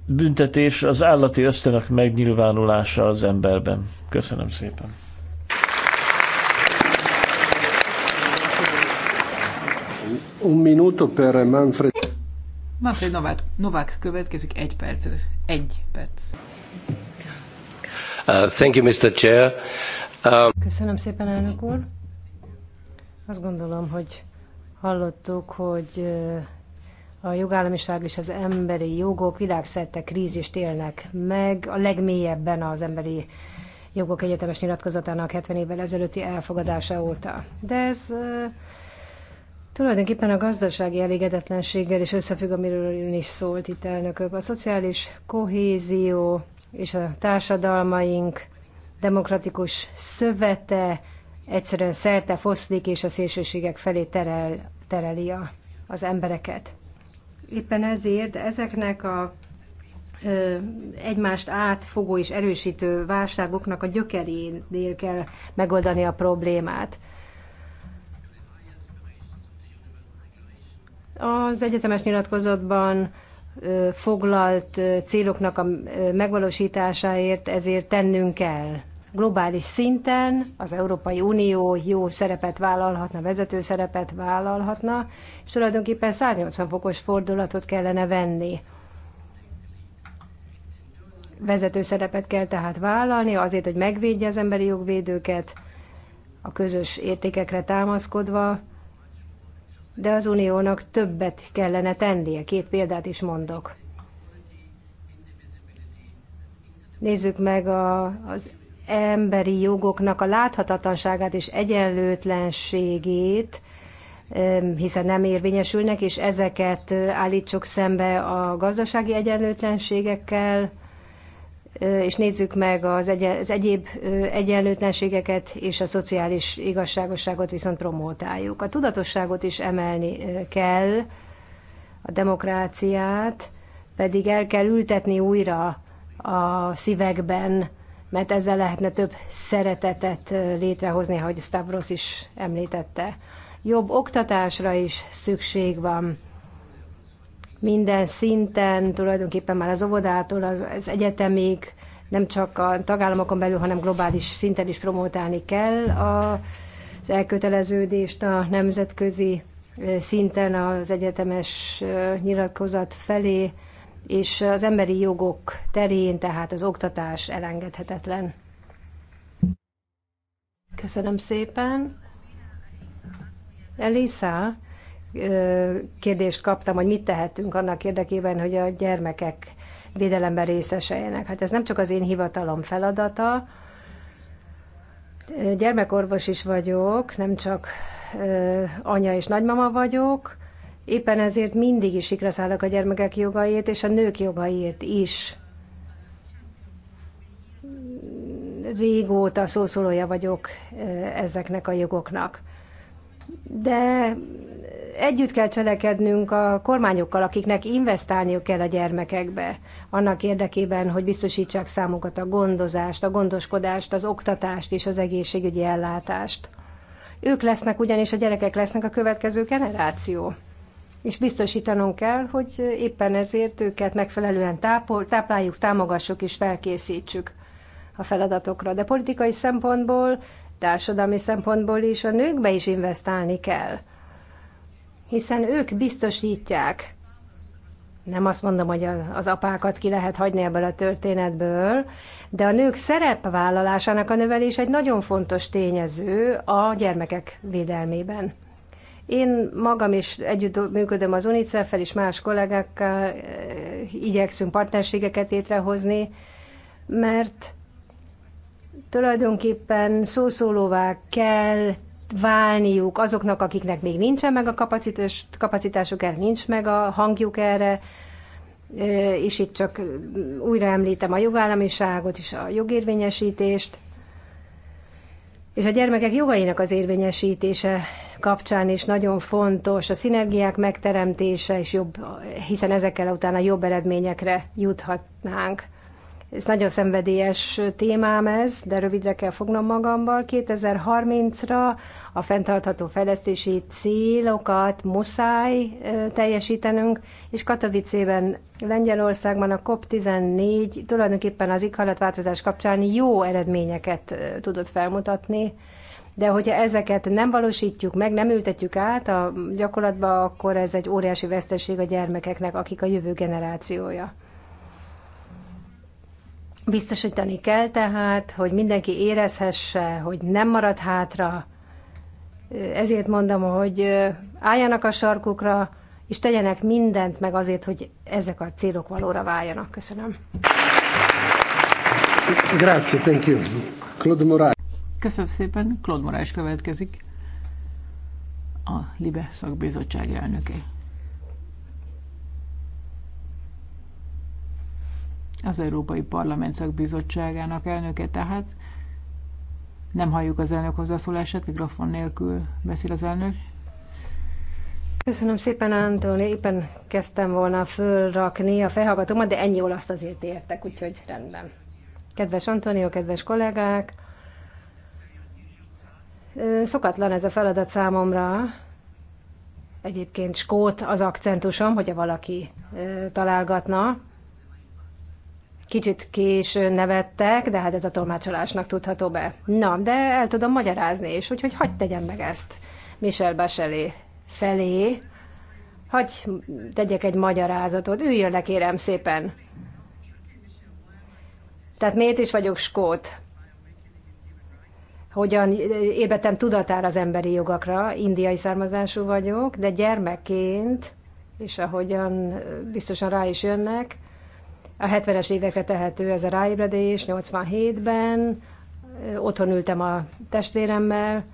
büntetés az állati ösztönök megnyilvánulása az emberben. Köszönöm szépen. Un minuto per Manfred. Manfred Novák, Novák következik egy percre. Egy perc. Uh, thank you, Mr. Chair. Um... Köszönöm szépen, elnök úr. Azt gondolom, hogy hallottuk, hogy uh, a jogállamiság és az emberi jogok világszerte krízist élnek meg, a legmélyebben az emberi jogok egyetemes nyilatkozatának 70 évvel ezelőtti elfogadása óta. De ez uh, Tulajdonképpen a gazdasági elégedetlenséggel is összefügg, amiről ön is szólt itt elnökök. A szociális kohézió és a társadalmaink demokratikus szövete egyszerűen szerte foszlik, és a szélsőségek felé terel, tereli a, az embereket. Éppen ezért ezeknek a ö, egymást átfogó és erősítő válságoknak a gyökerénél kell megoldani a problémát Az egyetemes nyilatkozatban foglalt céloknak a megvalósításáért ezért tennünk kell. Globális szinten az Európai Unió jó szerepet vállalhatna, vezető szerepet vállalhatna, és tulajdonképpen 180 fokos fordulatot kellene venni. Vezető szerepet kell tehát vállalni azért, hogy megvédje az emberi jogvédőket, a közös értékekre támaszkodva, de az uniónak többet kellene tennie. Két példát is mondok. Nézzük meg a, az emberi jogoknak a láthatatlanságát és egyenlőtlenségét, hiszen nem érvényesülnek, és ezeket állítsuk szembe a gazdasági egyenlőtlenségekkel, és nézzük meg az, egy, az egyéb egyenlőtlenségeket és a szociális igazságosságot viszont promotáljuk. A tudatosságot is emelni kell, a demokráciát pedig el kell ültetni újra a szívekben, mert ezzel lehetne több szeretetet létrehozni, ahogy Stavros is említette. Jobb oktatásra is szükség van minden szinten, tulajdonképpen már az óvodától az, az egyetemig, nem csak a tagállamokon belül, hanem globális szinten is promotálni kell a, az elköteleződést a nemzetközi szinten az egyetemes nyilatkozat felé, és az emberi jogok terén, tehát az oktatás elengedhetetlen. Köszönöm szépen. Elisa, kérdést kaptam, hogy mit tehetünk annak érdekében, hogy a gyermekek védelemben részesüljenek. Hát ez nem csak az én hivatalom feladata, gyermekorvos is vagyok, nem csak anya és nagymama vagyok, éppen ezért mindig is sikra szállok a gyermekek jogaiért és a nők jogaiért is. Régóta szószólója vagyok ezeknek a jogoknak. De együtt kell cselekednünk a kormányokkal, akiknek investálniuk kell a gyermekekbe, annak érdekében, hogy biztosítsák számukat a gondozást, a gondoskodást, az oktatást és az egészségügyi ellátást. Ők lesznek ugyanis, a gyerekek lesznek a következő generáció. És biztosítanunk kell, hogy éppen ezért őket megfelelően tápol, tápláljuk, támogassuk és felkészítsük a feladatokra. De politikai szempontból, társadalmi szempontból is a nőkbe is investálni kell hiszen ők biztosítják. Nem azt mondom, hogy az apákat ki lehet hagyni ebből a történetből, de a nők szerepvállalásának a növelés egy nagyon fontos tényező a gyermekek védelmében. Én magam is együtt működöm az UNICEF-fel és más kollégákkal, eh, igyekszünk partnerségeket étrehozni, mert tulajdonképpen szószólóvá kell válniuk azoknak, akiknek még nincsen meg a kapacitás, kapacitásuk erre, nincs meg a hangjuk erre, és itt csak újra említem a jogállamiságot és a jogérvényesítést, és a gyermekek jogainak az érvényesítése kapcsán is nagyon fontos a szinergiák megteremtése, és jobb, hiszen ezekkel utána jobb eredményekre juthatnánk. Ez nagyon szenvedélyes témám ez, de rövidre kell fognom magammal. 2030-ra a fenntartható fejlesztési célokat muszáj teljesítenünk, és Katowicében, Lengyelországban a COP14 tulajdonképpen az éghajlatváltozás kapcsán jó eredményeket tudott felmutatni, de hogyha ezeket nem valósítjuk meg, nem ültetjük át a gyakorlatba, akkor ez egy óriási veszteség a gyermekeknek, akik a jövő generációja. Biztosítani kell tehát, hogy mindenki érezhesse, hogy nem marad hátra. Ezért mondom, hogy álljanak a sarkukra, és tegyenek mindent meg azért, hogy ezek a célok valóra váljanak. Köszönöm. Grazie, thank you. Claude Moraes. Köszönöm szépen. Claude Moraes következik, a Libe szakbizottság elnökei. az Európai Parlament szakbizottságának elnöke tehát. Nem halljuk az elnök hozzászólását, mikrofon nélkül beszél az elnök. Köszönöm szépen, Antoni. Éppen kezdtem volna fölrakni a felhallgatómat, de ennyi olaszt azért értek, úgyhogy rendben. Kedves Antonio, kedves kollégák! Szokatlan ez a feladat számomra. Egyébként skót az akcentusom, hogyha valaki találgatna kicsit későn nevettek, de hát ez a tolmácsolásnak tudható be. Na, de el tudom magyarázni is, úgyhogy hagyd tegyem meg ezt Michel Bachelet felé. Hagy tegyek egy magyarázatot, üljön le kérem szépen. Tehát miért is vagyok skót? Hogyan ébredtem tudatára az emberi jogakra, indiai származású vagyok, de gyermekként, és ahogyan biztosan rá is jönnek, a 70-es évekre tehető ez a ráébredés, 87-ben, otthon ültem a testvéremmel,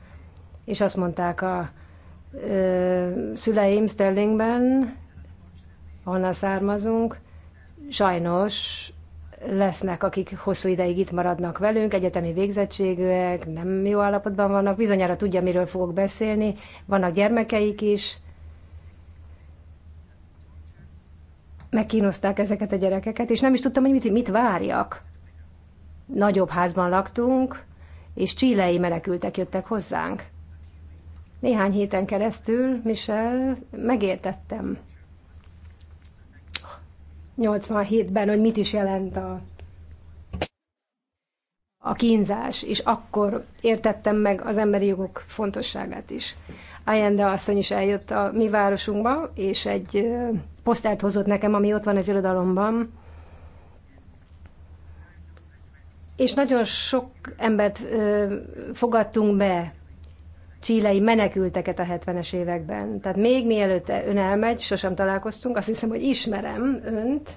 és azt mondták a ö, szüleim Sterlingben, honnan származunk, sajnos lesznek, akik hosszú ideig itt maradnak velünk, egyetemi végzettségűek, nem jó állapotban vannak, bizonyára tudja, miről fogok beszélni, vannak gyermekeik is, megkínozták ezeket a gyerekeket, és nem is tudtam, hogy mit, mit várjak. Nagyobb házban laktunk, és csílei menekültek jöttek hozzánk. Néhány héten keresztül, Michel, megértettem 87-ben, hogy mit is jelent a, a kínzás, és akkor értettem meg az emberi jogok fontosságát is. Allende asszony is eljött a mi városunkba, és egy posztert hozott nekem, ami ott van az irodalomban. És nagyon sok embert ö, fogadtunk be, csílei menekülteket a 70-es években. Tehát még mielőtt ön elmegy, sosem találkoztunk, azt hiszem, hogy ismerem önt,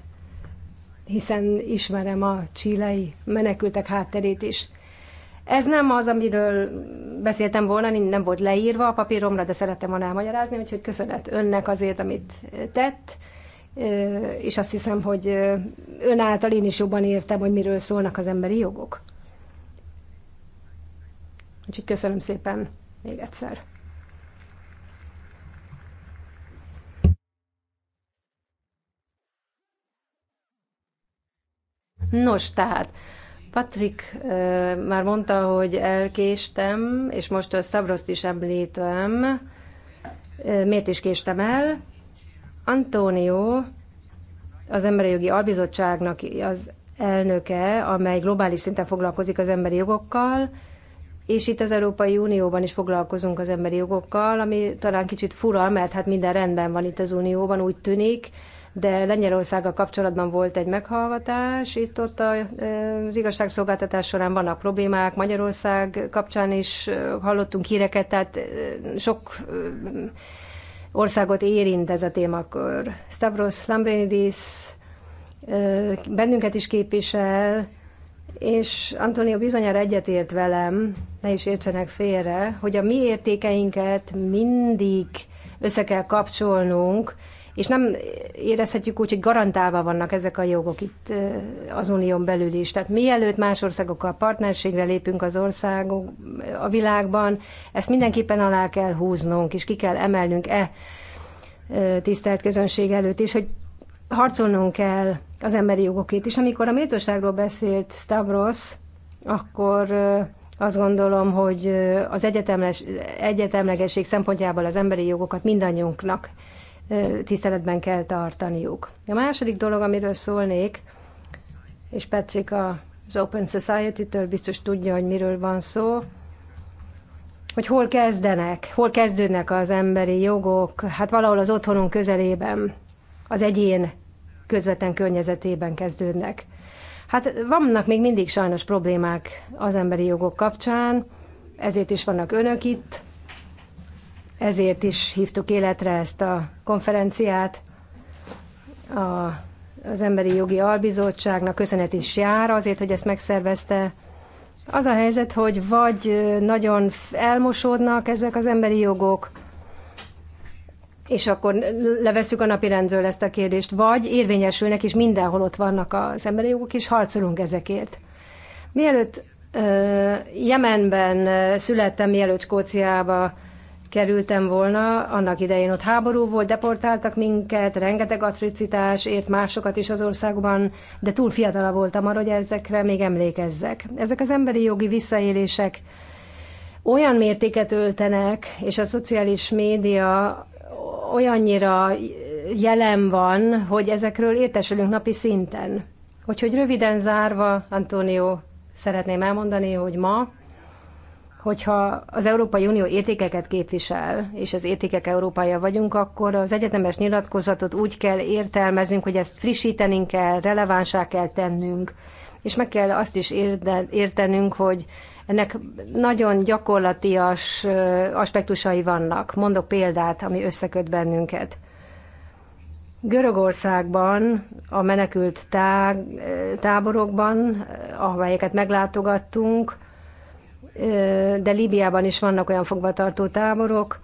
hiszen ismerem a csílei menekültek hátterét is. Ez nem az, amiről beszéltem volna, nem volt leírva a papíromra, de szerettem volna elmagyarázni, úgyhogy köszönet önnek azért, amit tett, és azt hiszem, hogy ön által én is jobban értem, hogy miről szólnak az emberi jogok. Úgyhogy köszönöm szépen még egyszer. Nos, tehát Patrik már mondta, hogy elkéstem, és most a Szabroszt is említem. Miért is késtem el? Antonio, az Emberi Jogi Albizottságnak az elnöke, amely globális szinten foglalkozik az emberi jogokkal, és itt az Európai Unióban is foglalkozunk az emberi jogokkal, ami talán kicsit fura, mert hát minden rendben van itt az Unióban, úgy tűnik, de Lengyelországgal kapcsolatban volt egy meghallgatás, itt-ott az igazságszolgáltatás során vannak problémák, Magyarország kapcsán is hallottunk híreket, tehát sok országot érint ez a témakör. Stavros Lambrinidis bennünket is képvisel, és Antonio bizonyára egyetért velem, ne is értsenek félre, hogy a mi értékeinket mindig össze kell kapcsolnunk, és nem érezhetjük úgy, hogy garantálva vannak ezek a jogok itt az unión belül is. Tehát mielőtt más országokkal partnerségre lépünk az országok a világban, ezt mindenképpen alá kell húznunk, és ki kell emelnünk e tisztelt közönség előtt is, hogy harcolnunk kell az emberi jogokért és Amikor a méltóságról beszélt Stavros, akkor azt gondolom, hogy az egyetemles, egyetemlegesség szempontjából az emberi jogokat mindannyiunknak tiszteletben kell tartaniuk. A második dolog, amiről szólnék, és Patrick az Open Society-től biztos tudja, hogy miről van szó, hogy hol kezdenek, hol kezdődnek az emberi jogok, hát valahol az otthonunk közelében, az egyén közvetlen környezetében kezdődnek. Hát vannak még mindig sajnos problémák az emberi jogok kapcsán, ezért is vannak önök itt, ezért is hívtuk életre ezt a konferenciát. A, az Emberi Jogi Albizottságnak köszönet is jár azért, hogy ezt megszervezte. Az a helyzet, hogy vagy nagyon elmosódnak ezek az emberi jogok, és akkor levesszük a napirendről ezt a kérdést, vagy érvényesülnek, és mindenhol ott vannak az emberi jogok, és harcolunk ezekért. Mielőtt Jemenben születtem, mielőtt Skóciába kerültem volna, annak idején ott háború volt, deportáltak minket, rengeteg atrocitás ért másokat is az országban, de túl fiatala voltam arra, hogy ezekre még emlékezzek. Ezek az emberi jogi visszaélések olyan mértéket öltenek, és a szociális média olyannyira jelen van, hogy ezekről értesülünk napi szinten. Úgyhogy röviden zárva, Antonio, szeretném elmondani, hogy ma hogyha az Európai Unió értékeket képvisel, és az értékek Európája vagyunk, akkor az egyetemes nyilatkozatot úgy kell értelmeznünk, hogy ezt frissítenünk kell, relevánsá kell tennünk, és meg kell azt is értenünk, hogy ennek nagyon gyakorlatias aspektusai vannak. Mondok példát, ami összeköt bennünket. Görögországban, a menekült tá- táborokban, eh, amelyeket meglátogattunk, de Líbiában is vannak olyan fogvatartó táborok,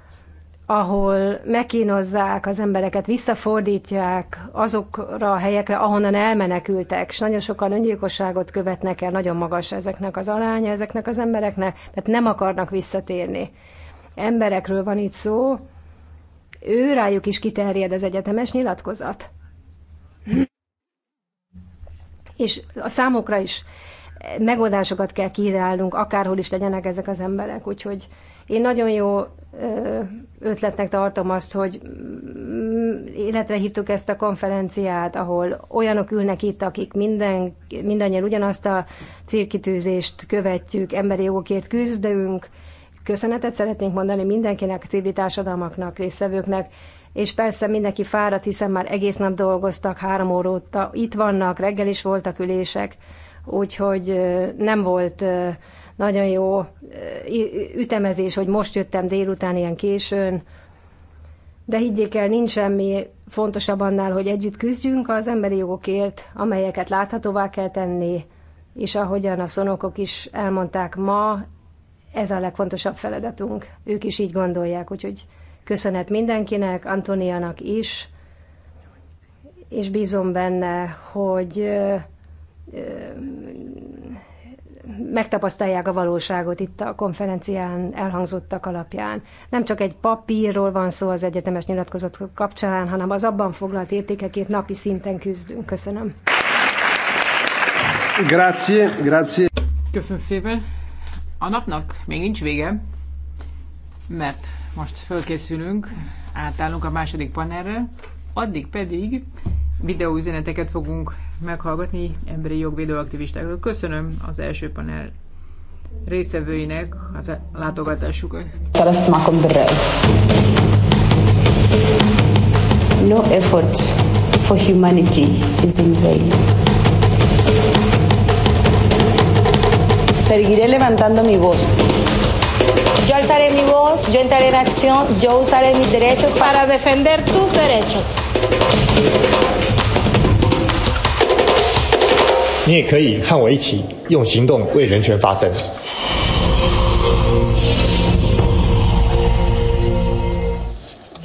ahol megkínozzák az embereket, visszafordítják azokra a helyekre, ahonnan elmenekültek, és nagyon sokan öngyilkosságot követnek el, nagyon magas ezeknek az aránya ezeknek az embereknek, mert nem akarnak visszatérni. Emberekről van itt szó, ő rájuk is kiterjed az egyetemes nyilatkozat. És a számokra is megoldásokat kell kírálnunk, akárhol is legyenek ezek az emberek. Úgyhogy én nagyon jó ötletnek tartom azt, hogy mm, életre hívtuk ezt a konferenciát, ahol olyanok ülnek itt, akik minden, mindannyian ugyanazt a célkitűzést követjük, emberi jogokért küzdünk. Köszönetet szeretnénk mondani mindenkinek, civil társadalmaknak, résztvevőknek, és persze mindenki fáradt, hiszen már egész nap dolgoztak, három óróta itt vannak, reggel is voltak ülések úgyhogy nem volt nagyon jó ütemezés, hogy most jöttem délután ilyen későn, de higgyék el, nincs semmi fontosabb annál, hogy együtt küzdjünk az emberi jogokért, amelyeket láthatóvá kell tenni, és ahogyan a szonokok is elmondták ma, ez a legfontosabb feladatunk. Ők is így gondolják, úgyhogy köszönet mindenkinek, Antonianak is, és bízom benne, hogy megtapasztalják a valóságot itt a konferencián elhangzottak alapján. Nem csak egy papírról van szó az egyetemes nyilatkozat kapcsán, hanem az abban foglalt értékekért napi szinten küzdünk. Köszönöm. Grazie, grazie. Köszönöm szépen. A napnak még nincs vége, mert most fölkészülünk, átállunk a második panelre, addig pedig videóüzeneteket fogunk meghallgatni emberi jogvédő aktivistákról. Köszönöm az első panel résztvevőinek a látogatásukat. No effort for humanity is in vain. Seguiré levantando mi voz. Yo alzaré mi voz, yo entraré en acción, yo usaré mis derechos para defender tus derechos. 你也可以和我一起用行动为人权发声。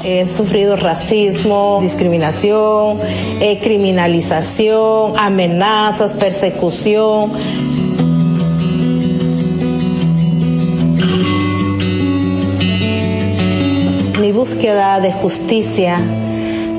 He sufrido racismo, discriminación, eh, criminalización, amenazas, persecución. Mi búsqueda de justicia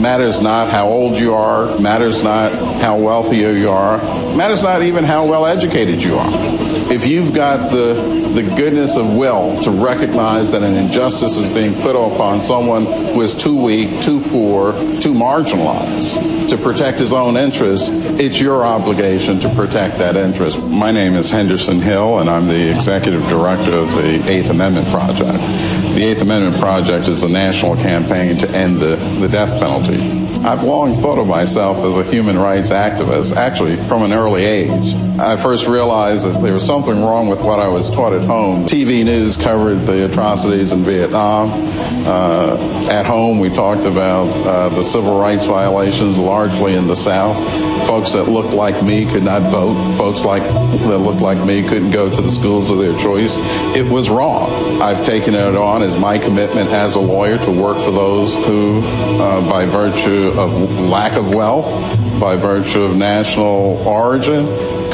matters not how old you are, matters not how wealthy you are, matters not even how well educated you are. If you've got the the goodness of will to recognize that an injustice is being put upon someone who is too weak, too poor, too marginalized to protect his own interests, it's your obligation to protect that interest. My name is Henderson Hill, and I'm the executive director of the Eighth Amendment Project. The Eighth Amendment Project is a national campaign to end the, the death penalty. I've long thought of myself as a human rights activist, actually from an early age. I first realized that there was something wrong with what I was taught at home. TV news covered the atrocities in Vietnam. Uh, at home, we talked about uh, the civil rights violations largely in the South. Folks that looked like me could not vote. Folks like that looked like me couldn't go to the schools of their choice. It was wrong. I've taken it on as my commitment as a lawyer to work for those who, uh, by virtue of lack of wealth, by virtue of national origin,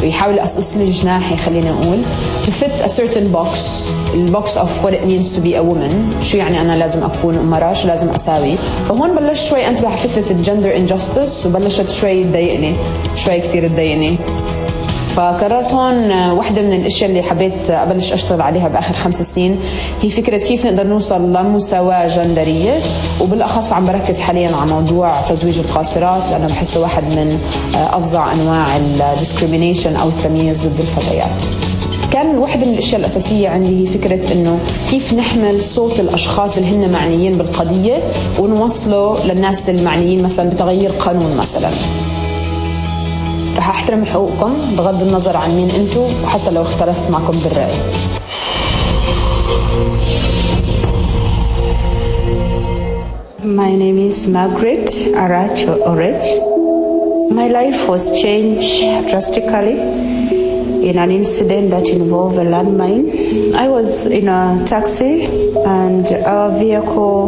بيحاول يقصقص لي جناحي خلينا نقول to fit a certain box البوكس of what it means to be a woman شو يعني أنا لازم أكون مراه شو لازم أساوي فهون بلش شوي أنت بحفتة الجندر انجستس وبلشت شوي تضايقني شوي كتير تضايقني فقررت هون واحدة من الأشياء اللي حبيت أبلش أشتغل عليها بآخر خمس سنين هي فكرة كيف نقدر نوصل لمساواة جندرية وبالأخص عم بركز حاليا على موضوع تزويج القاصرات لأنه بحسه واحد من أفظع أنواع الديسكريمينيشن أو التمييز ضد الفتيات كان واحدة من الأشياء الأساسية عندي هي فكرة إنه كيف نحمل صوت الأشخاص اللي هن معنيين بالقضية ونوصله للناس المعنيين مثلا بتغيير قانون مثلا رح أحترم حقوقكم بغض النظر عن مين أنتو وحتى لو اختلفت معكم بالرأي My name is Margaret Arach Orech. My life was changed drastically in an incident that involved a landmine. I was in a taxi and our vehicle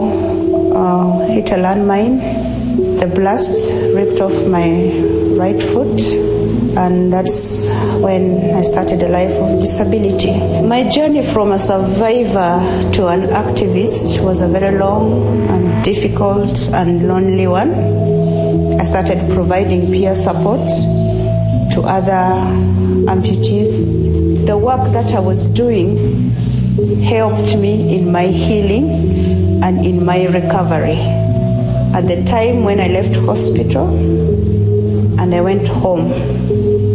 uh, hit a landmine. The blast ripped off my right foot, and that's when I started a life of disability. My journey from a survivor to an activist was a very long and difficult and lonely one. I started providing peer support to other amputees. The work that I was doing helped me in my healing and in my recovery. At the time when I left hospital, and I went home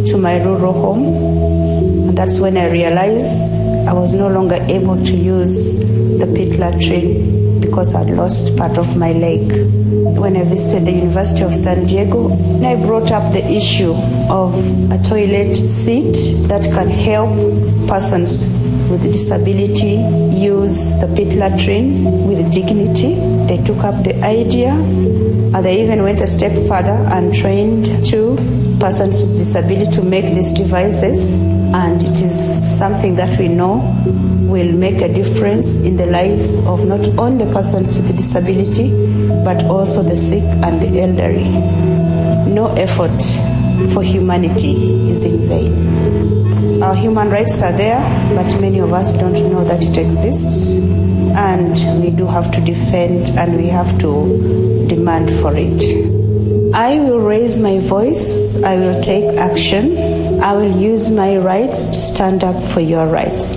to my rural home. And that's when I realized I was no longer able to use the pit latrine because I'd lost part of my leg. When I visited the University of San Diego, I brought up the issue of a toilet seat that can help persons with a disability use the pit latrine with dignity. They took up the idea Uh, they even went a step further and trained two persons with disability to make these devices. And it is something that we know will make a difference in the lives of not only persons with disability, but also the sick and the elderly. No effort for humanity is in vain. Our human rights are there, but many of us don't know that it exists. And we do have to defend and we have to demand for it. I will raise my voice, I will take action, I will use my rights to stand up for your rights.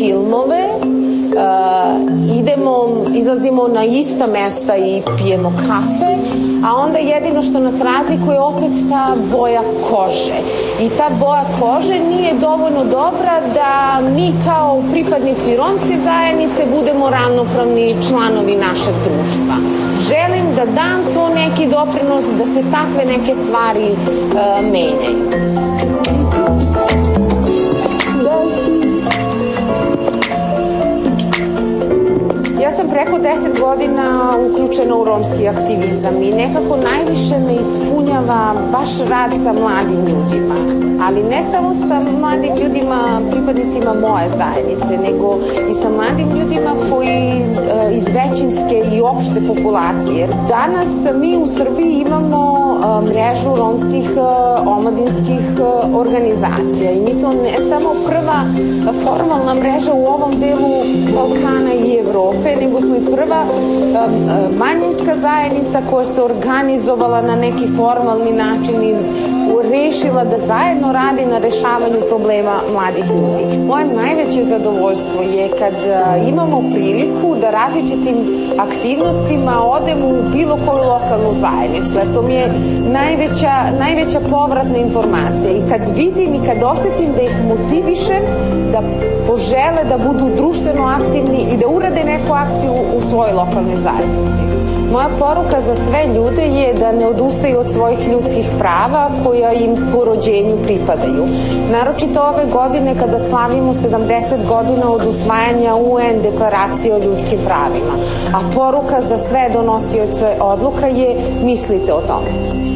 filmove, uh, idemo, izlazimo na ista mesta i pijemo kafe, a onda jedino što nas razlikuje je opet ta boja kože. I ta boja kože nije dovoljno dobra da mi kao pripadnici romske zajednice budemo ravnopravni članovi našeg društva. Želim da dam svoj neki doprinos da se takve neke stvari uh, menjaju. preko 10 godina uključena u romski aktivizam i nekako najviše me ispunjava baš rad sa mladim ljudima. Ali ne samo sa mladim ljudima, pripadnicima moje zajednice, nego i sa mladim ljudima koji e, iz većinske i opšte populacije. Danas mi u Srbiji imamo mrežu romskih e, omladinskih e, organizacija i mi smo ne samo prva formalna mreža u ovom delu Balkana i Evrope, nego smo i prva e, manjinska zajednica koja se organizovala na neki formalni način i rešila, da zajedno radi na rešavanju problema mladih ljudi. Moje najveće zadovoljstvo je kad imamo priliku da različitim aktivnostima odemo u bilo koju lokalnu zajednicu, jer to mi je najveća, najveća povratna informacija. I kad vidim i kad osetim da ih motivišem da požele da budu društveno aktivni i da urade neku akciju u svojoj lokalnoj zajednici. Moja poruka za sve ljude je da ne odustaju od svojih ljudskih prava koje koja im po rođenju pripadaju. Naročito ove godine kada slavimo 70 godina od usvajanja UN deklaracije o ljudskim pravima. A poruka za sve donosioce odluka je mislite o tome.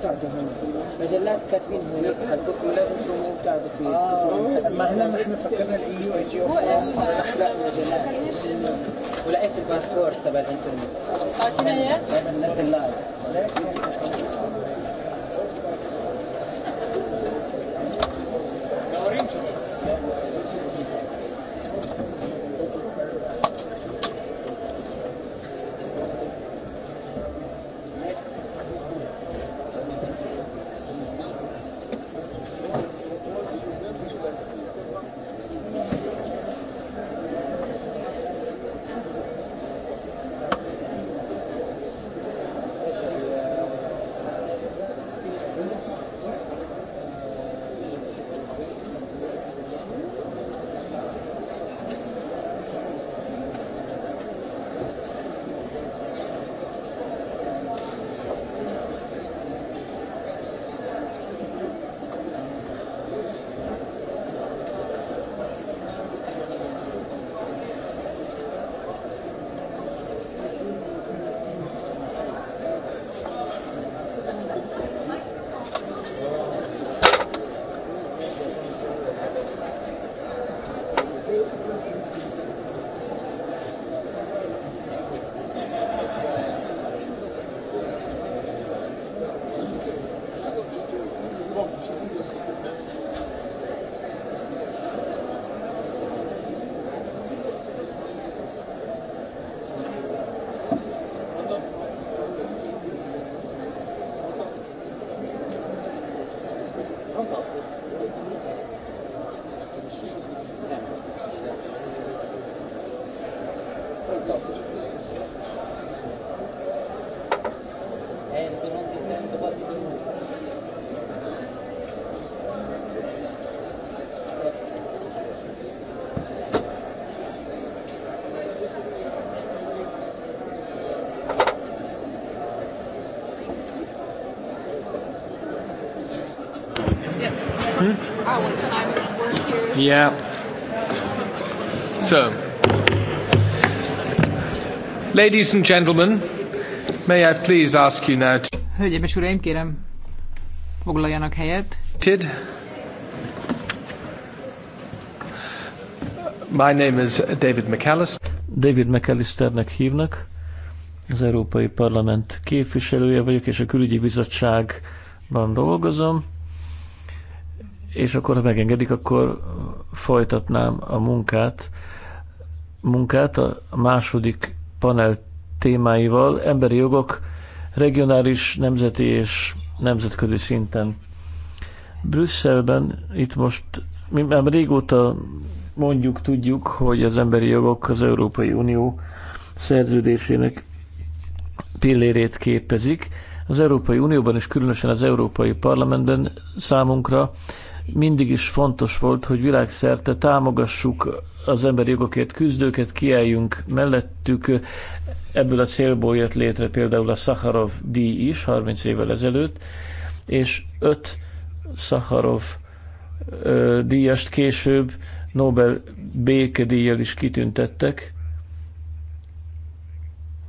tartozom. Yeah. So, ladies and gentlemen, may I please ask you now to... Hölgyeim és uraim, kérem, foglaljanak helyet. Tid. My name is David McAllister. David McAllisternek hívnak. Az Európai Parlament képviselője vagyok, és a Külügyi Bizottságban dolgozom és akkor, ha megengedik, akkor folytatnám a munkát, munkát a második panel témáival, emberi jogok regionális, nemzeti és nemzetközi szinten. Brüsszelben itt most, mi már régóta mondjuk, tudjuk, hogy az emberi jogok az Európai Unió szerződésének pillérét képezik. Az Európai Unióban és különösen az Európai Parlamentben számunkra mindig is fontos volt, hogy világszerte támogassuk az emberi jogokért küzdőket, kiálljunk mellettük. Ebből a célból jött létre például a Szaharov díj is, 30 évvel ezelőtt, és öt Szaharov díjast később Nobel békedíjjal is kitüntettek,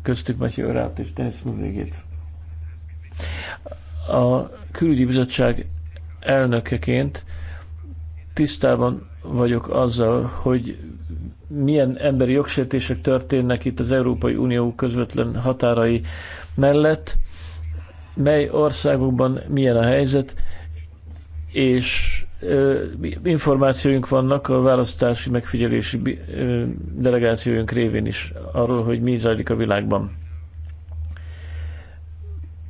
köztük Matyi Rát és Denis Murvégét. A külügyi bizottság elnökeként tisztában vagyok azzal, hogy milyen emberi jogsértések történnek itt az Európai Unió közvetlen határai mellett, mely országokban milyen a helyzet, és információink vannak a választási megfigyelési delegációink révén is arról, hogy mi zajlik a világban.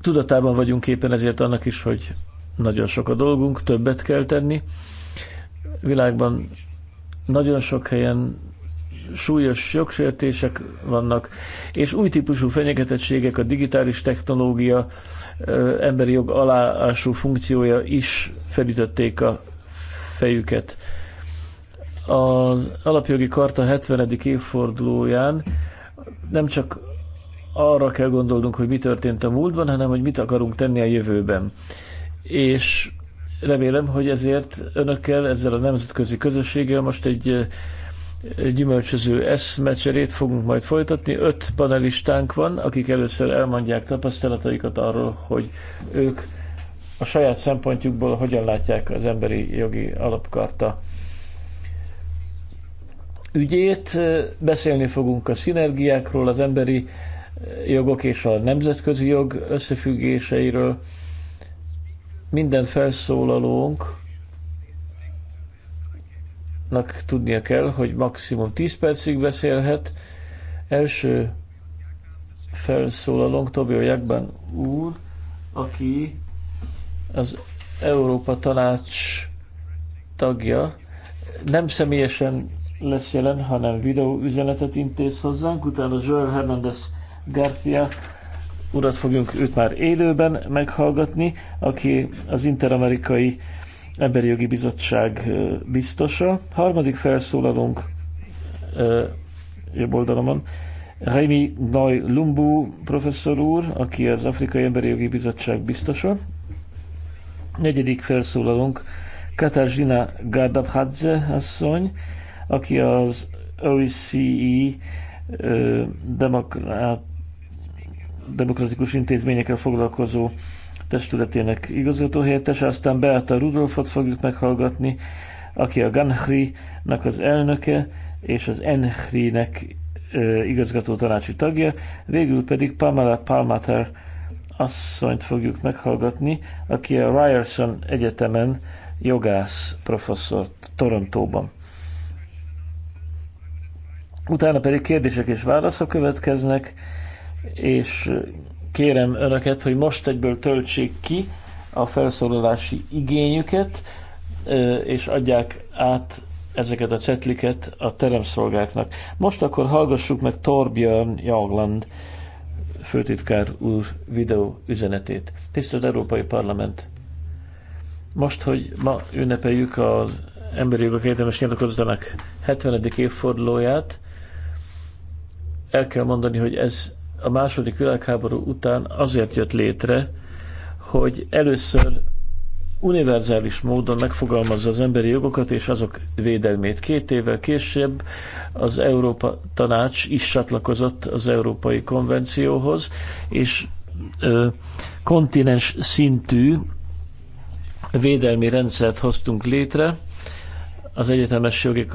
Tudatában vagyunk éppen ezért annak is, hogy nagyon sok a dolgunk, többet kell tenni. Világban nagyon sok helyen súlyos jogsértések vannak, és új típusú fenyegetettségek, a digitális technológia emberi jog aláású funkciója is felütötték a fejüket. Az alapjogi karta 70. évfordulóján nem csak arra kell gondolnunk, hogy mi történt a múltban, hanem hogy mit akarunk tenni a jövőben és remélem, hogy ezért önökkel, ezzel a nemzetközi közösséggel most eh, egy gyümölcsöző eszmecserét fogunk majd folytatni. Öt panelistánk van, akik először elmondják tapasztalataikat arról, hogy ők a saját szempontjukból hogyan látják az emberi jogi alapkarta ügyét. Beszélni fogunk a szinergiákról, az emberi jogok és a nemzetközi jog összefüggéseiről minden felszólalónknak tudnia kell, hogy maximum 10 percig beszélhet. Első felszólalónk Tobio Jakban úr, aki az Európa Tanács tagja, nem személyesen lesz jelen, hanem videóüzenetet intéz hozzánk, utána Joel Hernandez García urat fogjunk őt már élőben meghallgatni, aki az Interamerikai Emberi Jogi Bizottság biztosa. Harmadik felszólalunk, jobb oldalon, Raimi Noy Lumbu professzor úr, aki az Afrikai Emberi Jogi Bizottság biztosa. Negyedik felszólalunk, Katarzyna Gardabhadze asszony, aki az OCE e demokrát demokratikus intézményekkel foglalkozó testületének igazgatóhelyettese, aztán Beata Rudolfot fogjuk meghallgatni, aki a Ganhri-nak az elnöke, és az Enhri-nek igazgató tanácsi tagja, végül pedig Pamela Palmater asszonyt fogjuk meghallgatni, aki a Ryerson Egyetemen jogász professzor Torontóban. Utána pedig kérdések és válaszok következnek, és kérem Önöket, hogy most egyből töltsék ki a felszólalási igényüket, és adják át ezeket a cetliket a teremszolgáknak. Most akkor hallgassuk meg Torbjörn Jagland főtitkár úr videó üzenetét. Tisztelt Európai Parlament! Most, hogy ma ünnepeljük az Emberi Jogok Egyetemes Nyilatkozatának 70. évfordulóját, el kell mondani, hogy ez a második világháború után azért jött létre, hogy először univerzális módon megfogalmazza az emberi jogokat és azok védelmét. Két évvel később az Európa Tanács is csatlakozott az Európai Konvencióhoz, és ö, kontinens szintű védelmi rendszert hoztunk létre az egyetemes jogi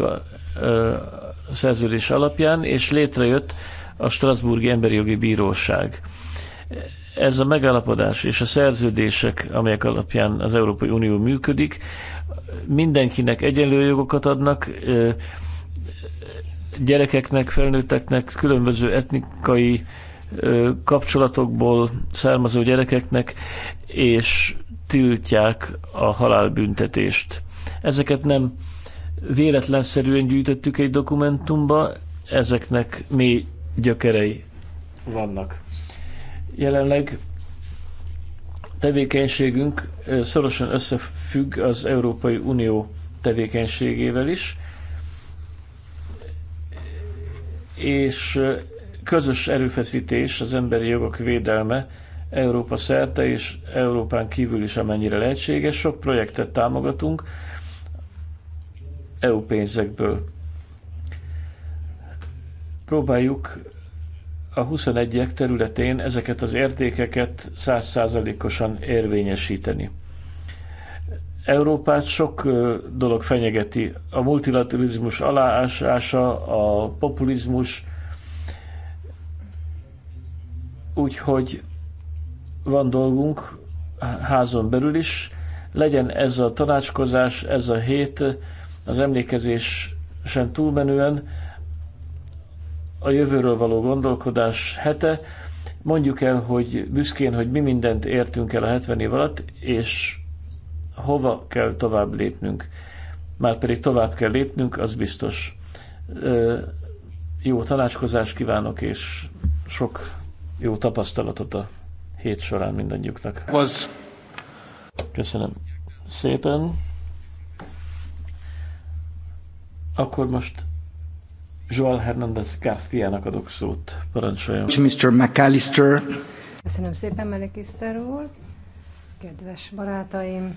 szerződés alapján, és létrejött a Strasburgi Emberi Jogi Bíróság. Ez a megállapodás és a szerződések, amelyek alapján az Európai Unió működik, mindenkinek egyenlő jogokat adnak, gyerekeknek, felnőtteknek, különböző etnikai kapcsolatokból származó gyerekeknek, és tiltják a halálbüntetést. Ezeket nem véletlenszerűen gyűjtöttük egy dokumentumba, ezeknek mély gyökerei vannak. Jelenleg tevékenységünk szorosan összefügg az Európai Unió tevékenységével is, és közös erőfeszítés az emberi jogok védelme Európa szerte és Európán kívül is amennyire lehetséges. Sok projektet támogatunk EU pénzekből. Próbáljuk a 21-ek területén ezeket az értékeket százszázalékosan érvényesíteni. Európát sok dolog fenyegeti. A multilaterizmus aláásása, a populizmus, úgyhogy van dolgunk házon belül is. Legyen ez a tanácskozás, ez a hét az emlékezés sem túlmenően, a jövőről való gondolkodás hete. Mondjuk el, hogy büszkén, hogy mi mindent értünk el a 70 év alatt, és hova kell tovább lépnünk. Már pedig tovább kell lépnünk, az biztos. Jó tanácskozást kívánok, és sok jó tapasztalatot a hét során mindannyiuknak. Az. Köszönöm szépen. Akkor most Joel Hernández Garciának adok szót. Parancsoljon. Mr. McAllister. Köszönöm szépen, McAllister úr. Kedves barátaim,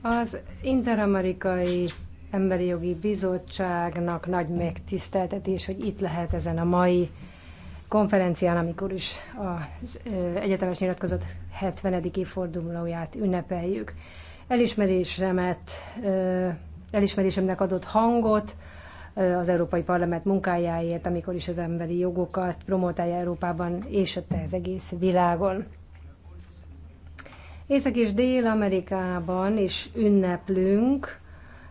az Interamerikai Emberi Jogi Bizottságnak nagy megtiszteltetés, hogy itt lehet ezen a mai konferencián, amikor is az egyetemes nyilatkozat 70. évfordulóját ünnepeljük. Elismerésemet, elismerésemnek adott hangot, az Európai Parlament munkájáért, amikor is az emberi jogokat promotálja Európában és az egész világon. Észak és Dél-Amerikában is ünneplünk,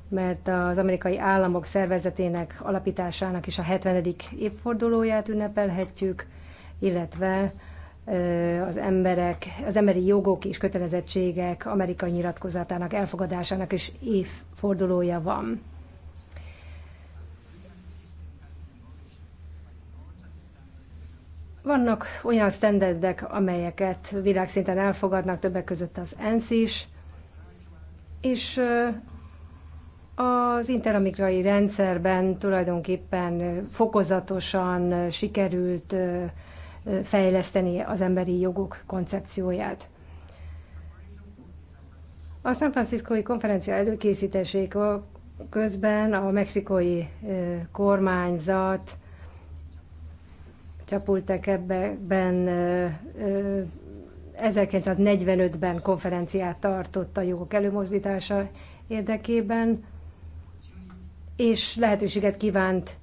mert az amerikai államok szervezetének alapításának is a 70. évfordulóját ünnepelhetjük, illetve az emberek, az emberi jogok és kötelezettségek amerikai nyilatkozatának elfogadásának is évfordulója van. Vannak olyan standardek, amelyeket világszinten elfogadnak, többek között az ENSZ is, és az interamikrai rendszerben tulajdonképpen fokozatosan sikerült fejleszteni az emberi jogok koncepcióját. A San Franciscoi konferencia előkészítésé közben a mexikói kormányzat csapultak ebben. 1945-ben konferenciát tartott a jogok előmozdítása érdekében, és lehetőséget kívánt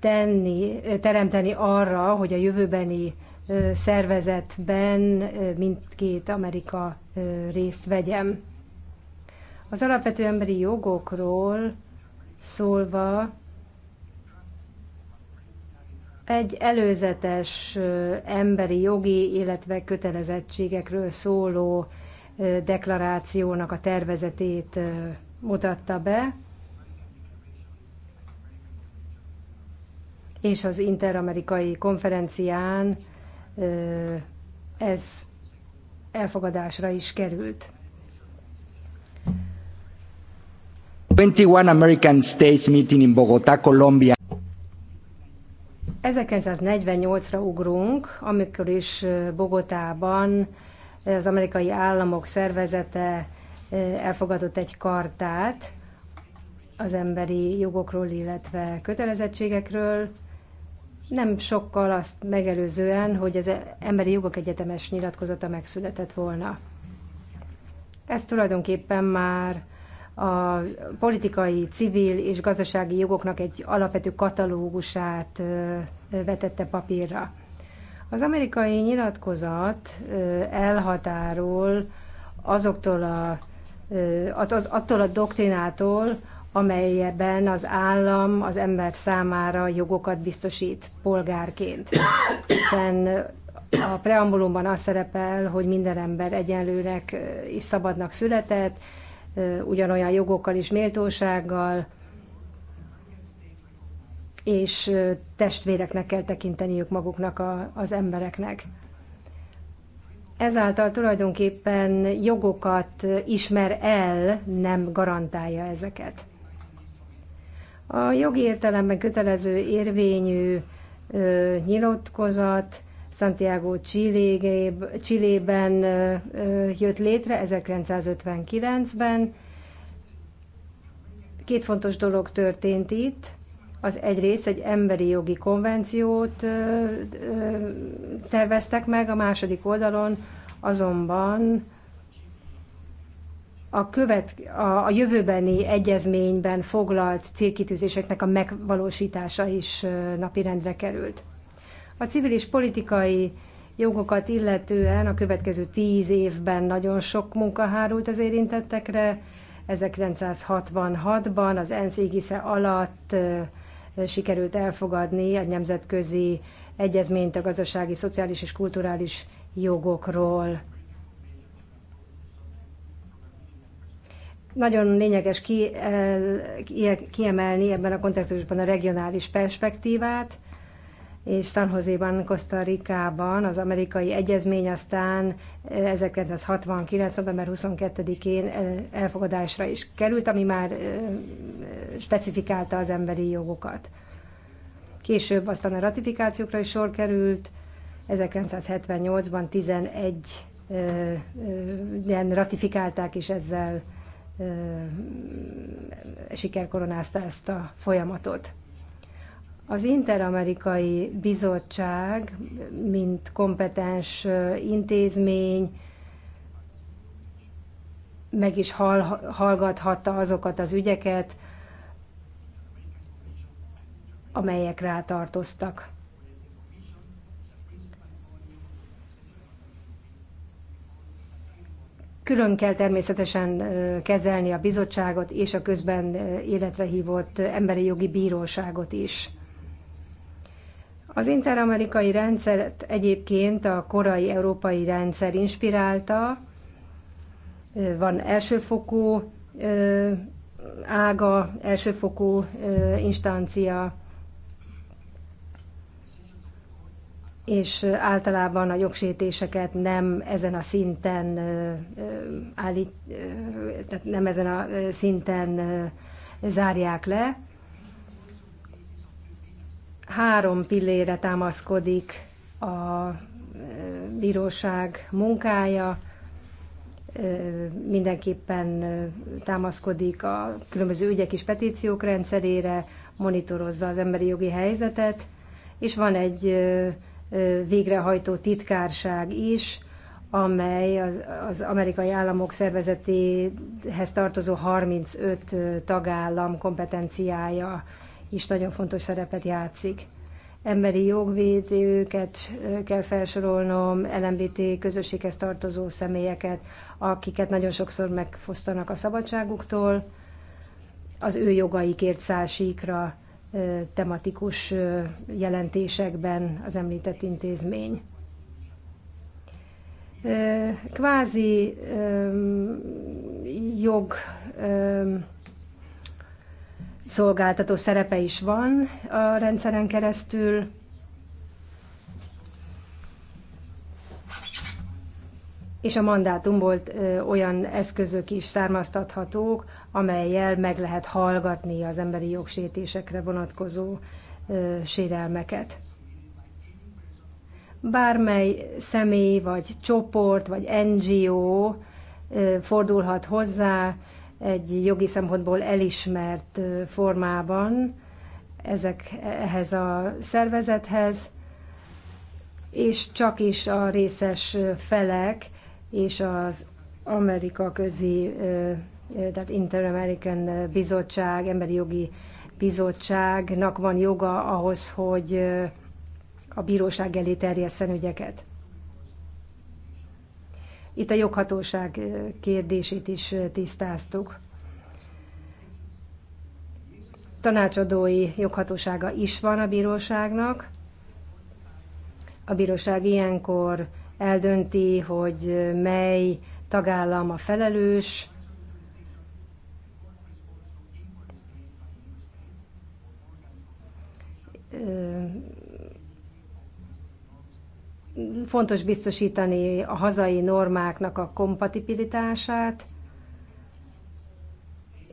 tenni, teremteni arra, hogy a jövőbeni szervezetben mindkét Amerika részt vegyem. Az alapvető emberi jogokról szólva egy előzetes emberi jogi, illetve kötelezettségekről szóló deklarációnak a tervezetét mutatta be, és az interamerikai konferencián ez elfogadásra is került. 21 American states meeting in Bogotá, Colombia 1948-ra ugrunk, amikor is Bogotában az amerikai államok szervezete elfogadott egy kartát az emberi jogokról, illetve kötelezettségekről, nem sokkal azt megelőzően, hogy az Emberi Jogok Egyetemes nyilatkozata megszületett volna. Ez tulajdonképpen már a politikai, civil és gazdasági jogoknak egy alapvető katalógusát vetette papírra. Az amerikai nyilatkozat elhatárol azoktól a, attól a doktrinától, amelyben az állam az ember számára jogokat biztosít polgárként. Hiszen a preambulumban az szerepel, hogy minden ember egyenlőnek és szabadnak született, ugyanolyan jogokkal és méltósággal, és testvéreknek kell tekinteniük maguknak a, az embereknek. Ezáltal tulajdonképpen jogokat ismer el, nem garantálja ezeket. A jogi értelemben kötelező érvényű ö, nyilatkozat Santiago Chilében jött létre 1959-ben. Két fontos dolog történt itt. Az egyrészt egy emberi jogi konvenciót terveztek meg, a második oldalon azonban a, követ, a, a jövőbeni egyezményben foglalt célkitűzéseknek a megvalósítása is napirendre került. A civil és politikai jogokat illetően a következő tíz évben nagyon sok munka hárult az érintettekre. 1966-ban az ENSZ égisze alatt sikerült elfogadni egy nemzetközi egyezményt a gazdasági, szociális és kulturális jogokról. Nagyon lényeges kiemelni ebben a kontextusban a regionális perspektívát, és San Joséban, Costa Ricában az amerikai egyezmény aztán 1969. Eh, november 22-én eh, elfogadásra is került, ami már eh, specifikálta az emberi jogokat. Később aztán a ratifikációkra is sor került, 1978-ban 11 ilyen ratifikálták, és ezzel sikerkoronázta ezt a folyamatot. Az Interamerikai Bizottság, mint kompetens intézmény, meg is hallgathatta azokat az ügyeket, amelyek rátartoztak. Külön kell természetesen kezelni a bizottságot és a közben életre hívott emberi jogi bíróságot is. Az interamerikai rendszert egyébként a korai európai rendszer inspirálta, van elsőfokú ága, elsőfokú instancia, és általában a jogsértéseket nem ezen a szinten állít, tehát nem ezen a szinten zárják le, három pillére támaszkodik a bíróság munkája, mindenképpen támaszkodik a különböző ügyek és petíciók rendszerére, monitorozza az emberi jogi helyzetet, és van egy végrehajtó titkárság is, amely az, az amerikai államok szervezetéhez tartozó 35 tagállam kompetenciája is nagyon fontos szerepet játszik. Emberi jogvédőket kell felsorolnom, LMBT közösséghez tartozó személyeket, akiket nagyon sokszor megfosztanak a szabadságuktól, az ő jogaikért szásíkra tematikus jelentésekben az említett intézmény kvázi jog szolgáltató szerepe is van a rendszeren keresztül. És a mandátumból olyan eszközök is származtathatók, amelyel meg lehet hallgatni az emberi jogsértésekre vonatkozó ö, sérelmeket. Bármely személy, vagy csoport, vagy NGO ö, fordulhat hozzá, egy jogi szempontból elismert formában ezek, ehhez a szervezethez, és csak is a részes felek és az Amerika közi, tehát Inter-American Bizottság, Emberi Jogi Bizottságnak van joga ahhoz, hogy a bíróság elé terjesszen ügyeket. Itt a joghatóság kérdését is tisztáztuk. Tanácsadói joghatósága is van a bíróságnak. A bíróság ilyenkor eldönti, hogy mely tagállam a felelős, fontos biztosítani a hazai normáknak a kompatibilitását,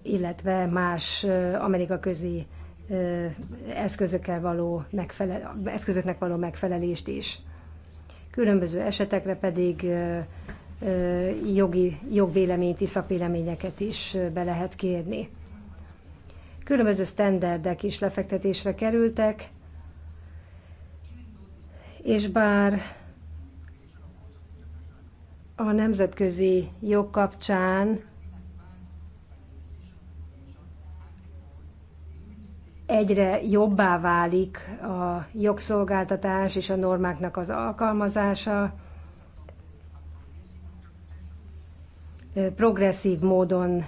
illetve más Amerika közi eszközökkel való megfelel, eszközöknek való megfelelést is. Különböző esetekre pedig jogi, jogvéleményt, szakvéleményeket is be lehet kérni. Különböző sztenderdek is lefektetésre kerültek, és bár a nemzetközi jog kapcsán egyre jobbá válik a jogszolgáltatás és a normáknak az alkalmazása, progresszív módon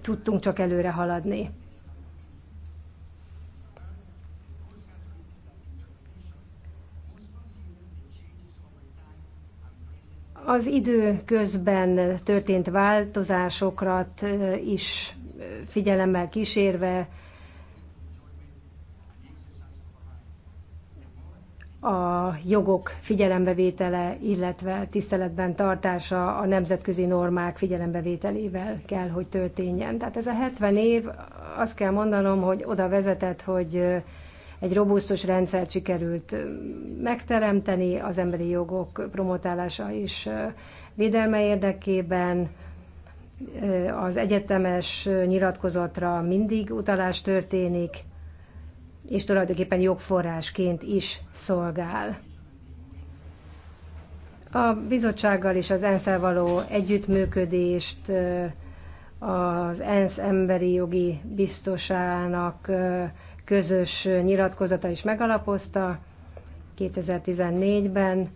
tudtunk csak előre haladni. Az idő közben történt változásokat is figyelemmel kísérve a jogok figyelembevétele, illetve tiszteletben tartása a nemzetközi normák figyelembevételével kell, hogy történjen. Tehát ez a 70 év, azt kell mondanom, hogy oda vezetett, hogy egy robusztus rendszert sikerült megteremteni az emberi jogok promotálása és védelme érdekében. Az egyetemes nyilatkozatra mindig utalás történik, és tulajdonképpen jogforrásként is szolgál. A bizottsággal és az ensz való együttműködést az ENSZ emberi jogi biztosának közös nyilatkozata is megalapozta 2014-ben,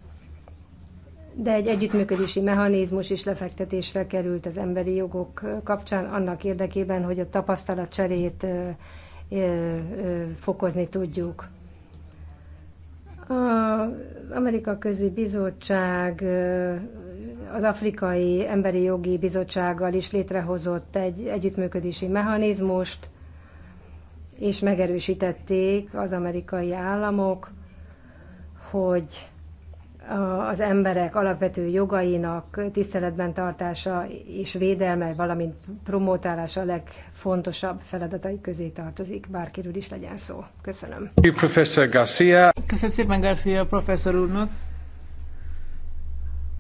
de egy együttműködési mechanizmus is lefektetésre került az emberi jogok kapcsán, annak érdekében, hogy a tapasztalat cserét fokozni tudjuk. Az Amerika Közi Bizottság az Afrikai Emberi Jogi Bizottsággal is létrehozott egy együttműködési mechanizmust, és megerősítették az amerikai államok, hogy az emberek alapvető jogainak tiszteletben tartása és védelme, valamint promotálása a legfontosabb feladatai közé tartozik, bárkiről is legyen szó. Köszönöm. Professor Garcia. Köszönöm szépen Garcia professzor úrnak.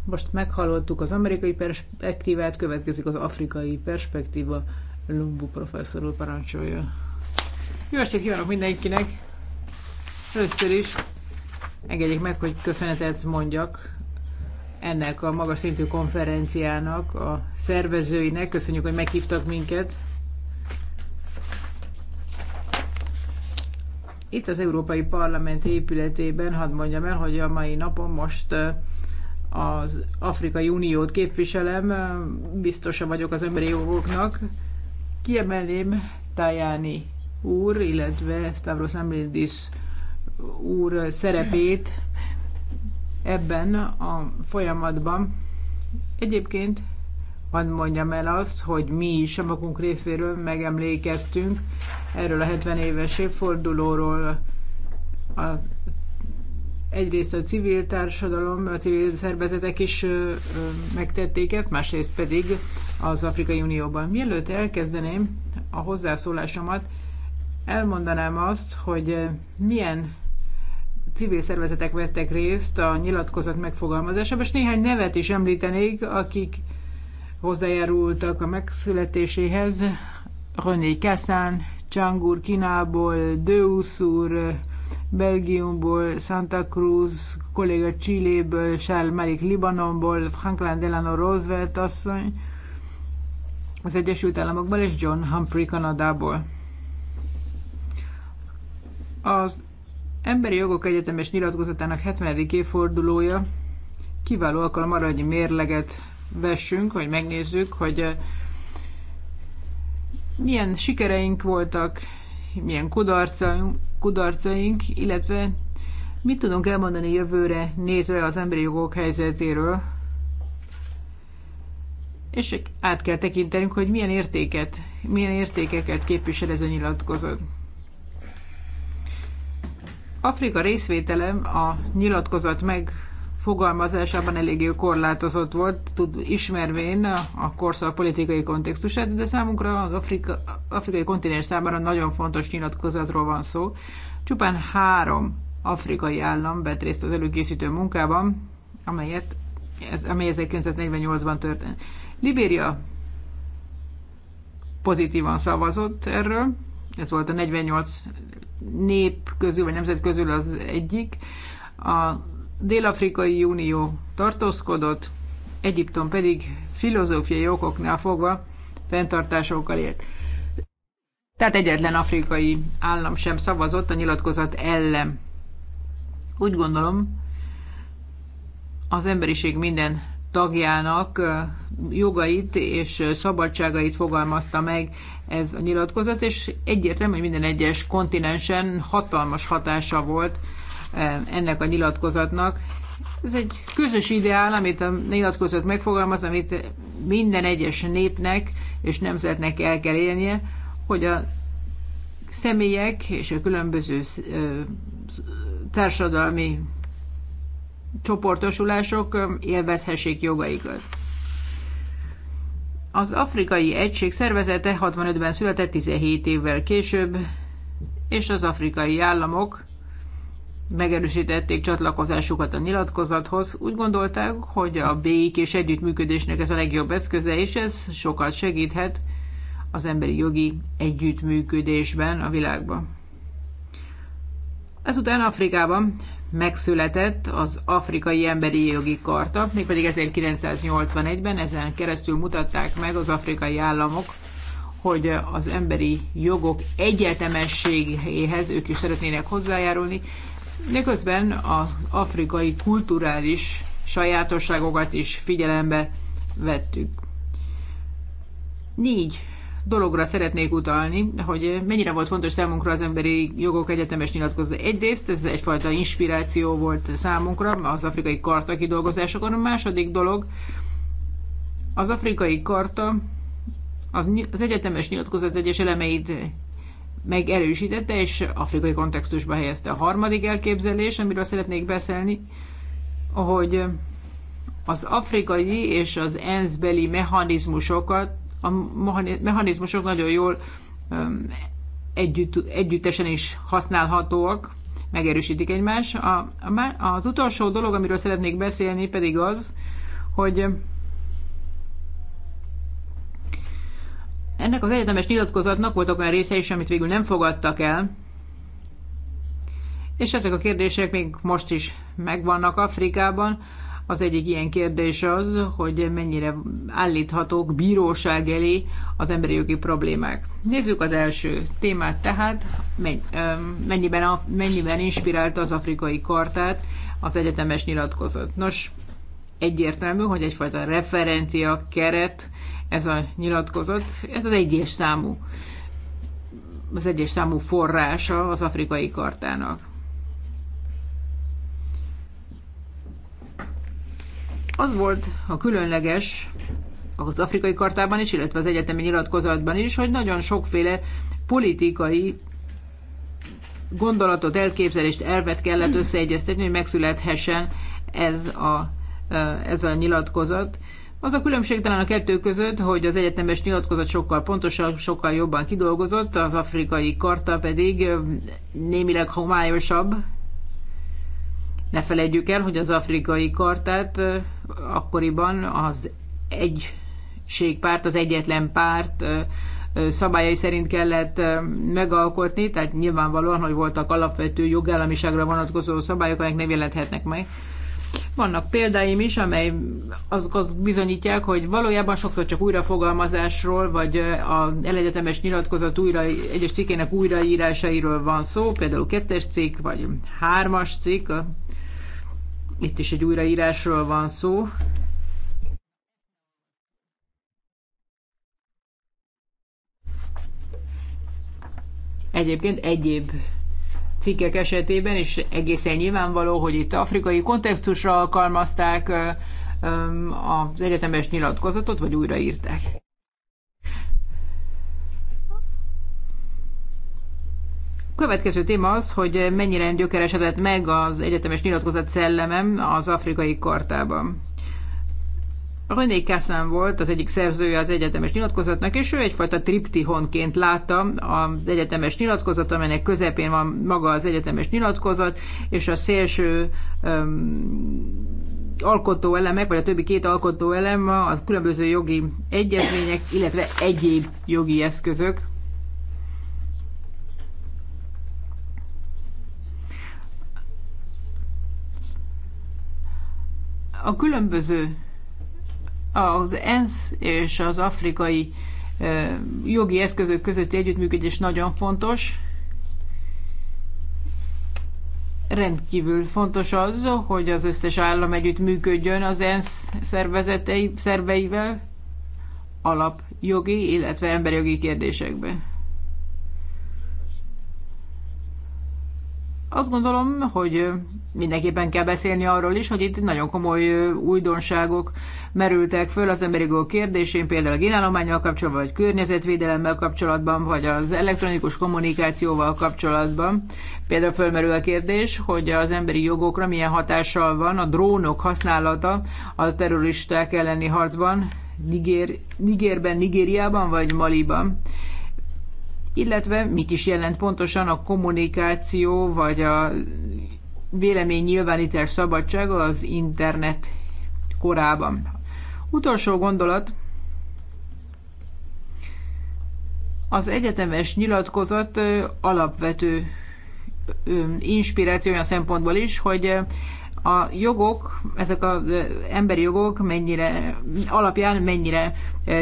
Most meghallottuk az amerikai perspektívát, következik az afrikai perspektíva. Lumbu professzor úr parancsolja. Jó estét kívánok mindenkinek! Először is engedjék meg, hogy köszönetet mondjak ennek a magas szintű konferenciának, a szervezőinek. Köszönjük, hogy meghívtak minket. Itt az Európai Parlament épületében, hadd mondjam el, hogy a mai napon most az Afrikai Uniót képviselem, biztosan vagyok az emberi jogoknak. Kiemelném Tajani úr, illetve Stavros Ambrindis úr szerepét ebben a folyamatban. Egyébként hadd mondjam el azt, hogy mi is a magunk részéről megemlékeztünk erről a 70 éves évfordulóról. A, egyrészt a civil társadalom, a civil szervezetek is ö, ö, megtették ezt, másrészt pedig az Afrikai Unióban. Mielőtt elkezdeném a hozzászólásomat, elmondanám azt, hogy eh, milyen civil szervezetek vettek részt a nyilatkozat megfogalmazásában, és néhány nevet is említenék, akik hozzájárultak a megszületéséhez. René Kessán, Csangur Kínából, Deus úr, eh, Belgiumból, Santa Cruz, kolléga Csilléből, Charles Malik Libanonból, Franklin Delano Roosevelt asszony, az Egyesült Államokból és John Humphrey Kanadából. Az Emberi Jogok Egyetemes nyilatkozatának 70. évfordulója kiváló alkalom arra, hogy mérleget vessünk, hogy megnézzük, hogy eh, milyen sikereink voltak, milyen kudarcaink, kudarcaink, illetve mit tudunk elmondani jövőre nézve az emberi jogok helyzetéről, és át kell tekintenünk, hogy milyen értéket, milyen értékeket képvisel ez a nyilatkozat. Afrika részvételem a nyilatkozat megfogalmazásában eléggé korlátozott volt, tud, ismervén a korszak politikai kontextusát, de számunkra az Afrika, afrikai kontinens számára nagyon fontos nyilatkozatról van szó. Csupán három afrikai állam vett részt az előkészítő munkában, amelyet ez, amely 1948-ban történt. Libéria pozitívan szavazott erről, ez volt a 48 nép közül, vagy nemzet közül az egyik. A Dél-Afrikai Unió tartózkodott, Egyiptom pedig filozófiai okoknál fogva fenntartásokkal élt. Tehát egyetlen afrikai állam sem szavazott a nyilatkozat ellen. Úgy gondolom, az emberiség minden tagjának jogait és szabadságait fogalmazta meg ez a nyilatkozat, és egyértelmű, hogy minden egyes kontinensen hatalmas hatása volt eh, ennek a nyilatkozatnak. Ez egy közös ideál, amit a nyilatkozat megfogalmaz, amit minden egyes népnek és nemzetnek el kell élnie, hogy a személyek és a különböző eh, társadalmi csoportosulások eh, élvezhessék jogaikat. Az Afrikai Egység szervezete 65-ben született 17 évvel később, és az afrikai államok megerősítették csatlakozásukat a nyilatkozathoz. Úgy gondolták, hogy a és együttműködésnek ez a legjobb eszköze, és ez sokat segíthet az emberi jogi együttműködésben a világban. Ezután Afrikában megszületett az Afrikai Emberi Jogi Karta, mégpedig 1981-ben ezen keresztül mutatták meg az afrikai államok, hogy az emberi jogok egyetemességéhez ők is szeretnének hozzájárulni, de közben az afrikai kulturális sajátosságokat is figyelembe vettük. Négy dologra szeretnék utalni, hogy mennyire volt fontos számunkra az emberi jogok egyetemes nyilatkozata. Egyrészt ez egyfajta inspiráció volt számunkra az afrikai karta kidolgozásakor. A második dolog, az afrikai karta az, az egyetemes nyilatkozat egyes elemeit megerősítette, és afrikai kontextusba helyezte. A harmadik elképzelés, amiről szeretnék beszélni, hogy az afrikai és az ENSZ beli mechanizmusokat a mechanizmusok nagyon jól együtt, együttesen is használhatóak, megerősítik egymást. A, a, az utolsó dolog, amiről szeretnék beszélni, pedig az, hogy ennek az egyetemes nyilatkozatnak voltak olyan része is, amit végül nem fogadtak el, és ezek a kérdések még most is megvannak Afrikában. Az egyik ilyen kérdés az, hogy mennyire állíthatók bíróság elé az emberi jogi problémák. Nézzük az első témát tehát, mennyiben, mennyiben inspirálta az afrikai kartát az egyetemes nyilatkozat. Nos, egyértelmű, hogy egyfajta referencia keret ez a nyilatkozat, ez az egyes számú az egyes számú forrása az afrikai kartának. Az volt a különleges az afrikai kartában is, illetve az egyetemi nyilatkozatban is, hogy nagyon sokféle politikai gondolatot, elképzelést, elvet kellett összeegyeztetni, hogy megszülethessen ez a, ez a nyilatkozat. Az a különbség talán a kettő között, hogy az egyetemes nyilatkozat sokkal pontosabb, sokkal jobban kidolgozott, az afrikai karta pedig némileg homályosabb, ne felejtjük el, hogy az afrikai kartát akkoriban az egységpárt, az egyetlen párt szabályai szerint kellett megalkotni, tehát nyilvánvalóan, hogy voltak alapvető jogállamiságra vonatkozó szabályok, amelyek nem jelenthetnek meg. Vannak példáim is, amely azok az bizonyítják, hogy valójában sokszor csak újrafogalmazásról, vagy az elegyetemes nyilatkozat újra, egyes cikkének újraírásairól van szó, például kettes cikk, vagy hármas cikk, itt is egy újraírásról van szó. Egyébként egyéb cikkek esetében is egészen nyilvánvaló, hogy itt afrikai kontextusra alkalmazták az egyetemes nyilatkozatot, vagy újraírták. következő téma az, hogy mennyire gyökeresedett meg az egyetemes nyilatkozat szellemem az afrikai kartában. René Kassan volt az egyik szerzője az egyetemes nyilatkozatnak, és ő egyfajta triptihonként látta az egyetemes nyilatkozat, amelynek közepén van maga az egyetemes nyilatkozat, és a szélső um, alkotó elemek, vagy a többi két alkotó elem a különböző jogi egyezmények, illetve egyéb jogi eszközök. A különböző az ENSZ és az afrikai jogi eszközök közötti együttműködés nagyon fontos. Rendkívül fontos az, hogy az összes állam együtt működjön az ENSZ szervezetei, szerveivel alapjogi, illetve emberjogi kérdésekben. Azt gondolom, hogy mindenképpen kell beszélni arról is, hogy itt nagyon komoly újdonságok merültek föl az emberi jogok kérdésén, például a génállományjal kapcsolatban, vagy környezetvédelemmel kapcsolatban, vagy az elektronikus kommunikációval kapcsolatban. Például fölmerül a kérdés, hogy az emberi jogokra milyen hatással van a drónok használata a terroristák elleni harcban, Niger, Nigerben, Nigériában vagy Maliban illetve mit is jelent pontosan a kommunikáció vagy a vélemény nyilvánítás szabadsága az internet korában. Utolsó gondolat, az egyetemes nyilatkozat alapvető inspiráció olyan szempontból is, hogy a jogok, ezek az emberi jogok mennyire, alapján mennyire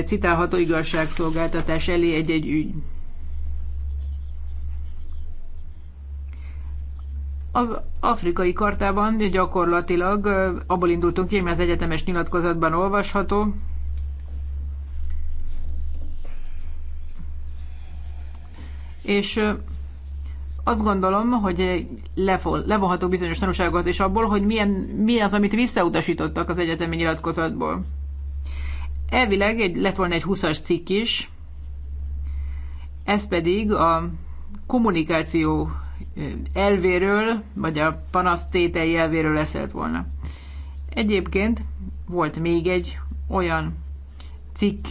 citálható igazságszolgáltatás elé egy-egy ügy. Az afrikai kartában gyakorlatilag abból indultunk ki, ami az egyetemes nyilatkozatban olvasható, és azt gondolom, hogy levonható bizonyos tanulságokat is abból, hogy milyen, mi az, amit visszautasítottak az egyetemi nyilatkozatból. Elvileg egy, lett volna egy 20-as cikk is, ez pedig a kommunikáció elvéről, vagy a panasztétei elvéről leszelt volna. Egyébként volt még egy olyan cikk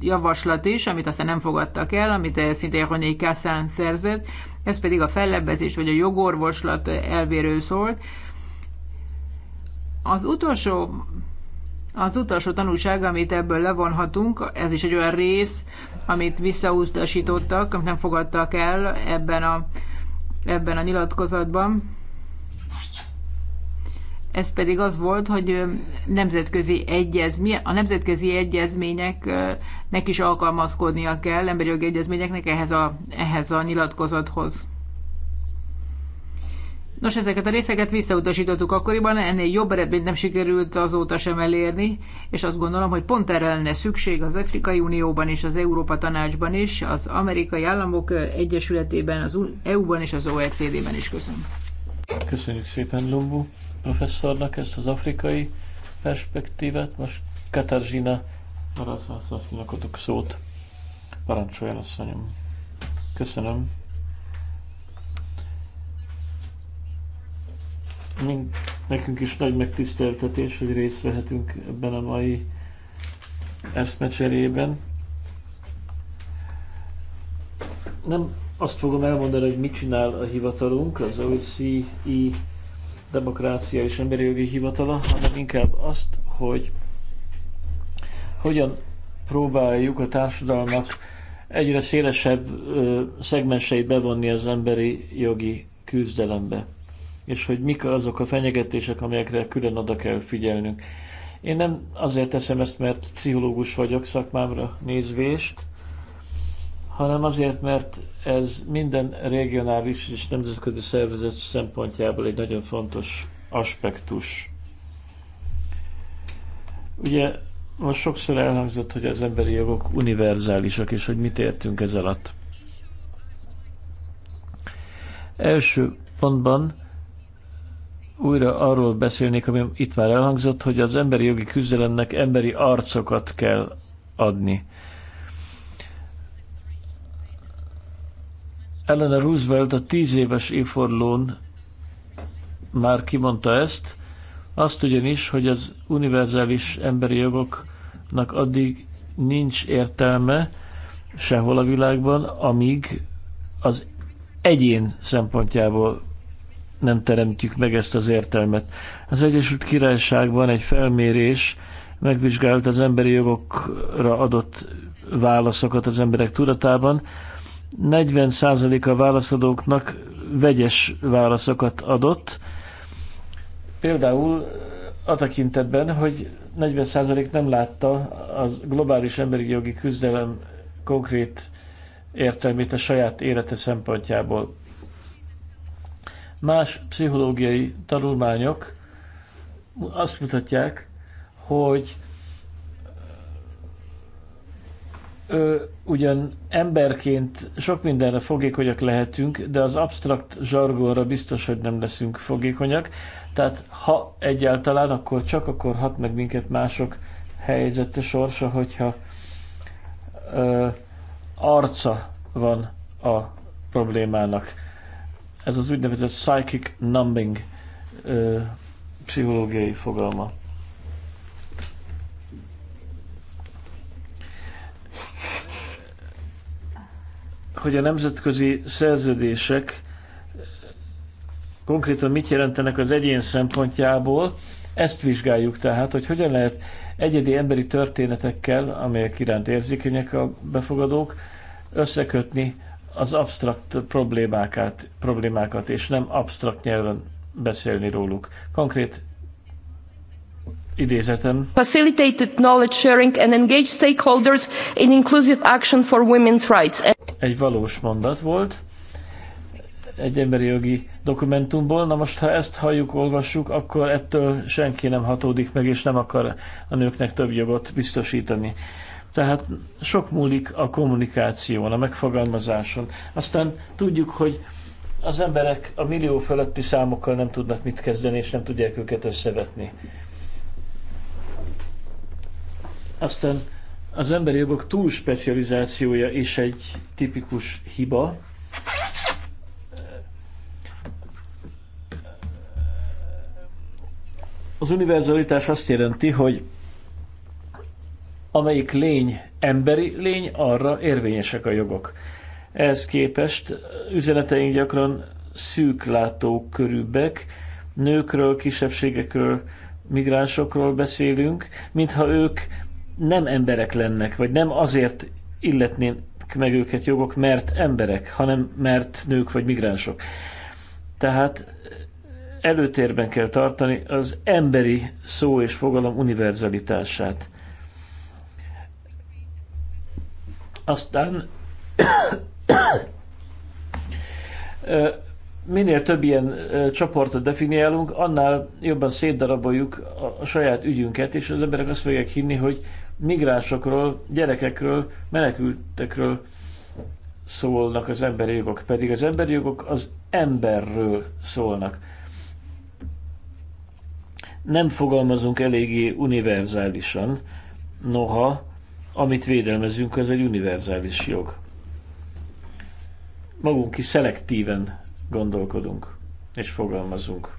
javaslat is, amit aztán nem fogadtak el, amit eh, szintén René Kassán szerzett, ez pedig a fellebbezés vagy a jogorvoslat elvéről szólt. Az utolsó az utolsó tanulság, amit ebből levonhatunk, ez is egy olyan rész, amit visszautasítottak, amit nem fogadtak el ebben a ebben a nyilatkozatban. Ez pedig az volt, hogy nemzetközi egyezmény, a nemzetközi egyezményeknek is alkalmazkodnia kell, emberi jogi egyezményeknek ehhez a, ehhez a nyilatkozathoz. Nos, ezeket a részeket visszautasítottuk akkoriban, ennél jobb eredményt nem sikerült azóta sem elérni, és azt gondolom, hogy pont erre lenne szükség az Afrikai Unióban és az Európa Tanácsban is, az Amerikai Államok Egyesületében, az EU-ban és az OECD-ben is. Köszönöm. Köszönjük szépen Lombó professzornak ezt az afrikai perspektívát. Most Katarzyna Araszaszasznak adok szót. Parancsoljon, asszonyom. Köszönöm. nekünk is nagy megtiszteltetés, hogy részt vehetünk ebben a mai eszmecserében. Nem azt fogom elmondani, hogy mit csinál a hivatalunk, az OECI Demokrácia és Emberi Jogi Hivatala, hanem inkább azt, hogy hogyan próbáljuk a társadalmak egyre szélesebb szegmenseit bevonni az emberi jogi küzdelembe és hogy mik azok a fenyegetések, amelyekre külön oda kell figyelnünk. Én nem azért teszem ezt, mert pszichológus vagyok szakmámra nézvést, hanem azért, mert ez minden regionális és nemzetközi szervezet szempontjából egy nagyon fontos aspektus. Ugye most sokszor elhangzott, hogy az emberi jogok univerzálisak, és hogy mit értünk ez alatt. Első pontban újra arról beszélnék, ami itt már elhangzott, hogy az emberi jogi küzdelemnek emberi arcokat kell adni. Eleanor Roosevelt a tíz éves évfordulón már kimondta ezt, azt ugyanis, hogy az univerzális emberi jogoknak addig nincs értelme sehol a világban, amíg az egyén szempontjából nem teremtjük meg ezt az értelmet. Az Egyesült Királyságban egy felmérés megvizsgált az emberi jogokra adott válaszokat az emberek tudatában. 40% a válaszadóknak vegyes válaszokat adott. Például a tekintetben, hogy 40% nem látta a globális emberi jogi küzdelem konkrét értelmét a saját élete szempontjából. Más pszichológiai tanulmányok azt mutatják, hogy ö, ugyan emberként sok mindenre fogékonyak lehetünk, de az absztrakt zsargonra biztos, hogy nem leszünk fogékonyak. Tehát ha egyáltalán, akkor csak akkor hat meg minket mások helyzete, sorsa, hogyha ö, arca van a problémának. Ez az úgynevezett psychic numbing ö, pszichológiai fogalma. Hogy a nemzetközi szerződések konkrétan mit jelentenek az egyén szempontjából, ezt vizsgáljuk tehát, hogy hogyan lehet egyedi emberi történetekkel, amelyek iránt érzékenyek a befogadók, összekötni az absztrakt problémákat, problémákat, és nem absztrakt nyelven beszélni róluk. Konkrét idézetem. Facilitated knowledge sharing and engage stakeholders in inclusive action for women's rights. Egy valós mondat volt egy emberi jogi dokumentumból. Na most, ha ezt halljuk, olvassuk, akkor ettől senki nem hatódik meg, és nem akar a nőknek több jogot biztosítani. Tehát sok múlik a kommunikáción, a megfogalmazáson. Aztán tudjuk, hogy az emberek a millió fölötti számokkal nem tudnak mit kezdeni, és nem tudják őket összevetni. Aztán az emberi jogok túl specializációja is egy tipikus hiba. Az univerzalitás azt jelenti, hogy amelyik lény emberi lény, arra érvényesek a jogok. Ehhez képest üzeneteink gyakran szűklátó körűbbek, nőkről, kisebbségekről, migránsokról beszélünk, mintha ők nem emberek lennek, vagy nem azért illetnénk meg őket jogok, mert emberek, hanem mert nők vagy migránsok. Tehát előtérben kell tartani az emberi szó és fogalom univerzalitását. Aztán minél több ilyen csoportot definiálunk, annál jobban szétdaraboljuk a saját ügyünket, és az emberek azt fogják hinni, hogy migránsokról, gyerekekről, menekültekről szólnak az emberi jogok, pedig az emberi jogok az emberről szólnak. Nem fogalmazunk eléggé univerzálisan, noha amit védelmezünk, az egy univerzális jog. Magunk is szelektíven gondolkodunk és fogalmazunk.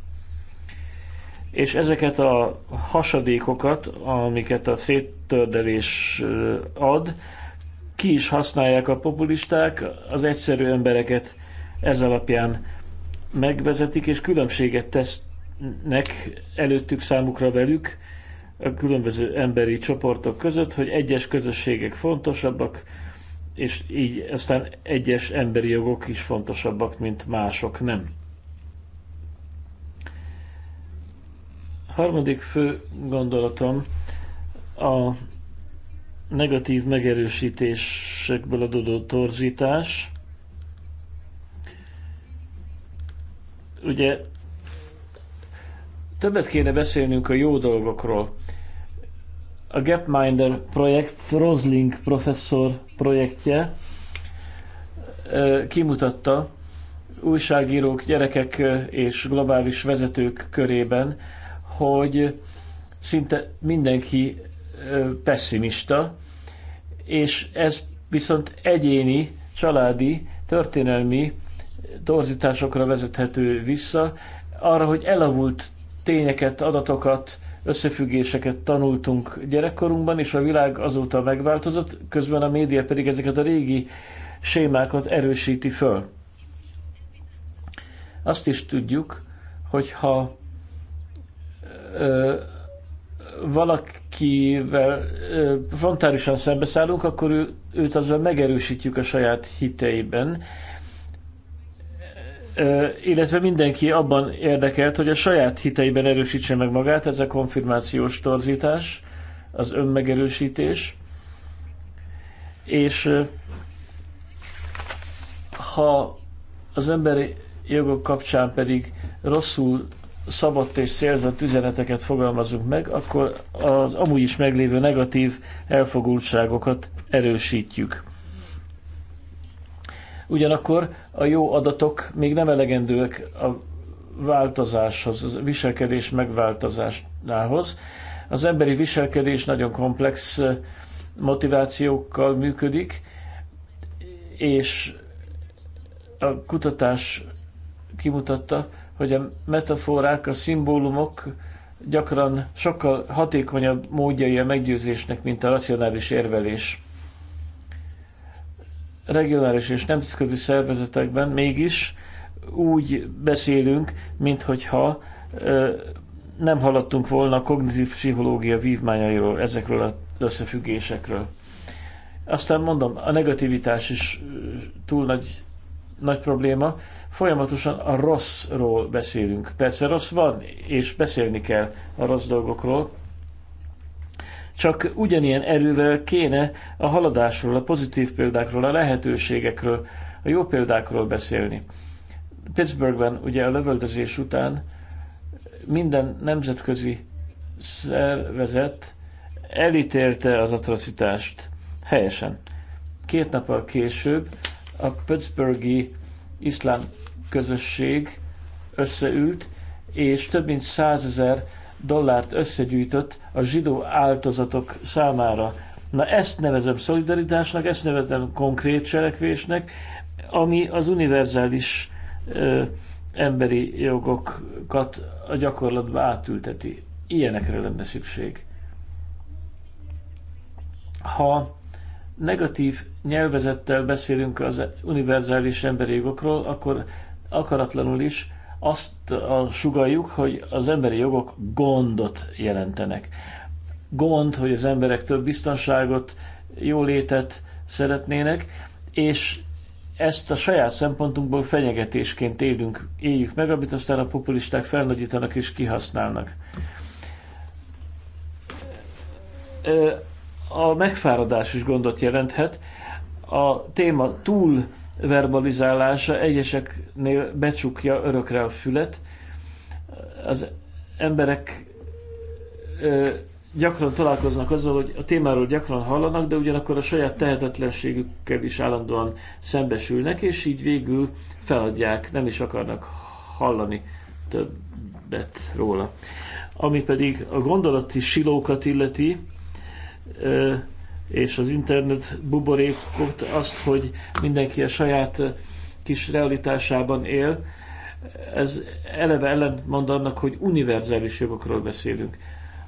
És ezeket a hasadékokat, amiket a széttördelés ad, ki is használják a populisták, az egyszerű embereket ez alapján megvezetik, és különbséget tesznek előttük számukra velük, a különböző emberi csoportok között, hogy egyes közösségek fontosabbak, és így aztán egyes emberi jogok is fontosabbak, mint mások nem. Harmadik fő gondolatom a negatív megerősítésekből adódó torzítás. Ugye többet kéne beszélnünk a jó dolgokról, a Gapminder projekt, Rosling professzor projektje kimutatta újságírók, gyerekek és globális vezetők körében, hogy szinte mindenki pessimista, és ez viszont egyéni, családi, történelmi torzításokra vezethető vissza, arra, hogy elavult tényeket, adatokat, összefüggéseket tanultunk gyerekkorunkban, és a világ azóta megváltozott, közben a média pedig ezeket a régi sémákat erősíti föl. Azt is tudjuk, hogy ha ö, valakivel ö, frontálisan szembeszállunk, akkor ő, őt azzal megerősítjük a saját hiteiben, illetve mindenki abban érdekelt, hogy a saját hiteiben erősítse meg magát, ez a konfirmációs torzítás, az önmegerősítés. És ha az emberi jogok kapcsán pedig rosszul szabott és szélzett üzeneteket fogalmazunk meg, akkor az amúgy is meglévő negatív elfogultságokat erősítjük. Ugyanakkor a jó adatok még nem elegendőek a változáshoz, a viselkedés megváltozásához. Az emberi viselkedés nagyon komplex motivációkkal működik, és a kutatás kimutatta, hogy a metaforák, a szimbólumok gyakran sokkal hatékonyabb módjai a meggyőzésnek, mint a racionális érvelés regionális és nemzetközi szervezetekben mégis úgy beszélünk, minthogyha nem hallottunk volna a kognitív pszichológia vívmányairól, ezekről az összefüggésekről. Aztán mondom, a negativitás is túl nagy, nagy probléma. Folyamatosan a rosszról beszélünk. Persze rossz van, és beszélni kell a rossz dolgokról, csak ugyanilyen erővel kéne a haladásról, a pozitív példákról, a lehetőségekről, a jó példákról beszélni. Pittsburghben ugye a lövöldözés után minden nemzetközi szervezet elítélte az atrocitást. Helyesen. Két nappal később a Pittsburghi iszlám közösség összeült, és több mint százezer dollárt összegyűjtött a zsidó áltozatok számára. Na ezt nevezem szolidaritásnak, ezt nevezem konkrét cselekvésnek, ami az univerzális ö, emberi jogokat a gyakorlatba átülteti. Ilyenekre lenne szükség. Ha negatív nyelvezettel beszélünk az univerzális emberi jogokról, akkor akaratlanul is azt a sugaljuk, hogy az emberi jogok gondot jelentenek. Gond, hogy az emberek több biztonságot, jólétet szeretnének, és ezt a saját szempontunkból fenyegetésként élünk, éljük meg, amit aztán a populisták felnagyítanak és kihasználnak. A megfáradás is gondot jelenthet. A téma túl verbalizálása egyeseknél becsukja örökre a fület. Az emberek ö, gyakran találkoznak azzal, hogy a témáról gyakran hallanak, de ugyanakkor a saját tehetetlenségükkel is állandóan szembesülnek, és így végül feladják, nem is akarnak hallani többet róla. Ami pedig a gondolati silókat illeti, ö, és az internet buborékot, azt, hogy mindenki a saját eh, kis realitásában él, ez eleve ellentmond annak, hogy univerzális jogokról beszélünk.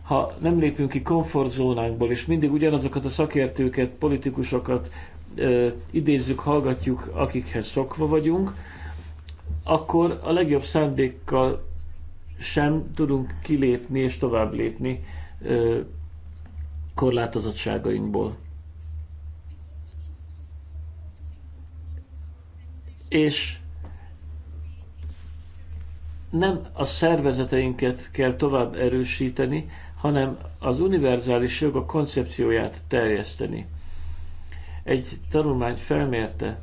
Ha nem lépünk ki komfortzónánkból, és mindig ugyanazokat a szakértőket, politikusokat ö, eh, idézzük, hallgatjuk, akikhez szokva vagyunk, akkor a legjobb szándékkal sem tudunk kilépni és tovább lépni ö, eh, korlátozottságainkból. És nem a szervezeteinket kell tovább erősíteni, hanem az univerzális jog a koncepcióját terjeszteni. Egy tanulmány felmérte,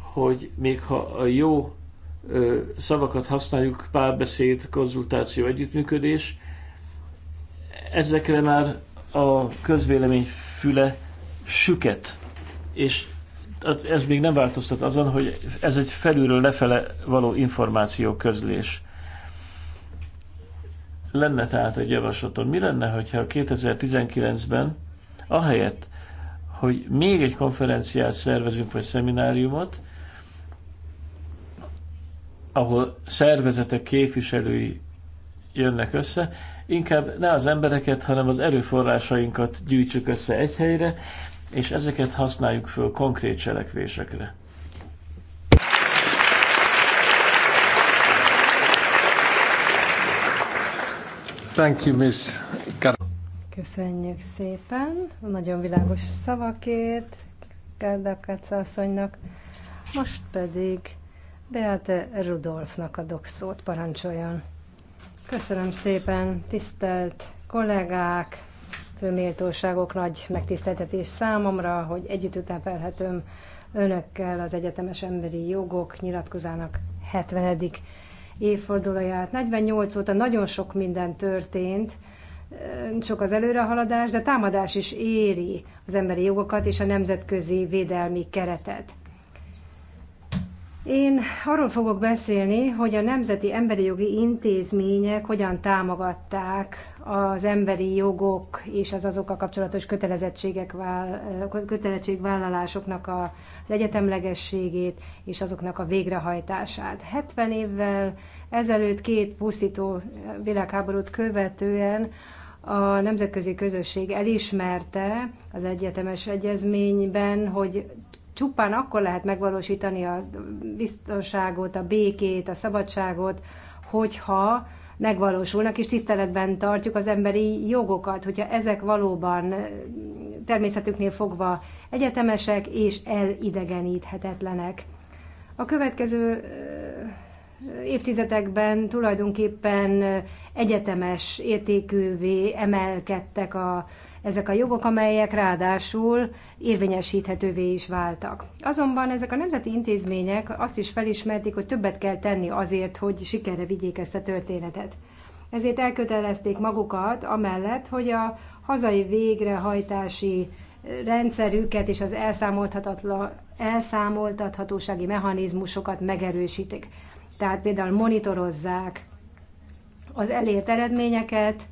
hogy még ha a jó szavakat használjuk, párbeszéd, konzultáció, együttműködés, ezekre már a közvélemény füle süket, és ez még nem változtat azon, hogy ez egy felülről lefele való információ közlés. Lenne tehát egy javaslatom. Mi lenne, hogyha 2019-ben ahelyett, hogy még egy konferenciát szervezünk, vagy szemináriumot, ahol szervezetek képviselői jönnek össze, inkább ne az embereket, hanem az erőforrásainkat gyűjtsük össze egy helyre, és ezeket használjuk föl konkrét cselekvésekre. Thank you, Miss Köszönjük szépen, nagyon világos szavakért Gárdáp asszonynak. Most pedig Beate Rudolfnak adok szót, parancsoljon. Köszönöm szépen, tisztelt kollégák, főméltóságok, nagy megtiszteltetés számomra, hogy együtt ünnepelhetem önökkel az Egyetemes Emberi Jogok nyilatkozának 70. évfordulóját. 48 óta nagyon sok minden történt, sok az előrehaladás, de támadás is éri az emberi jogokat és a nemzetközi védelmi keretet. Én arról fogok beszélni, hogy a Nemzeti Emberi Jogi Intézmények hogyan támogatták az emberi jogok és az azokkal kapcsolatos kötelezettségek, kötelezettségvállalásoknak a egyetemlegességét és azoknak a végrehajtását. 70 évvel ezelőtt két pusztító világháborút követően a nemzetközi közösség elismerte az egyetemes egyezményben, hogy csupán akkor lehet megvalósítani a biztonságot, a békét, a szabadságot, hogyha megvalósulnak, és tiszteletben tartjuk az emberi jogokat, hogyha ezek valóban eh, természetüknél fogva egyetemesek és elidegeníthetetlenek. A következő eh, évtizedekben tulajdonképpen eh, egyetemes értékűvé emelkedtek a ezek a jogok, amelyek ráadásul érvényesíthetővé is váltak. Azonban ezek a nemzeti intézmények azt is felismerték, hogy többet kell tenni azért, hogy sikerre vigyék ezt a történetet. Ezért elkötelezték magukat amellett, hogy a hazai végrehajtási rendszerüket és az elszámoltathatósági mechanizmusokat megerősítik. Tehát például monitorozzák az elért eredményeket,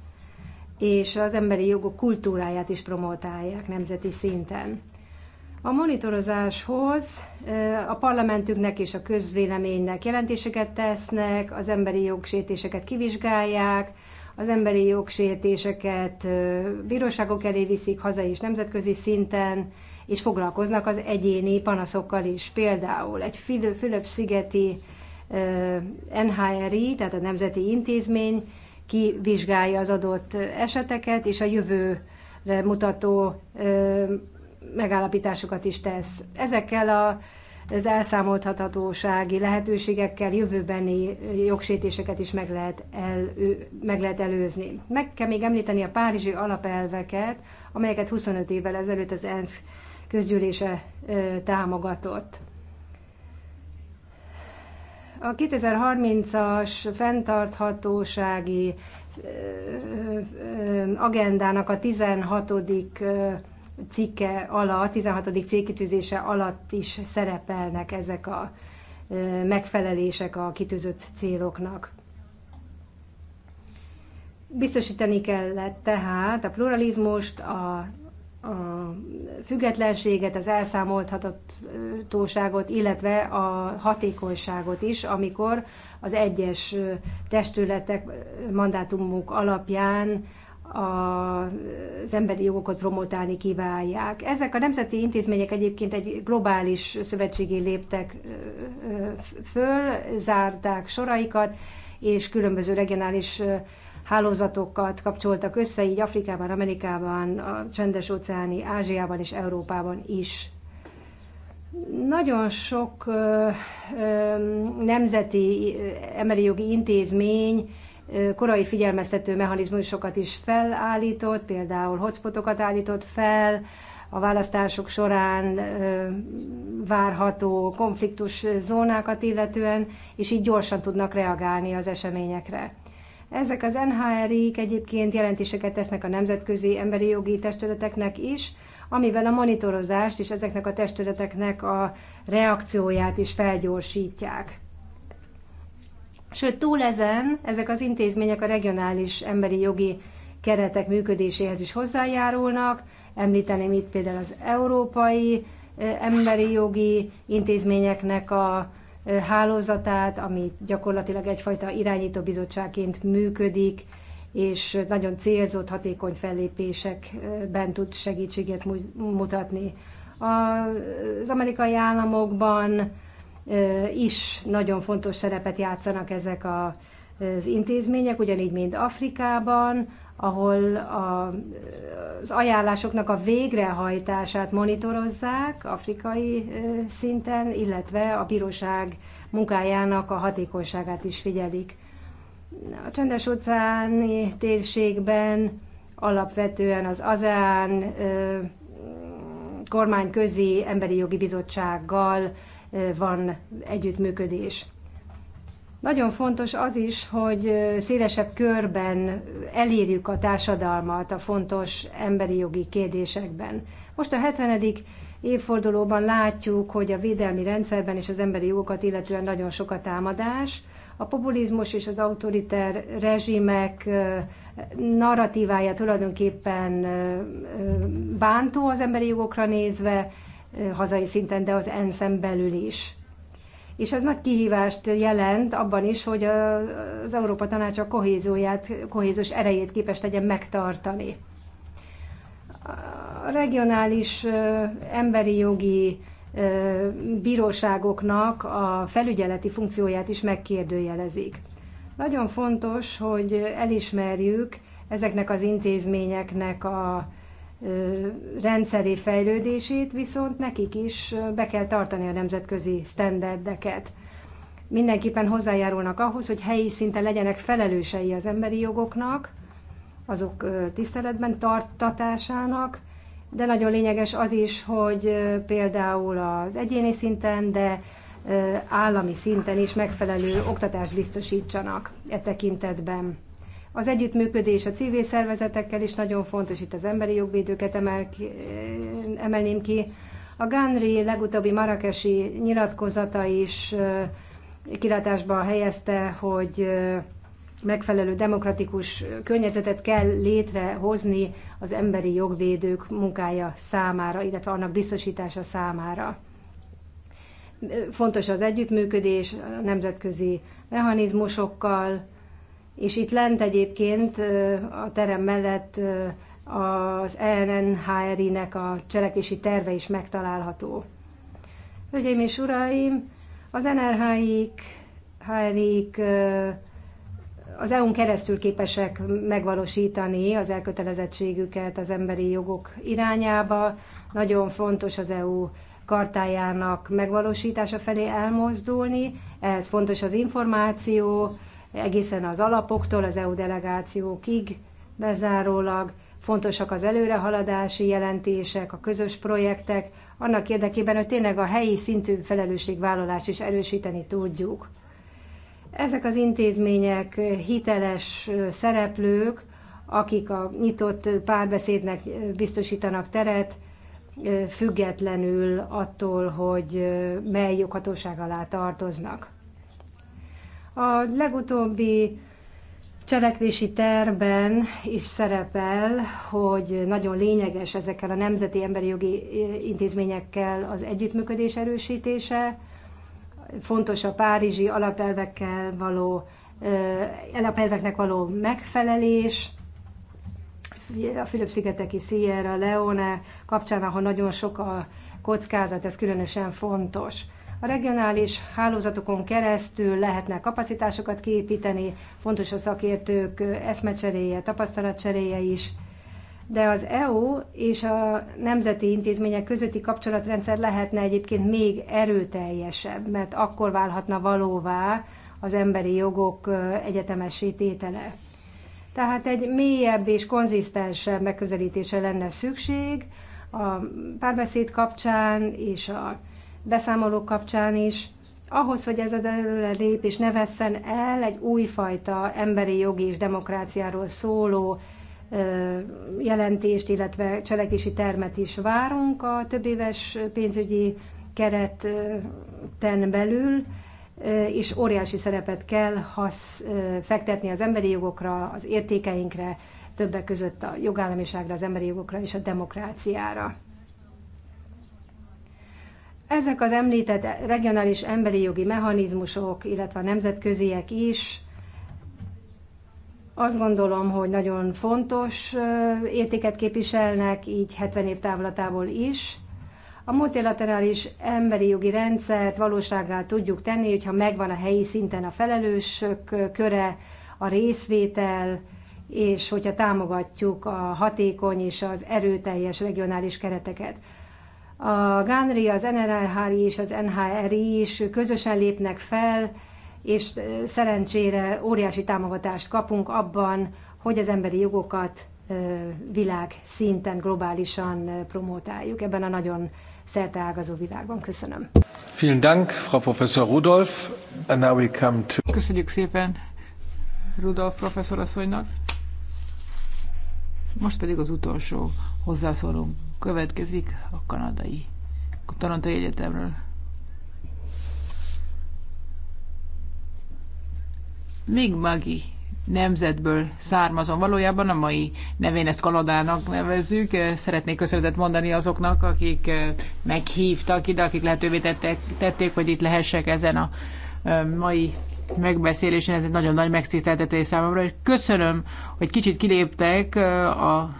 és az emberi jogok kultúráját is promotálják nemzeti szinten. A monitorozáshoz a parlamentünknek és a közvéleménynek jelentéseket tesznek, az emberi jogsértéseket kivizsgálják, az emberi jogsértéseket bíróságok elé viszik hazai és nemzetközi szinten, és foglalkoznak az egyéni panaszokkal is. Például egy Fülöp-szigeti NHRI, tehát a Nemzeti Intézmény kivizsgálja az adott eseteket, és a jövőre mutató megállapításokat is tesz. Ezekkel a, az elszámoltathatósági lehetőségekkel jövőbeni jogsértéseket is meg lehet, el, meg lehet előzni. Meg kell még említeni a párizsi alapelveket, amelyeket 25 évvel ezelőtt az ENSZ közgyűlése támogatott. A 2030-as fenntarthatósági agendának a 16. cikke alatt, 16. célkitűzése alatt is szerepelnek ezek a megfelelések a kitűzött céloknak. Biztosítani kellett tehát a pluralizmust, a a függetlenséget, az elszámolthatatóságot, illetve a hatékonyságot is, amikor az egyes testületek mandátumuk alapján az emberi jogokat promotálni kívánják. Ezek a nemzeti intézmények egyébként egy globális szövetségé léptek föl, zárták soraikat, és különböző regionális hálózatokat kapcsoltak össze, így Afrikában, Amerikában, a Csendes-óceáni, Ázsiában és Európában is. Nagyon sok ö, ö, nemzeti emberi jogi intézmény ö, korai figyelmeztető mechanizmusokat is felállított, például hotspotokat állított fel, a választások során ö, várható konfliktus zónákat illetően, és így gyorsan tudnak reagálni az eseményekre. Ezek az NHR-ik egyébként jelentéseket tesznek a nemzetközi emberi jogi testületeknek is, amivel a monitorozást és ezeknek a testületeknek a reakcióját is felgyorsítják. Sőt, túl ezen ezek az intézmények a regionális emberi jogi keretek működéséhez is hozzájárulnak. Említeném itt például az európai eh, emberi jogi intézményeknek a hálózatát, ami gyakorlatilag egyfajta irányító bizottságként működik, és nagyon célzott, hatékony fellépésekben tud segítséget mutatni. Az amerikai államokban is nagyon fontos szerepet játszanak ezek az intézmények, ugyanígy, mint Afrikában, ahol a, az ajánlásoknak a végrehajtását monitorozzák afrikai szinten, illetve a bíróság munkájának a hatékonyságát is figyelik. A csendes óceáni térségben alapvetően az ASEAN kormányközi emberi jogi bizottsággal van együttműködés. Nagyon fontos az is, hogy szélesebb körben elérjük a társadalmat a fontos emberi jogi kérdésekben. Most a 70. évfordulóban látjuk, hogy a védelmi rendszerben és az emberi jogokat illetően nagyon sok a támadás. A populizmus és az autoriter rezsimek narratívája tulajdonképpen bántó az emberi jogokra nézve, hazai szinten, de az ensz belül is és ez nagy kihívást jelent abban is, hogy az Európa Tanács a kohézóját, kohézós erejét képes legyen megtartani. A regionális emberi jogi bíróságoknak a felügyeleti funkcióját is megkérdőjelezik. Nagyon fontos, hogy elismerjük ezeknek az intézményeknek a rendszeré fejlődését, viszont nekik is be kell tartani a nemzetközi sztenderdeket. Mindenképpen hozzájárulnak ahhoz, hogy helyi szinten legyenek felelősei az emberi jogoknak, azok tiszteletben tartatásának, de nagyon lényeges az is, hogy például az egyéni szinten, de állami szinten is megfelelő oktatást biztosítsanak e tekintetben. Az együttműködés a civil szervezetekkel is nagyon fontos, itt az emberi jogvédőket emel ki, emelném ki. A Gánri legutóbbi marakesi nyilatkozata is kilátásba helyezte, hogy megfelelő demokratikus környezetet kell létrehozni az emberi jogvédők munkája számára, illetve annak biztosítása számára. Fontos az együttműködés a nemzetközi mechanizmusokkal, és itt lent egyébként a terem mellett az ennhri nek a cselekvési terve is megtalálható. Hölgyeim és uraim, az NRHI-k HRI-k az EU-n keresztül képesek megvalósítani az elkötelezettségüket az emberi jogok irányába. Nagyon fontos az EU kartájának megvalósítása felé elmozdulni, ez fontos az információ, egészen az alapoktól, az EU delegációkig bezárólag. Fontosak az előrehaladási jelentések, a közös projektek, annak érdekében, hogy tényleg a helyi szintű felelősségvállalást is erősíteni tudjuk. Ezek az intézmények hiteles szereplők, akik a nyitott párbeszédnek biztosítanak teret, függetlenül attól, hogy mely joghatóság alá tartoznak. A legutóbbi cselekvési terben is szerepel, hogy nagyon lényeges ezekkel a nemzeti emberi jogi eh, intézményekkel az együttműködés erősítése, fontos a párizsi alapelvekkel való, eh, alapelveknek való megfelelés, a Fülöp-szigeteki Sierra Leone kapcsán, ahol nagyon sok a kockázat, ez különösen fontos. A regionális hálózatokon keresztül lehetne kapacitásokat képíteni, fontos a szakértők eszmecseréje, tapasztalatcseréje is, de az EU és a nemzeti intézmények közötti kapcsolatrendszer lehetne egyébként még erőteljesebb, mert akkor válhatna valóvá az emberi jogok egyetemessé tétele. Tehát egy mélyebb és konzisztensebb megközelítése lenne szükség a párbeszéd kapcsán és a beszámoló kapcsán is, ahhoz, hogy ez az előre lépés ne vesszen el, egy újfajta emberi jogi és demokráciáról szóló jelentést, illetve cselekvési termet is várunk a éves pénzügyi kereten belül, és óriási szerepet kell hasz, fektetni az emberi jogokra, az értékeinkre, többek között a jogállamiságra, az emberi jogokra és a demokráciára. Ezek az említett regionális emberi jogi mechanizmusok, illetve a nemzetköziek is, azt gondolom, hogy nagyon fontos értéket képviselnek, így 70 év távlatából is. A multilaterális emberi jogi rendszert valóságá tudjuk tenni, hogyha megvan a helyi szinten a felelősök köre, a részvétel, és hogyha támogatjuk a hatékony és az erőteljes regionális kereteket. A GANRI, az NRHRI és az NHRI is közösen lépnek fel, és szerencsére óriási támogatást kapunk abban, hogy az emberi jogokat világ szinten globálisan promotáljuk ebben a nagyon szerteágazó világban. Köszönöm. Vielen Dank, Frau Professor Rudolf. And now we come to... Köszönjük szépen Rudolf asszonynak. Most pedig az utolsó hozzászóló következik a kanadai a Torontai Egyetemről. Még Magi nemzetből származom. Valójában a mai nevén ezt Kanadának nevezzük. Szeretnék köszönetet mondani azoknak, akik eh, meghívtak ide, akik lehetővé tették, tették, hogy itt lehessek ezen a eh, mai megbeszélésén, ez egy nagyon nagy megtiszteltetés számomra, és köszönöm, hogy kicsit kiléptek a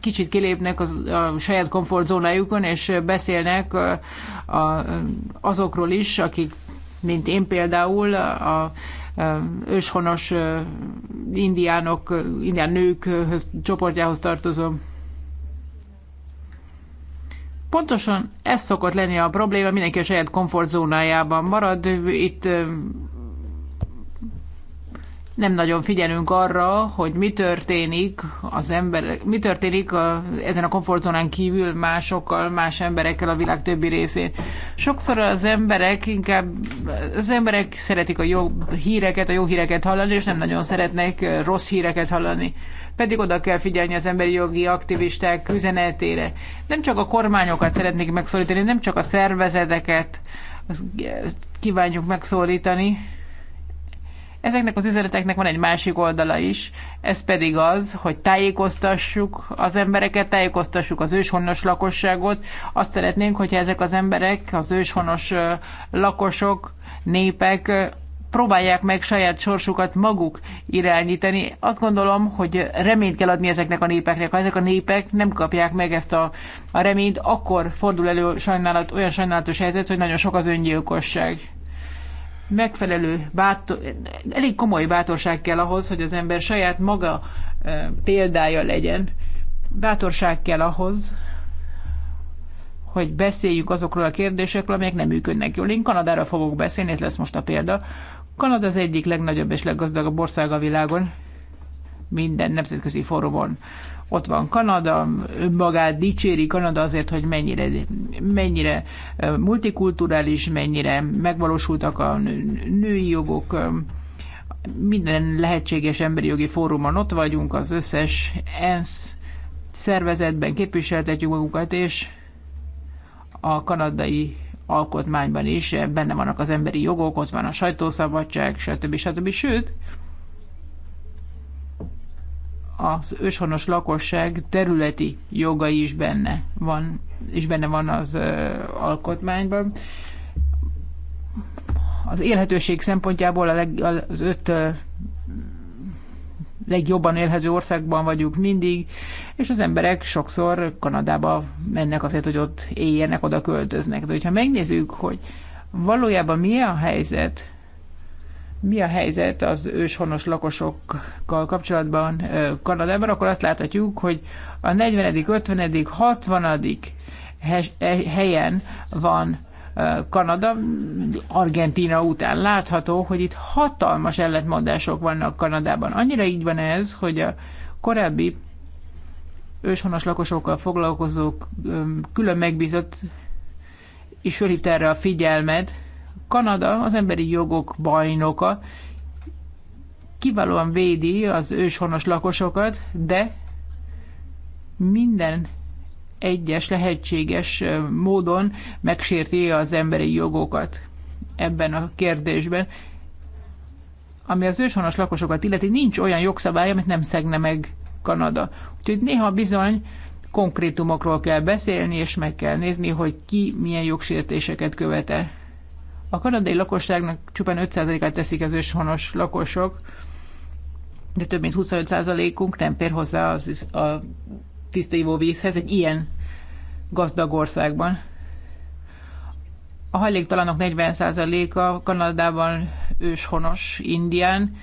kicsit kilépnek az, a saját komfortzónájukon, és beszélnek a, a, azokról is, akik, mint én például, a, a őshonos indiánok, indián nőkhöz, csoportjához tartozom. Pontosan ez szokott lenni a probléma, mindenki a saját komfortzónájában marad, itt nem nagyon figyelünk arra, hogy mi történik az ember, mi történik a, ezen a komfortzónán kívül másokkal, más emberekkel a világ többi részén. Sokszor az emberek inkább, az emberek szeretik a jó híreket, a jó híreket hallani, és nem nagyon szeretnek rossz híreket hallani pedig oda kell figyelni az emberi jogi aktivisták üzenetére. Nem csak a kormányokat szeretnék megszólítani, nem csak a szervezeteket kívánjuk megszólítani. Ezeknek az üzeneteknek van egy másik oldala is, ez pedig az, hogy tájékoztassuk az embereket, tájékoztassuk az őshonos lakosságot. Azt szeretnénk, hogyha ezek az emberek, az őshonos lakosok, népek próbálják meg saját sorsukat maguk irányítani. Azt gondolom, hogy reményt kell adni ezeknek a népeknek. Ha ezek a népek nem kapják meg ezt a, a reményt, akkor fordul elő sajnálat, olyan sajnálatos helyzet, hogy nagyon sok az öngyilkosság. Megfelelő, bátor, elég komoly bátorság kell ahhoz, hogy az ember saját maga e, példája legyen. Bátorság kell ahhoz, hogy beszéljünk azokról a kérdésekről, amelyek nem működnek jól. Én Kanadára fogok beszélni, ez lesz most a példa. Kanada az egyik legnagyobb és leggazdagabb ország a világon. Minden nemzetközi fórumon ott van Kanada, önmagát dicséri Kanada azért, hogy mennyire, mennyire multikulturális, mennyire megvalósultak a női jogok, minden lehetséges emberi jogi fórumon ott vagyunk, az összes ENSZ szervezetben képviseltetjük magunkat, és a kanadai alkotmányban is benne vannak az emberi jogok, ott van a sajtószabadság, stb. stb. Sőt, az őshonos lakosság területi jogai is benne van, és benne van az alkotmányban. Az élhetőség szempontjából a leg, az öt legjobban élhető országban vagyunk mindig, és az emberek sokszor Kanadába mennek azért, hogy ott éljenek, oda költöznek. De hogyha megnézzük, hogy valójában mi a helyzet, mi a helyzet az őshonos lakosokkal kapcsolatban Kanadában, akkor azt láthatjuk, hogy a 40., 50., 60. helyen van Kanada. Argentina után látható, hogy itt hatalmas ellentmondások vannak Kanadában. Annyira így van ez, hogy a korábbi őshonos lakosokkal foglalkozók külön megbízott és fölhívta erre a figyelmet. Kanada az emberi jogok bajnoka, kiválóan védi az őshonos lakosokat, de minden egyes lehetséges módon megsérti az emberi jogokat ebben a kérdésben. Ami az őshonos lakosokat illeti, nincs olyan jogszabály, amit nem szegne meg Kanada. Úgyhogy néha bizony konkrétumokról kell beszélni, és meg kell nézni, hogy ki milyen jogsértéseket követel. A kanadai lakosságnak csupán 5%-át teszik az őshonos lakosok, de több mint 25%-unk nem pér hozzá az, a tisztaivó vízhez egy ilyen gazdag országban. A hajléktalanok 40%-a Kanadában őshonos, Indián,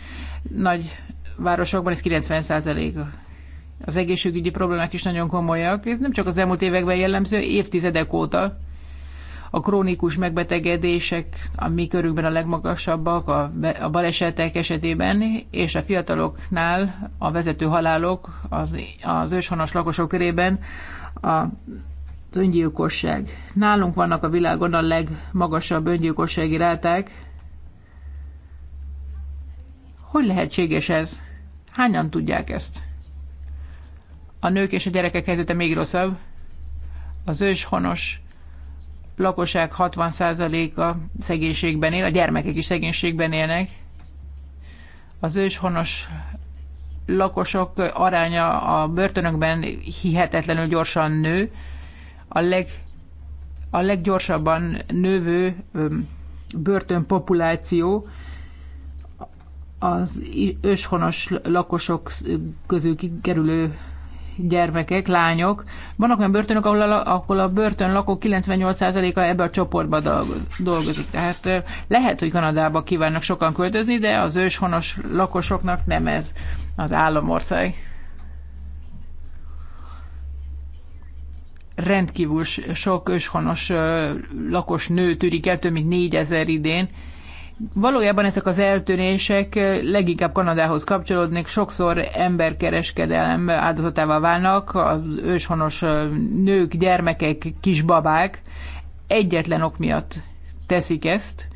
nagy városokban ez 90%-a. Az egészségügyi problémák is nagyon komolyak, ez nem csak az elmúlt években jellemző, évtizedek óta a krónikus megbetegedések a mi a legmagasabbak, a, a balesetek esetében, és a fiataloknál a vezető halálok az, az őshonos lakosok körében a az öngyilkosság. Nálunk vannak a világon a legmagasabb öngyilkossági ráták. Hogy lehetséges ez? Hányan tudják ezt? A nők és a gyerekek helyzete még rosszabb. Az őshonos lakosság 60%-a szegénységben él, a gyermekek is szegénységben élnek. Az őshonos lakosok aránya a börtönökben hihetetlenül gyorsan nő a, leg, a leggyorsabban növő börtönpopuláció az őshonos lakosok közül kikerülő gyermekek, lányok. Vannak olyan börtönök, ahol a, ahol a börtön lakó 98%-a ebbe a csoportba dolgoz, dolgozik. Tehát lehet, hogy Kanadába kívánnak sokan költözni, de az őshonos lakosoknak nem ez az államország. rendkívül sok őshonos lakos nő tűrik el, több mint négyezer idén. Valójában ezek az eltűnések leginkább Kanadához kapcsolódnak, sokszor emberkereskedelem áldozatává válnak, az őshonos nők, gyermekek, kisbabák egyetlen ok miatt teszik ezt,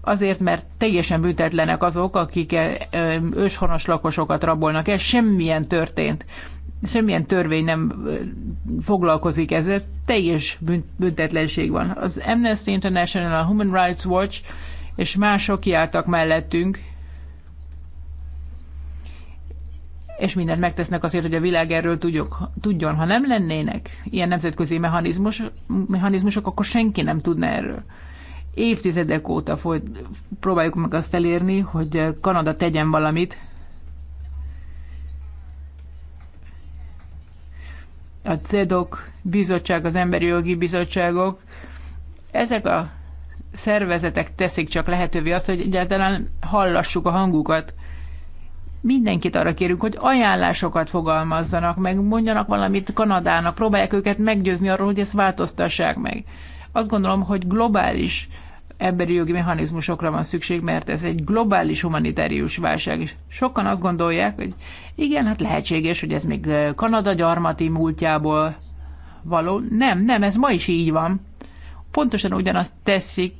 azért, mert teljesen büntetlenek azok, akik őshonos lakosokat rabolnak Ez semmilyen történt semmilyen törvény nem foglalkozik ezzel, teljes büntetlenség van. Az Amnesty International, a Human Rights Watch és mások kiálltak mellettünk, és mindent megtesznek azért, hogy a világ erről tudjuk, tudjon. Ha nem lennének ilyen nemzetközi mechanizmus, mechanizmusok, akkor senki nem tudna erről. Évtizedek óta folyt, próbáljuk meg azt elérni, hogy Kanada tegyen valamit, a CEDOK bizottság, az Emberi Jogi Bizottságok, ezek a szervezetek teszik csak lehetővé azt, hogy egyáltalán hallassuk a hangukat. Mindenkit arra kérünk, hogy ajánlásokat fogalmazzanak meg, mondjanak valamit Kanadának, próbálják őket meggyőzni arról, hogy ezt változtassák meg. Azt gondolom, hogy globális emberi jogi mechanizmusokra van szükség, mert ez egy globális humanitárius válság, és sokan azt gondolják, hogy igen, hát lehetséges, hogy ez még Kanada gyarmati múltjából való. Nem, nem, ez ma is így van. Pontosan ugyanazt teszik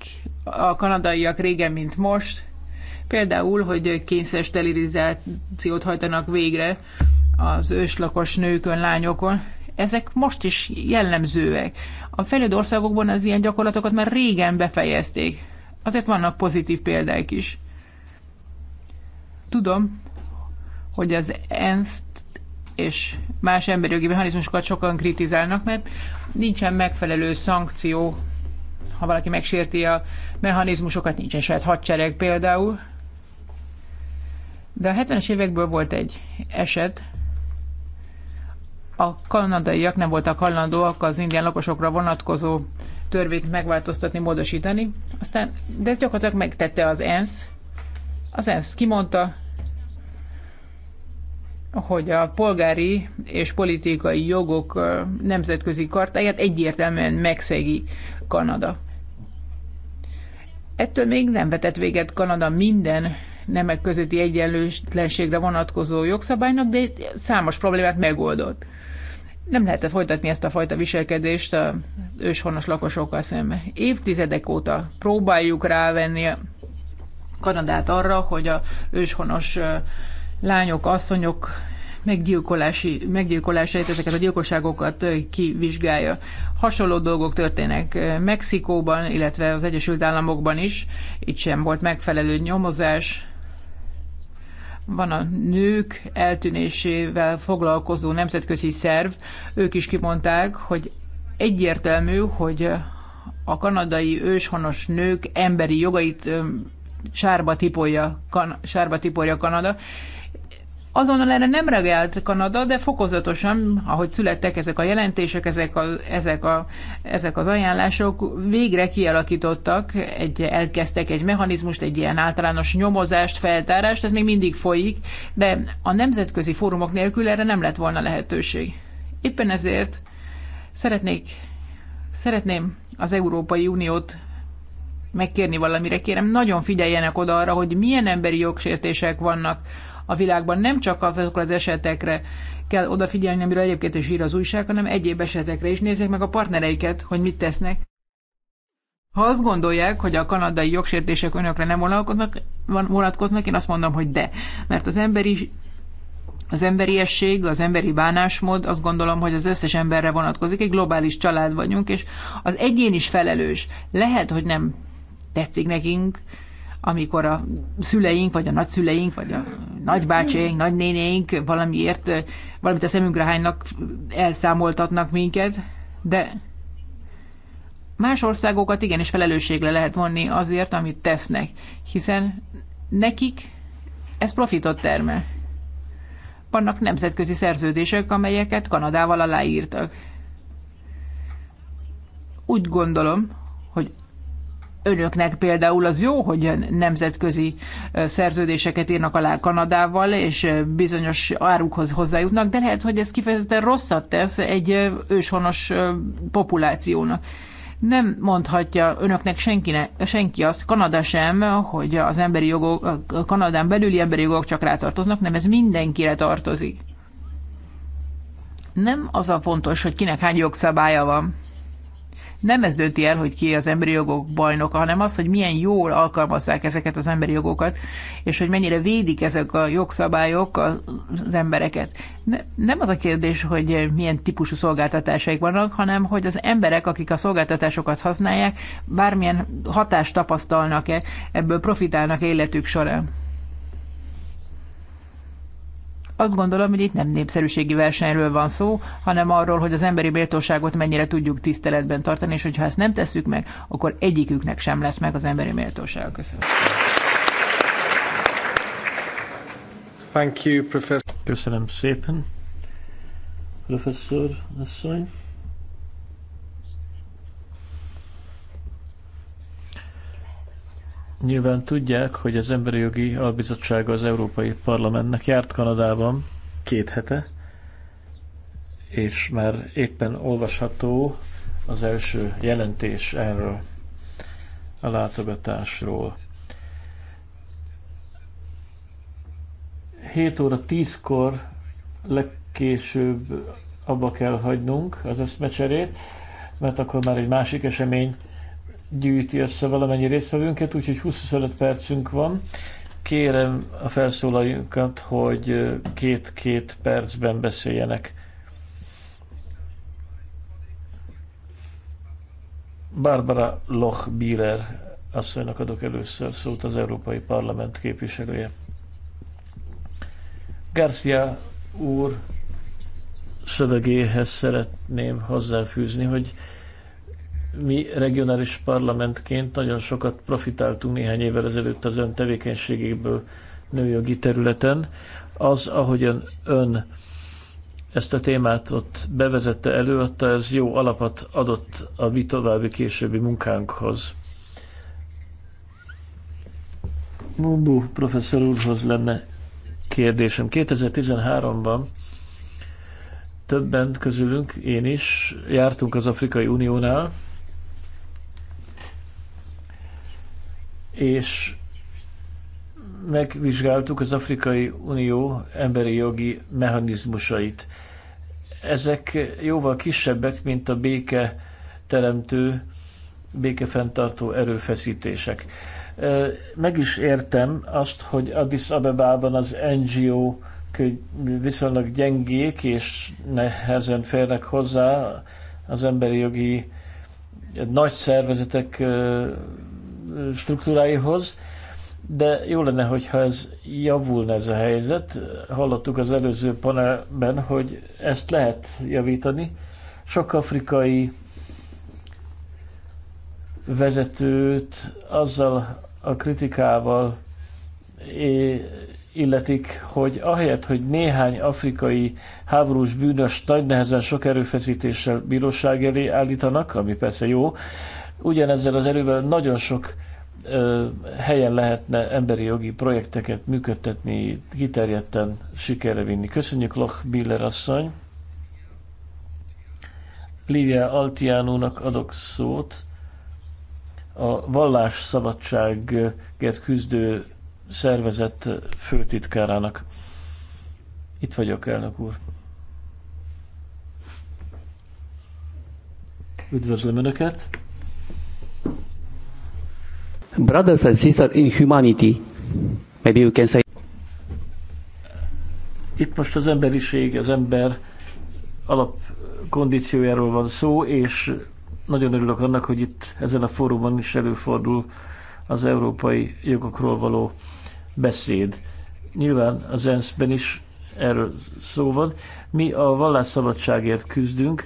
a kanadaiak régen, mint most. Például, hogy kényszer sterilizációt hajtanak végre az őslakos nőkön, lányokon, ezek most is jellemzőek. A fejlődő országokban az ilyen gyakorlatokat már régen befejezték. Azért vannak pozitív példák is. Tudom, hogy az ENSZ és más emberjogi mechanizmusokat sokan kritizálnak, mert nincsen megfelelő szankció, ha valaki megsérti a mechanizmusokat, nincsen saját hadsereg például. De a 70-es évekből volt egy eset, a kanadaiak nem voltak hajlandóak az indián lakosokra vonatkozó törvényt megváltoztatni, módosítani. Aztán, de ezt gyakorlatilag megtette az ENSZ. Az ENSZ kimondta, hogy a polgári és politikai jogok nemzetközi kartáját egyértelműen megszegi Kanada. Ettől még nem vetett véget Kanada minden nemek közötti egyenlőtlenségre vonatkozó jogszabálynak, de számos problémát megoldott nem lehetett folytatni ezt a fajta viselkedést az őshonos lakosokkal szemben. Évtizedek óta próbáljuk rávenni Kanadát arra, hogy a őshonos lányok, asszonyok meggyilkolási, meggyilkolásait, ezeket a gyilkosságokat kivizsgálja. Hasonló dolgok történnek Mexikóban, illetve az Egyesült Államokban is. Itt sem volt megfelelő nyomozás, van a nők eltűnésével foglalkozó nemzetközi szerv, ők is kimondták, hogy egyértelmű, hogy a kanadai őshonos nők emberi jogait sárba tipolja, kan, sárba tipolja Kanada, Azonnal erre nem reagált Kanada, de fokozatosan, ahogy születtek ezek a jelentések, ezek, a, ezek, a, ezek az ajánlások, végre kialakítottak, egy, elkezdtek egy mechanizmust, egy ilyen általános nyomozást, feltárást, ez még mindig folyik, de a nemzetközi fórumok nélkül erre nem lett volna lehetőség. Éppen ezért szeretnék, szeretném az Európai Uniót megkérni valamire, kérem, nagyon figyeljenek oda arra, hogy milyen emberi jogsértések vannak a világban. Nem csak azokra az esetekre kell odafigyelni, amiről egyébként is ír az újság, hanem egyéb esetekre is nézzék meg a partnereiket, hogy mit tesznek. Ha azt gondolják, hogy a kanadai jogsértések önökre nem vonatkoznak, vonatkoznak én azt mondom, hogy de. Mert az emberi az emberiesség, az emberi bánásmód azt gondolom, hogy az összes emberre vonatkozik, egy globális család vagyunk, és az egyén is felelős. Lehet, hogy nem tetszik nekünk amikor a szüleink, vagy a nagyszüleink, vagy a nagybácsénk, nagynénénk valamiért, valamit a szemünkre hánynak elszámoltatnak minket, de más országokat igenis felelősségre lehet vonni azért, amit tesznek, hiszen nekik ez profitot termel. Vannak nemzetközi szerződések, amelyeket Kanadával aláírtak. Úgy gondolom, hogy Önöknek például az jó, hogy nemzetközi szerződéseket írnak alá Kanadával, és bizonyos árukhoz hozzájutnak, de lehet, hogy ez kifejezetten rosszat tesz egy őshonos populációnak. Nem mondhatja önöknek senkine, senki azt, Kanada sem, hogy az emberi jogok, a Kanadán belüli emberi jogok csak rátartoznak, nem ez mindenkire tartozik. Nem az a fontos, hogy kinek hány jogszabálya van nem ez dönti el, hogy ki az emberi jogok bajnoka, hanem az, hogy milyen jól alkalmazzák ezeket az emberi jogokat, és hogy mennyire védik ezek a jogszabályok az embereket. Ne, nem az a kérdés, hogy milyen típusú szolgáltatásaik vannak, hanem hogy az emberek, akik a szolgáltatásokat használják, bármilyen hatást tapasztalnak-e, ebből profitálnak életük során. Azt gondolom, hogy itt nem népszerűségi versenyről van szó, hanem arról, hogy az emberi méltóságot mennyire tudjuk tiszteletben tartani, és hogyha ezt nem tesszük meg, akkor egyiküknek sem lesz meg az emberi méltóság. Köszönöm. Thank you, professor. Köszönöm szépen, professzor asszony. Nyilván tudják, hogy az Emberi Jogi Albizottsága az Európai Parlamentnek járt Kanadában két hete, és már éppen olvasható az első jelentés erről a látogatásról. 7 óra 10-kor legkésőbb abba kell hagynunk az eszmecserét, mert akkor már egy másik esemény gyűjti össze valamennyi résztvevőnket, úgyhogy 25 percünk van. Kérem a felszólalókat, hogy két-két percben beszéljenek. Barbara Loch-Bieler asszonynak adok először szót, az Európai Parlament képviselője. Garcia úr szövegéhez szeretném hozzáfűzni, hogy mi regionális parlamentként nagyon sokat profitáltunk néhány évvel ezelőtt az ön tevékenységéből nőjogi területen. Az, ahogyan ön ezt a témát ott bevezette, előadta, ez jó alapot adott a mi további későbbi munkánkhoz. Mumbu professzor úrhoz lenne kérdésem. 2013-ban többen közülünk, én is, jártunk az Afrikai Uniónál, és megvizsgáltuk az Afrikai Unió emberi jogi mechanizmusait. Ezek jóval kisebbek, mint a béke teremtő, békefenntartó erőfeszítések. Meg is értem azt, hogy Addis Abebában az ngo viszonylag gyengék, és nehezen férnek hozzá az emberi jogi nagy szervezetek struktúráihoz, de jó lenne, hogyha ez javulna ez a helyzet. Hallottuk az előző panelben, hogy ezt lehet javítani. Sok afrikai vezetőt azzal a kritikával illetik, hogy ahelyett, hogy néhány afrikai háborús bűnös nagy nehezen sok erőfeszítéssel bíróság elé állítanak, ami persze jó, ugyanezzel az erővel nagyon sok ö, helyen lehetne emberi jogi projekteket működtetni, kiterjedten sikerre vinni. Köszönjük Loch Biller asszony. Lívia Altiánónak adok szót. A vallás szabadságért küzdő szervezet főtitkárának. Itt vagyok, elnök úr. Üdvözlöm Önöket! Brothers and sisters in humanity. Maybe you can say. Itt most az emberiség, az ember kondíciójáról van szó, és nagyon örülök annak, hogy itt ezen a fórumon is előfordul az európai jogokról való beszéd. Nyilván az ENSZ-ben is erről szó van. Mi a vallásszabadságért küzdünk,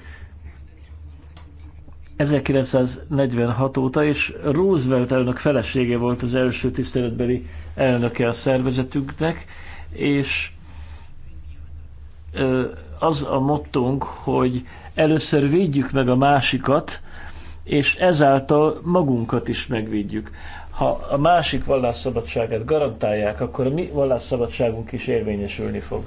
1946 óta, és Roosevelt elnök felesége volt az első tiszteletbeli elnöke a szervezetünknek, és az a mottunk, hogy először védjük meg a másikat, és ezáltal magunkat is megvédjük. Ha a másik vallásszabadságát garantálják, akkor a mi vallásszabadságunk is érvényesülni fog.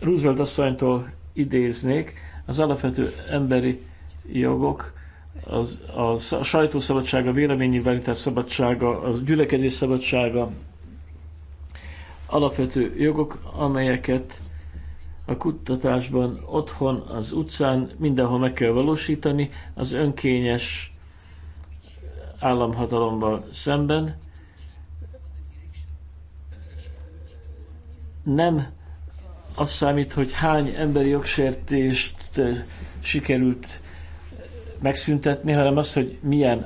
Roosevelt asszonytól idéznék, az alapvető emberi jogok, az, a sajtószabadsága, a véleménynyilvánítás szabadsága, a gyülekezés szabadsága, alapvető jogok, amelyeket a kutatásban, otthon, az utcán, mindenhol meg kell valósítani, az önkényes államhatalomban szemben. Nem azt számít, hogy hány emberi jogsértést eh, sikerült eh, megszüntetni, hanem az, hogy milyen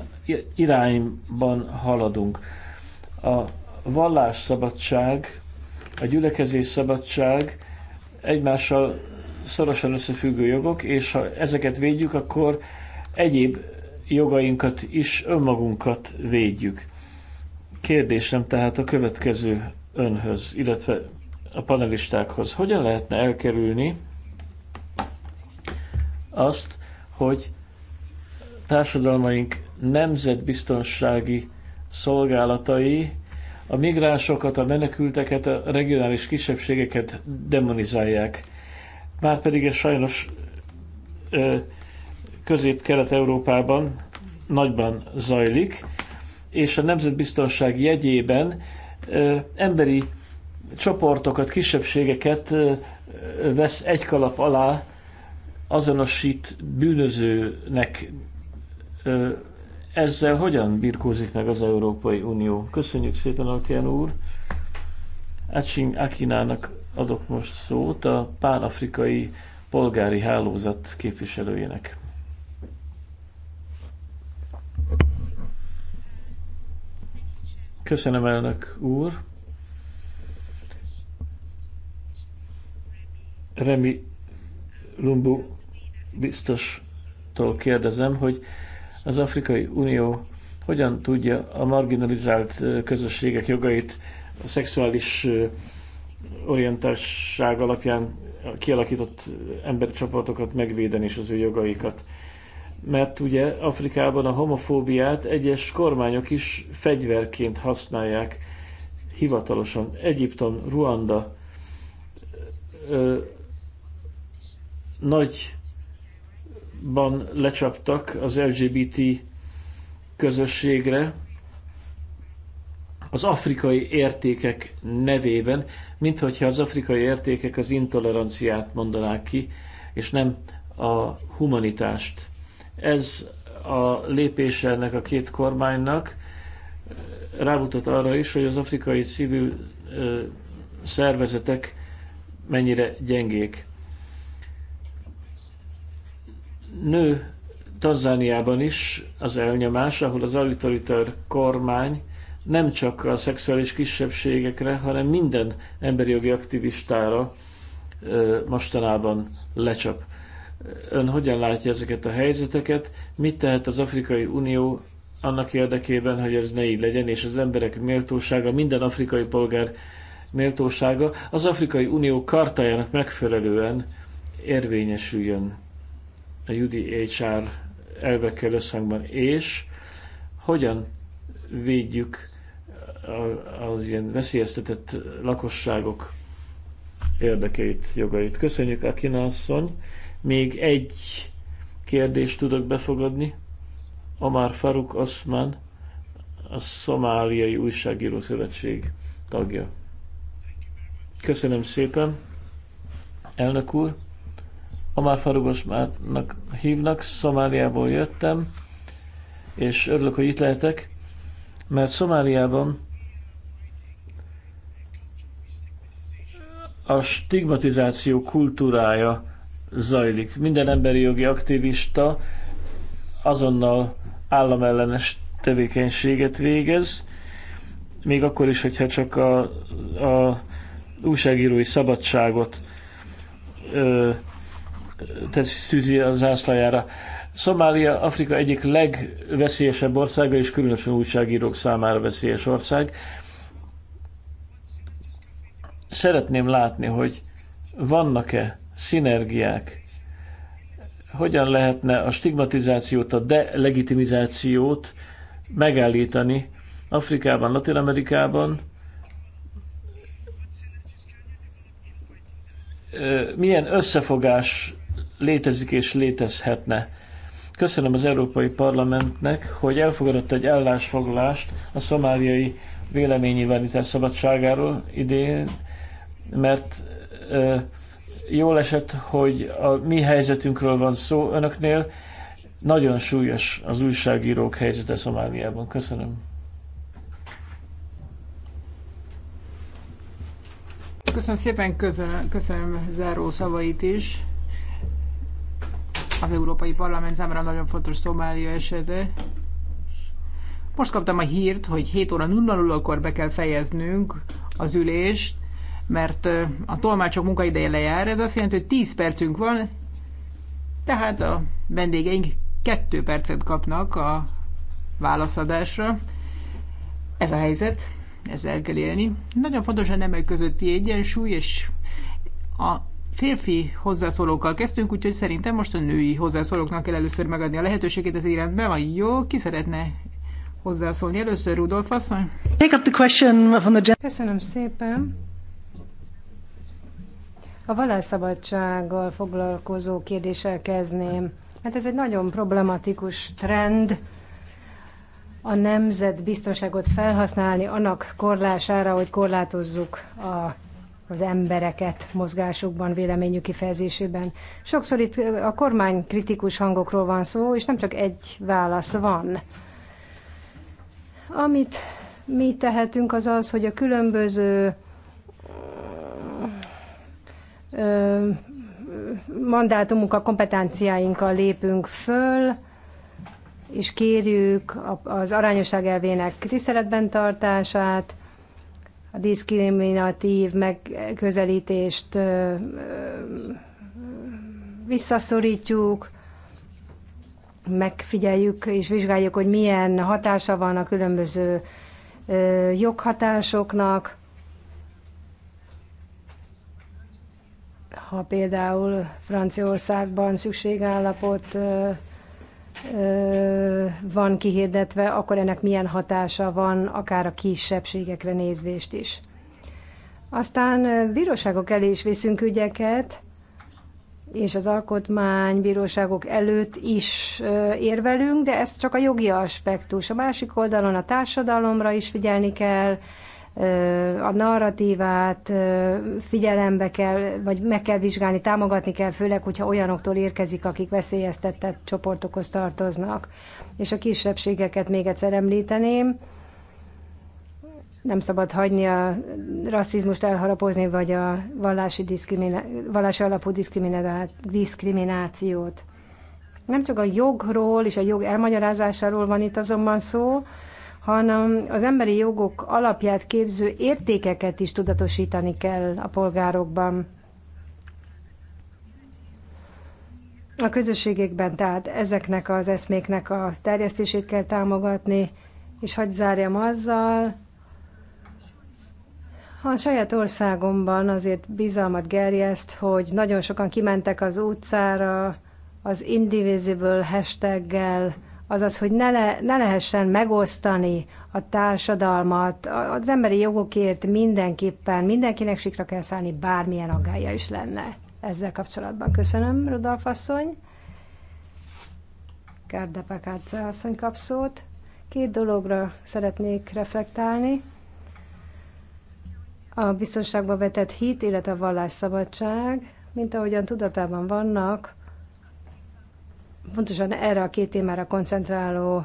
irányban haladunk. A vallásszabadság, a gyülekezés szabadság egymással szorosan összefüggő jogok, és ha ezeket védjük, akkor egyéb jogainkat is önmagunkat védjük. Kérdésem tehát a következő önhöz, illetve a panelistákhoz. Hogyan lehetne elkerülni azt, hogy társadalmaink nemzetbiztonsági szolgálatai a migránsokat, a menekülteket, a regionális kisebbségeket demonizálják. Márpedig ez sajnos közép-kelet-európában nagyban zajlik, és a nemzetbiztonság jegyében emberi csoportokat, kisebbségeket vesz egy kalap alá, azonosít bűnözőnek. Ezzel hogyan birkózik meg az Európai Unió? Köszönjük szépen, Altian úr! Acsing Akinának adok most szót a pánafrikai polgári hálózat képviselőjének. Köszönöm, elnök úr! Remi Lumbu biztostól kérdezem, hogy az Afrikai Unió hogyan tudja a marginalizált közösségek jogait a szexuális orientáltság alapján kialakított embercsapatokat megvédeni és az ő jogaikat. Mert ugye Afrikában a homofóbiát egyes kormányok is fegyverként használják hivatalosan. Egyiptom, Ruanda, nagyban lecsaptak az LGBT közösségre az afrikai értékek nevében, mint az afrikai értékek az intoleranciát mondanák ki, és nem a humanitást. Ez a lépése ennek a két kormánynak rámutat arra is, hogy az afrikai civil szervezetek mennyire gyengék nő Tanzániában is az elnyomás, ahol az autoritár kormány nem csak a szexuális kisebbségekre, hanem minden emberi jogi aktivistára mostanában lecsap. Ön hogyan látja ezeket a helyzeteket? Mit tehet az Afrikai Unió annak érdekében, hogy ez ne így legyen, és az emberek méltósága, minden afrikai polgár méltósága az Afrikai Unió kartájának megfelelően érvényesüljön? a HR elvekkel összhangban, és hogyan védjük az ilyen veszélyeztetett lakosságok érdekeit, jogait. Köszönjük, Akina asszony. Még egy kérdést tudok befogadni. Amar Faruk Osman, a Szomáliai Újságíró Szövetség tagja. Köszönöm szépen, elnök úr. Farugos Márnak hívnak, Szomáliából jöttem, és örülök, hogy itt lehetek, mert Szomáliában a stigmatizáció kultúrája zajlik. Minden emberi jogi aktivista azonnal államellenes tevékenységet végez, még akkor is, hogyha csak a, a újságírói szabadságot ö, tűzi a zászlajára. Szomália Afrika egyik legveszélyesebb országa, és különösen újságírók számára veszélyes ország. Szeretném látni, hogy vannak-e szinergiák, hogyan lehetne a stigmatizációt, a delegitimizációt megállítani Afrikában, Latin-Amerikában, milyen összefogás létezik és létezhetne. Köszönöm az Európai Parlamentnek, hogy elfogadott egy állásfoglalást a szomáliai véleménynyilvánítás szabadságáról idén, mert ö, jól esett, hogy a mi helyzetünkről van szó önöknél. Nagyon súlyos az újságírók helyzete Szomáliában. Köszönöm. Köszönöm szépen, köszönöm, köszönöm záró szavait is az Európai Parlament számára nagyon fontos Szomália esete. Most kaptam a hírt, hogy 7 óra 00-kor be kell fejeznünk az ülést, mert a tolmácsok munkaideje lejár, ez azt jelenti, hogy 10 percünk van, tehát a vendégeink 2 percet kapnak a válaszadásra. Ez a helyzet, ezzel kell élni. Nagyon fontos a nemek közötti egyensúly, és a férfi hozzászólókkal kezdtünk, úgyhogy szerintem most a női hozzászólóknak kell először megadni a lehetőségét, ez így rendben van. Jó, ki szeretne hozzászólni? Először Rudolf asszony. Take up the question from the... Köszönöm szépen. A vallásszabadsággal foglalkozó kérdéssel kezdném. Hát ez egy nagyon problematikus trend, a nemzetbiztonságot felhasználni annak korlására, hogy korlátozzuk a az embereket mozgásukban, véleményük kifejezésében. Sokszor itt a kormány kritikus hangokról van szó, és nem csak egy válasz van. Amit mi tehetünk az az, hogy a különböző mandátumunkkal, kompetenciáinkkal lépünk föl, és kérjük az arányosság elvének tiszteletben tartását, a diszkriminatív megközelítést visszaszorítjuk, megfigyeljük és vizsgáljuk, hogy milyen hatása van a különböző joghatásoknak. Ha például Franciaországban szükségállapot van kihirdetve, akkor ennek milyen hatása van akár a kisebbségekre nézvést is. Aztán bíróságok elé is viszünk ügyeket, és az alkotmány bíróságok előtt is érvelünk, de ez csak a jogi aspektus. A másik oldalon a társadalomra is figyelni kell, a narratívát figyelembe kell, vagy meg kell vizsgálni, támogatni kell, főleg, hogyha olyanoktól érkezik, akik veszélyeztetett csoportokhoz tartoznak. És a kisebbségeket még egyszer említeném, nem szabad hagyni a rasszizmust elharapozni, vagy a vallási, diszkriminá- vallási alapú diszkriminációt. Nem csak a jogról és a jog elmagyarázásáról van itt azonban szó, hanem az emberi jogok alapját képző értékeket is tudatosítani kell a polgárokban. A közösségekben tehát ezeknek az eszméknek a terjesztését kell támogatni, és hagy zárjam azzal, a saját országomban azért bizalmat gerjeszt, hogy nagyon sokan kimentek az utcára az Indivisible hashtaggel, azaz, hogy ne, le, ne lehessen megosztani a társadalmat, az emberi jogokért mindenképpen mindenkinek sikra kell szállni, bármilyen aggája is lenne ezzel kapcsolatban. Köszönöm, Rudolf asszony. Pekáce asszony kap szót. Két dologra szeretnék reflektálni. A biztonságba vetett hit, illetve a vallásszabadság, mint ahogyan tudatában vannak, pontosan erre a két témára koncentráló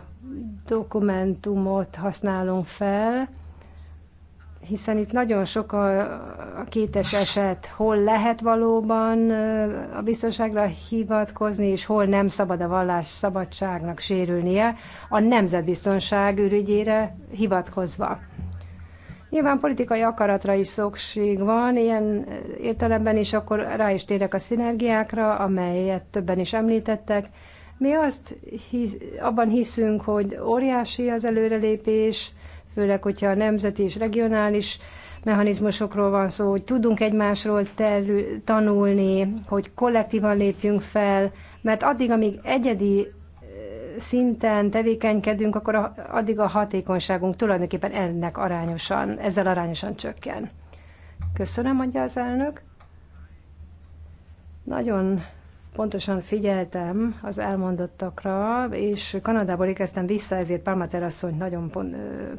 dokumentumot használunk fel, hiszen itt nagyon sok a, a kétes eset, hol lehet valóban a biztonságra hivatkozni, és hol nem szabad a vallás szabadságnak sérülnie, a nemzetbiztonság ürügyére hivatkozva. Nyilván politikai akaratra is szükség van, ilyen értelemben is akkor rá is térek a szinergiákra, amelyet többen is említettek. Mi azt hisz, abban hiszünk, hogy óriási az előrelépés, főleg, hogyha a nemzeti és regionális mechanizmusokról van szó, hogy tudunk egymásról terül, tanulni, hogy kollektívan lépjünk fel, mert addig, amíg egyedi szinten tevékenykedünk, akkor a, addig a hatékonyságunk tulajdonképpen ennek arányosan, ezzel arányosan csökken. Köszönöm, mondja az elnök. Nagyon pontosan figyeltem az elmondottakra, és Kanadából érkeztem vissza, ezért Palmater Terasszonyt nagyon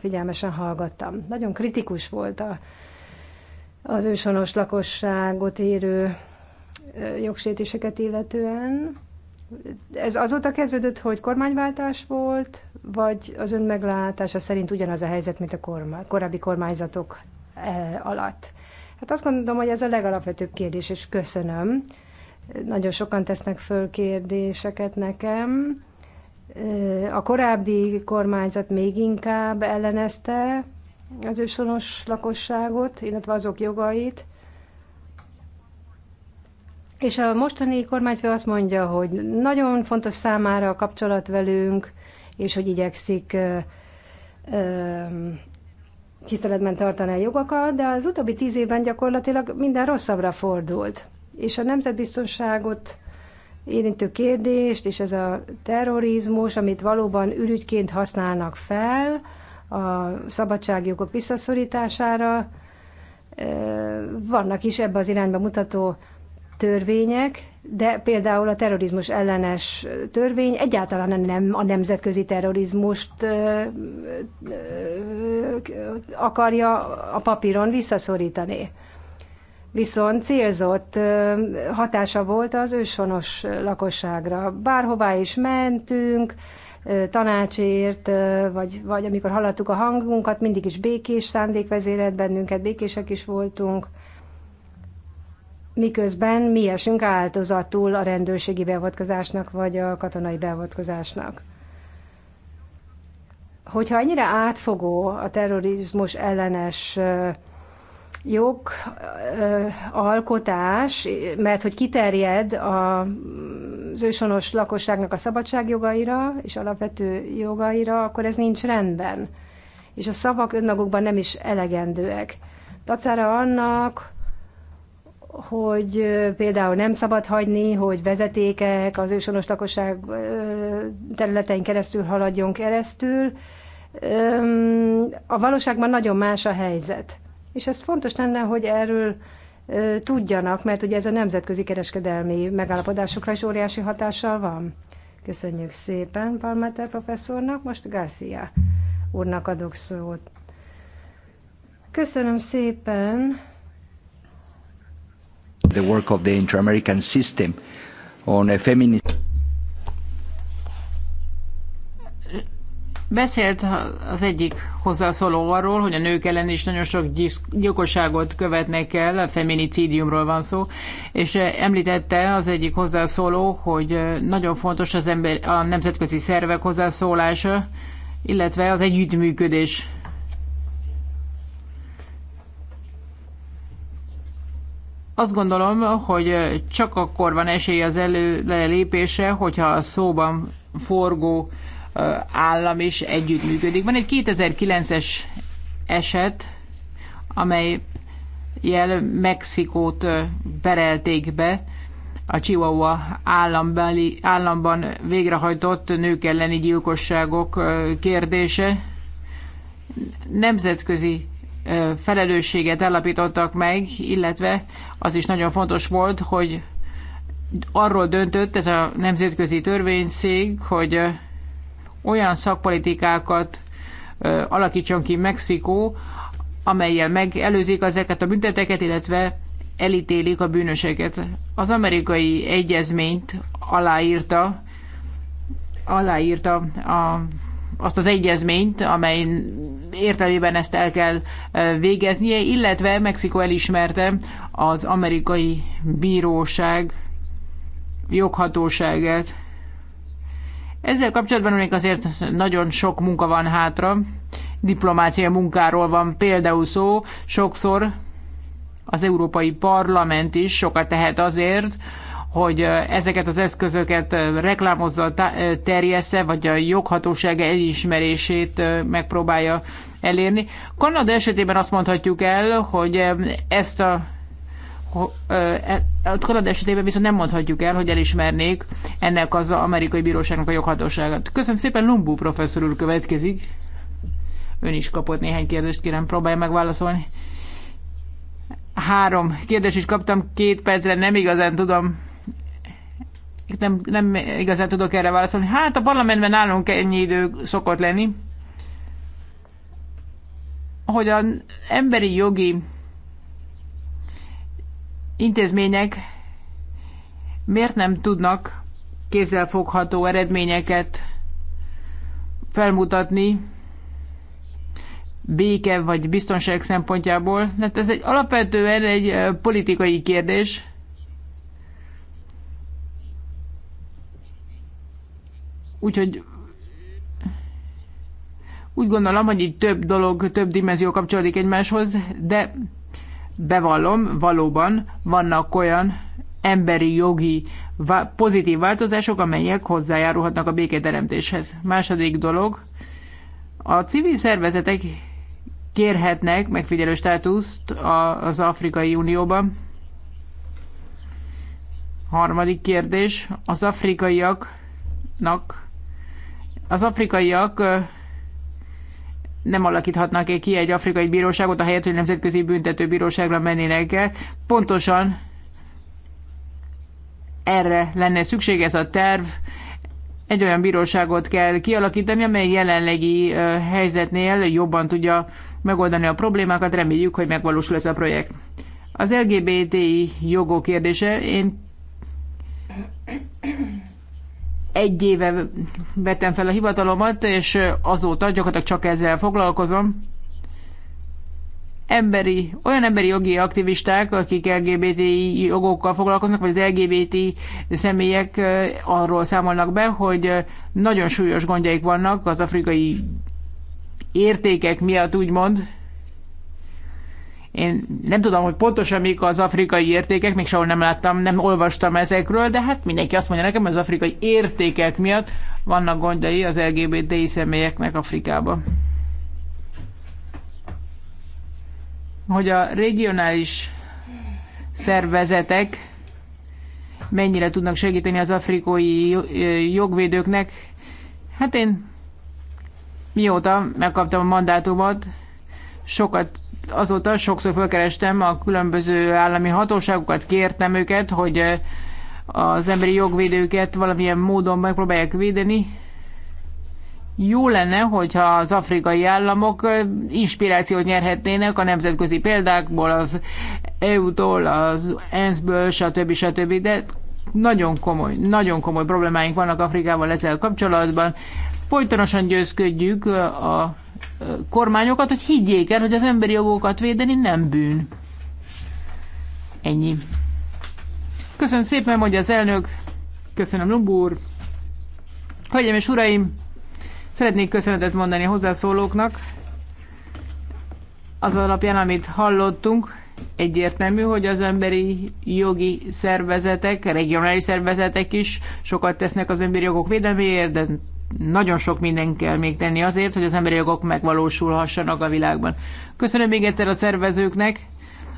figyelmesen hallgattam. Nagyon kritikus volt a, az őshonos lakosságot érő jogsértéseket illetően. Ez azóta kezdődött, hogy kormányváltás volt, vagy az ön meglátása szerint ugyanaz a helyzet, mint a kormány, korábbi kormányzatok alatt? Hát azt gondolom, hogy ez a legalapvetőbb kérdés, és köszönöm nagyon sokan tesznek föl kérdéseket nekem. A korábbi kormányzat még inkább ellenezte az őshonos lakosságot, illetve azok jogait. És a mostani kormányfő azt mondja, hogy nagyon fontos számára a kapcsolat velünk, és hogy igyekszik tiszteletben tartani a jogokat, de az utóbbi tíz évben gyakorlatilag minden rosszabbra fordult és a nemzetbiztonságot érintő kérdést, és ez a terrorizmus, amit valóban ürügyként használnak fel a szabadságjogok visszaszorítására, vannak is ebbe az irányba mutató törvények, de például a terrorizmus ellenes törvény egyáltalán nem a nemzetközi terrorizmust akarja a papíron visszaszorítani viszont célzott hatása volt az őshonos lakosságra. Bárhová is mentünk, tanácsért, vagy, vagy amikor hallottuk a hangunkat, mindig is békés szándék vezérelt bennünket, békések is voltunk, miközben mi esünk áltozatul a rendőrségi beavatkozásnak, vagy a katonai beavatkozásnak. Hogyha ennyire átfogó a terrorizmus ellenes jogalkotás, mert hogy kiterjed a, az ősonos lakosságnak a szabadságjogaira és alapvető jogaira, akkor ez nincs rendben. És a szavak önmagukban nem is elegendőek. Tacára annak, hogy például nem szabad hagyni, hogy vezetékek az ősonos lakosság területein keresztül haladjon keresztül. A valóságban nagyon más a helyzet. És ez fontos lenne, hogy erről tudjanak, mert ugye ez a nemzetközi kereskedelmi megállapodásokra is óriási hatással van. Köszönjük szépen Palmater professzornak, most Garcia úrnak adok szót. Köszönöm szépen. The work of the Inter-American System on a feminist Beszélt az egyik hozzászóló arról, hogy a nők ellen is nagyon sok gyilkosságot követnek el, a feminicidiumról van szó, és eh, említette az egyik hozzászóló, hogy eh, nagyon fontos az ember, a nemzetközi szervek hozzászólása, illetve az együttműködés. Azt gondolom, hogy eh, csak akkor van esély az előlépése, hogyha a szóban forgó állam is együttműködik. Van egy 2009-es eset, amely jel Mexikót perelték be a Chihuahua állambeli, államban végrehajtott nők elleni gyilkosságok kérdése. Nemzetközi felelősséget állapítottak meg, illetve az is nagyon fontos volt, hogy arról döntött ez a nemzetközi törvényszék, hogy olyan szakpolitikákat alakítson ki Mexikó, amelyel megelőzik ezeket a bünteteket, illetve elítélik a bűnöseket. Az amerikai egyezményt aláírta, aláírta a, azt az egyezményt, amely értelmében ezt el kell végeznie, illetve Mexikó elismerte az amerikai bíróság joghatóságát. Ezzel kapcsolatban még azért nagyon sok munka van hátra, diplomácia munkáról van például szó, sokszor az Európai Parlament is sokat tehet azért, hogy ezeket az eszközöket reklámozza, terjesze, vagy a joghatóság elismerését megpróbálja elérni. Kanada esetében azt mondhatjuk el, hogy ezt a E, a Kanada esetében viszont nem mondhatjuk el, hogy elismernék ennek az amerikai bíróságnak a joghatóságát. Köszönöm szépen, Lumbú professzor úr következik. Ön is kapott néhány kérdést, kérem, próbálja megválaszolni. Három kérdést is kaptam, két percre nem igazán tudom nem, nem igazán tudok erre válaszolni. Hát a parlamentben nálunk ennyi idő szokott lenni, hogy az emberi jogi intézmények miért nem tudnak kézzelfogható eredményeket felmutatni béke vagy biztonság szempontjából. Hát ez egy alapvetően egy politikai kérdés. Úgyhogy úgy gondolom, hogy itt több dolog, több dimenzió kapcsolódik egymáshoz, de bevallom, valóban vannak olyan emberi jogi pozitív változások, amelyek hozzájárulhatnak a békéteremtéshez. Második dolog, a civil szervezetek kérhetnek megfigyelő státuszt az Afrikai Unióban. Harmadik kérdés, az afrikaiaknak az afrikaiak nem alakíthatnak -e ki egy afrikai bíróságot, a helyett, hogy nemzetközi bíróságra mennének el. Pontosan erre lenne szükség ez a terv. Egy olyan bíróságot kell kialakítani, amely jelenlegi helyzetnél jobban tudja megoldani a problémákat. Reméljük, hogy megvalósul ez a projekt. Az LGBTI jogok kérdése, én egy éve vettem fel a hivatalomat, és azóta gyakorlatilag csak ezzel foglalkozom. Emberi, olyan emberi jogi aktivisták, akik LGBT jogokkal foglalkoznak, vagy az LGBT személyek arról számolnak be, hogy nagyon súlyos gondjaik vannak az afrikai értékek miatt, úgymond, én nem tudom, hogy pontosan mik az afrikai értékek, még sehol nem láttam, nem olvastam ezekről, de hát mindenki azt mondja nekem, hogy az afrikai értékek miatt vannak gondjai az LGBTI személyeknek Afrikában. Hogy a regionális szervezetek mennyire tudnak segíteni az afrikai jogvédőknek. Hát én mióta megkaptam a mandátumot, sokat azóta sokszor felkerestem a különböző állami hatóságokat, kértem őket, hogy az emberi jogvédőket valamilyen módon megpróbálják védeni. Jó lenne, hogyha az afrikai államok inspirációt nyerhetnének a nemzetközi példákból, az EU-tól, az ENSZ-ből, stb. stb. De nagyon komoly, nagyon komoly problémáink vannak Afrikával ezzel kapcsolatban. Folytonosan győzködjük a kormányokat, hogy higgyék el, hogy az emberi jogokat védeni nem bűn. Ennyi. Köszönöm szépen, mondja az elnök. Köszönöm, Lumbúr. Hölgyeim és uraim, szeretnék köszönetet mondani a hozzászólóknak. Az alapján, amit hallottunk, egyértelmű, hogy az emberi jogi szervezetek, regionális szervezetek is sokat tesznek az emberi jogok védelméért, de nagyon sok minden kell még tenni azért, hogy az emberi jogok megvalósulhassanak a világban. Köszönöm még egyszer a szervezőknek,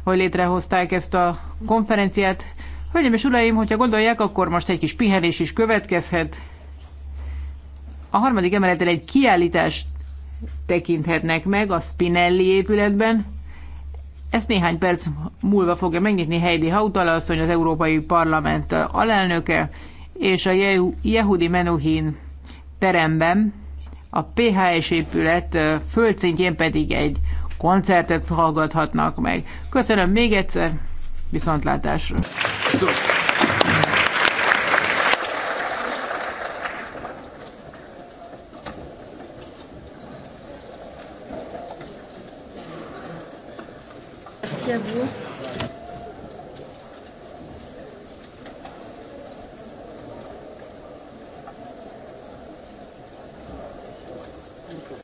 hogy létrehozták ezt a konferenciát. Hölgyeim és uraim, hogyha gondolják, akkor most egy kis pihenés is következhet. A harmadik emeleten egy kiállítást tekinthetnek meg a Spinelli épületben. Ezt néhány perc múlva fogja megnyitni Heidi Hautala asszony, az Európai Parlament alelnöke, és a Jehudi Menuhin teremben, a PHS épület földszintjén pedig egy koncertet hallgathatnak meg. Köszönöm még egyszer, viszontlátásra! Szóval.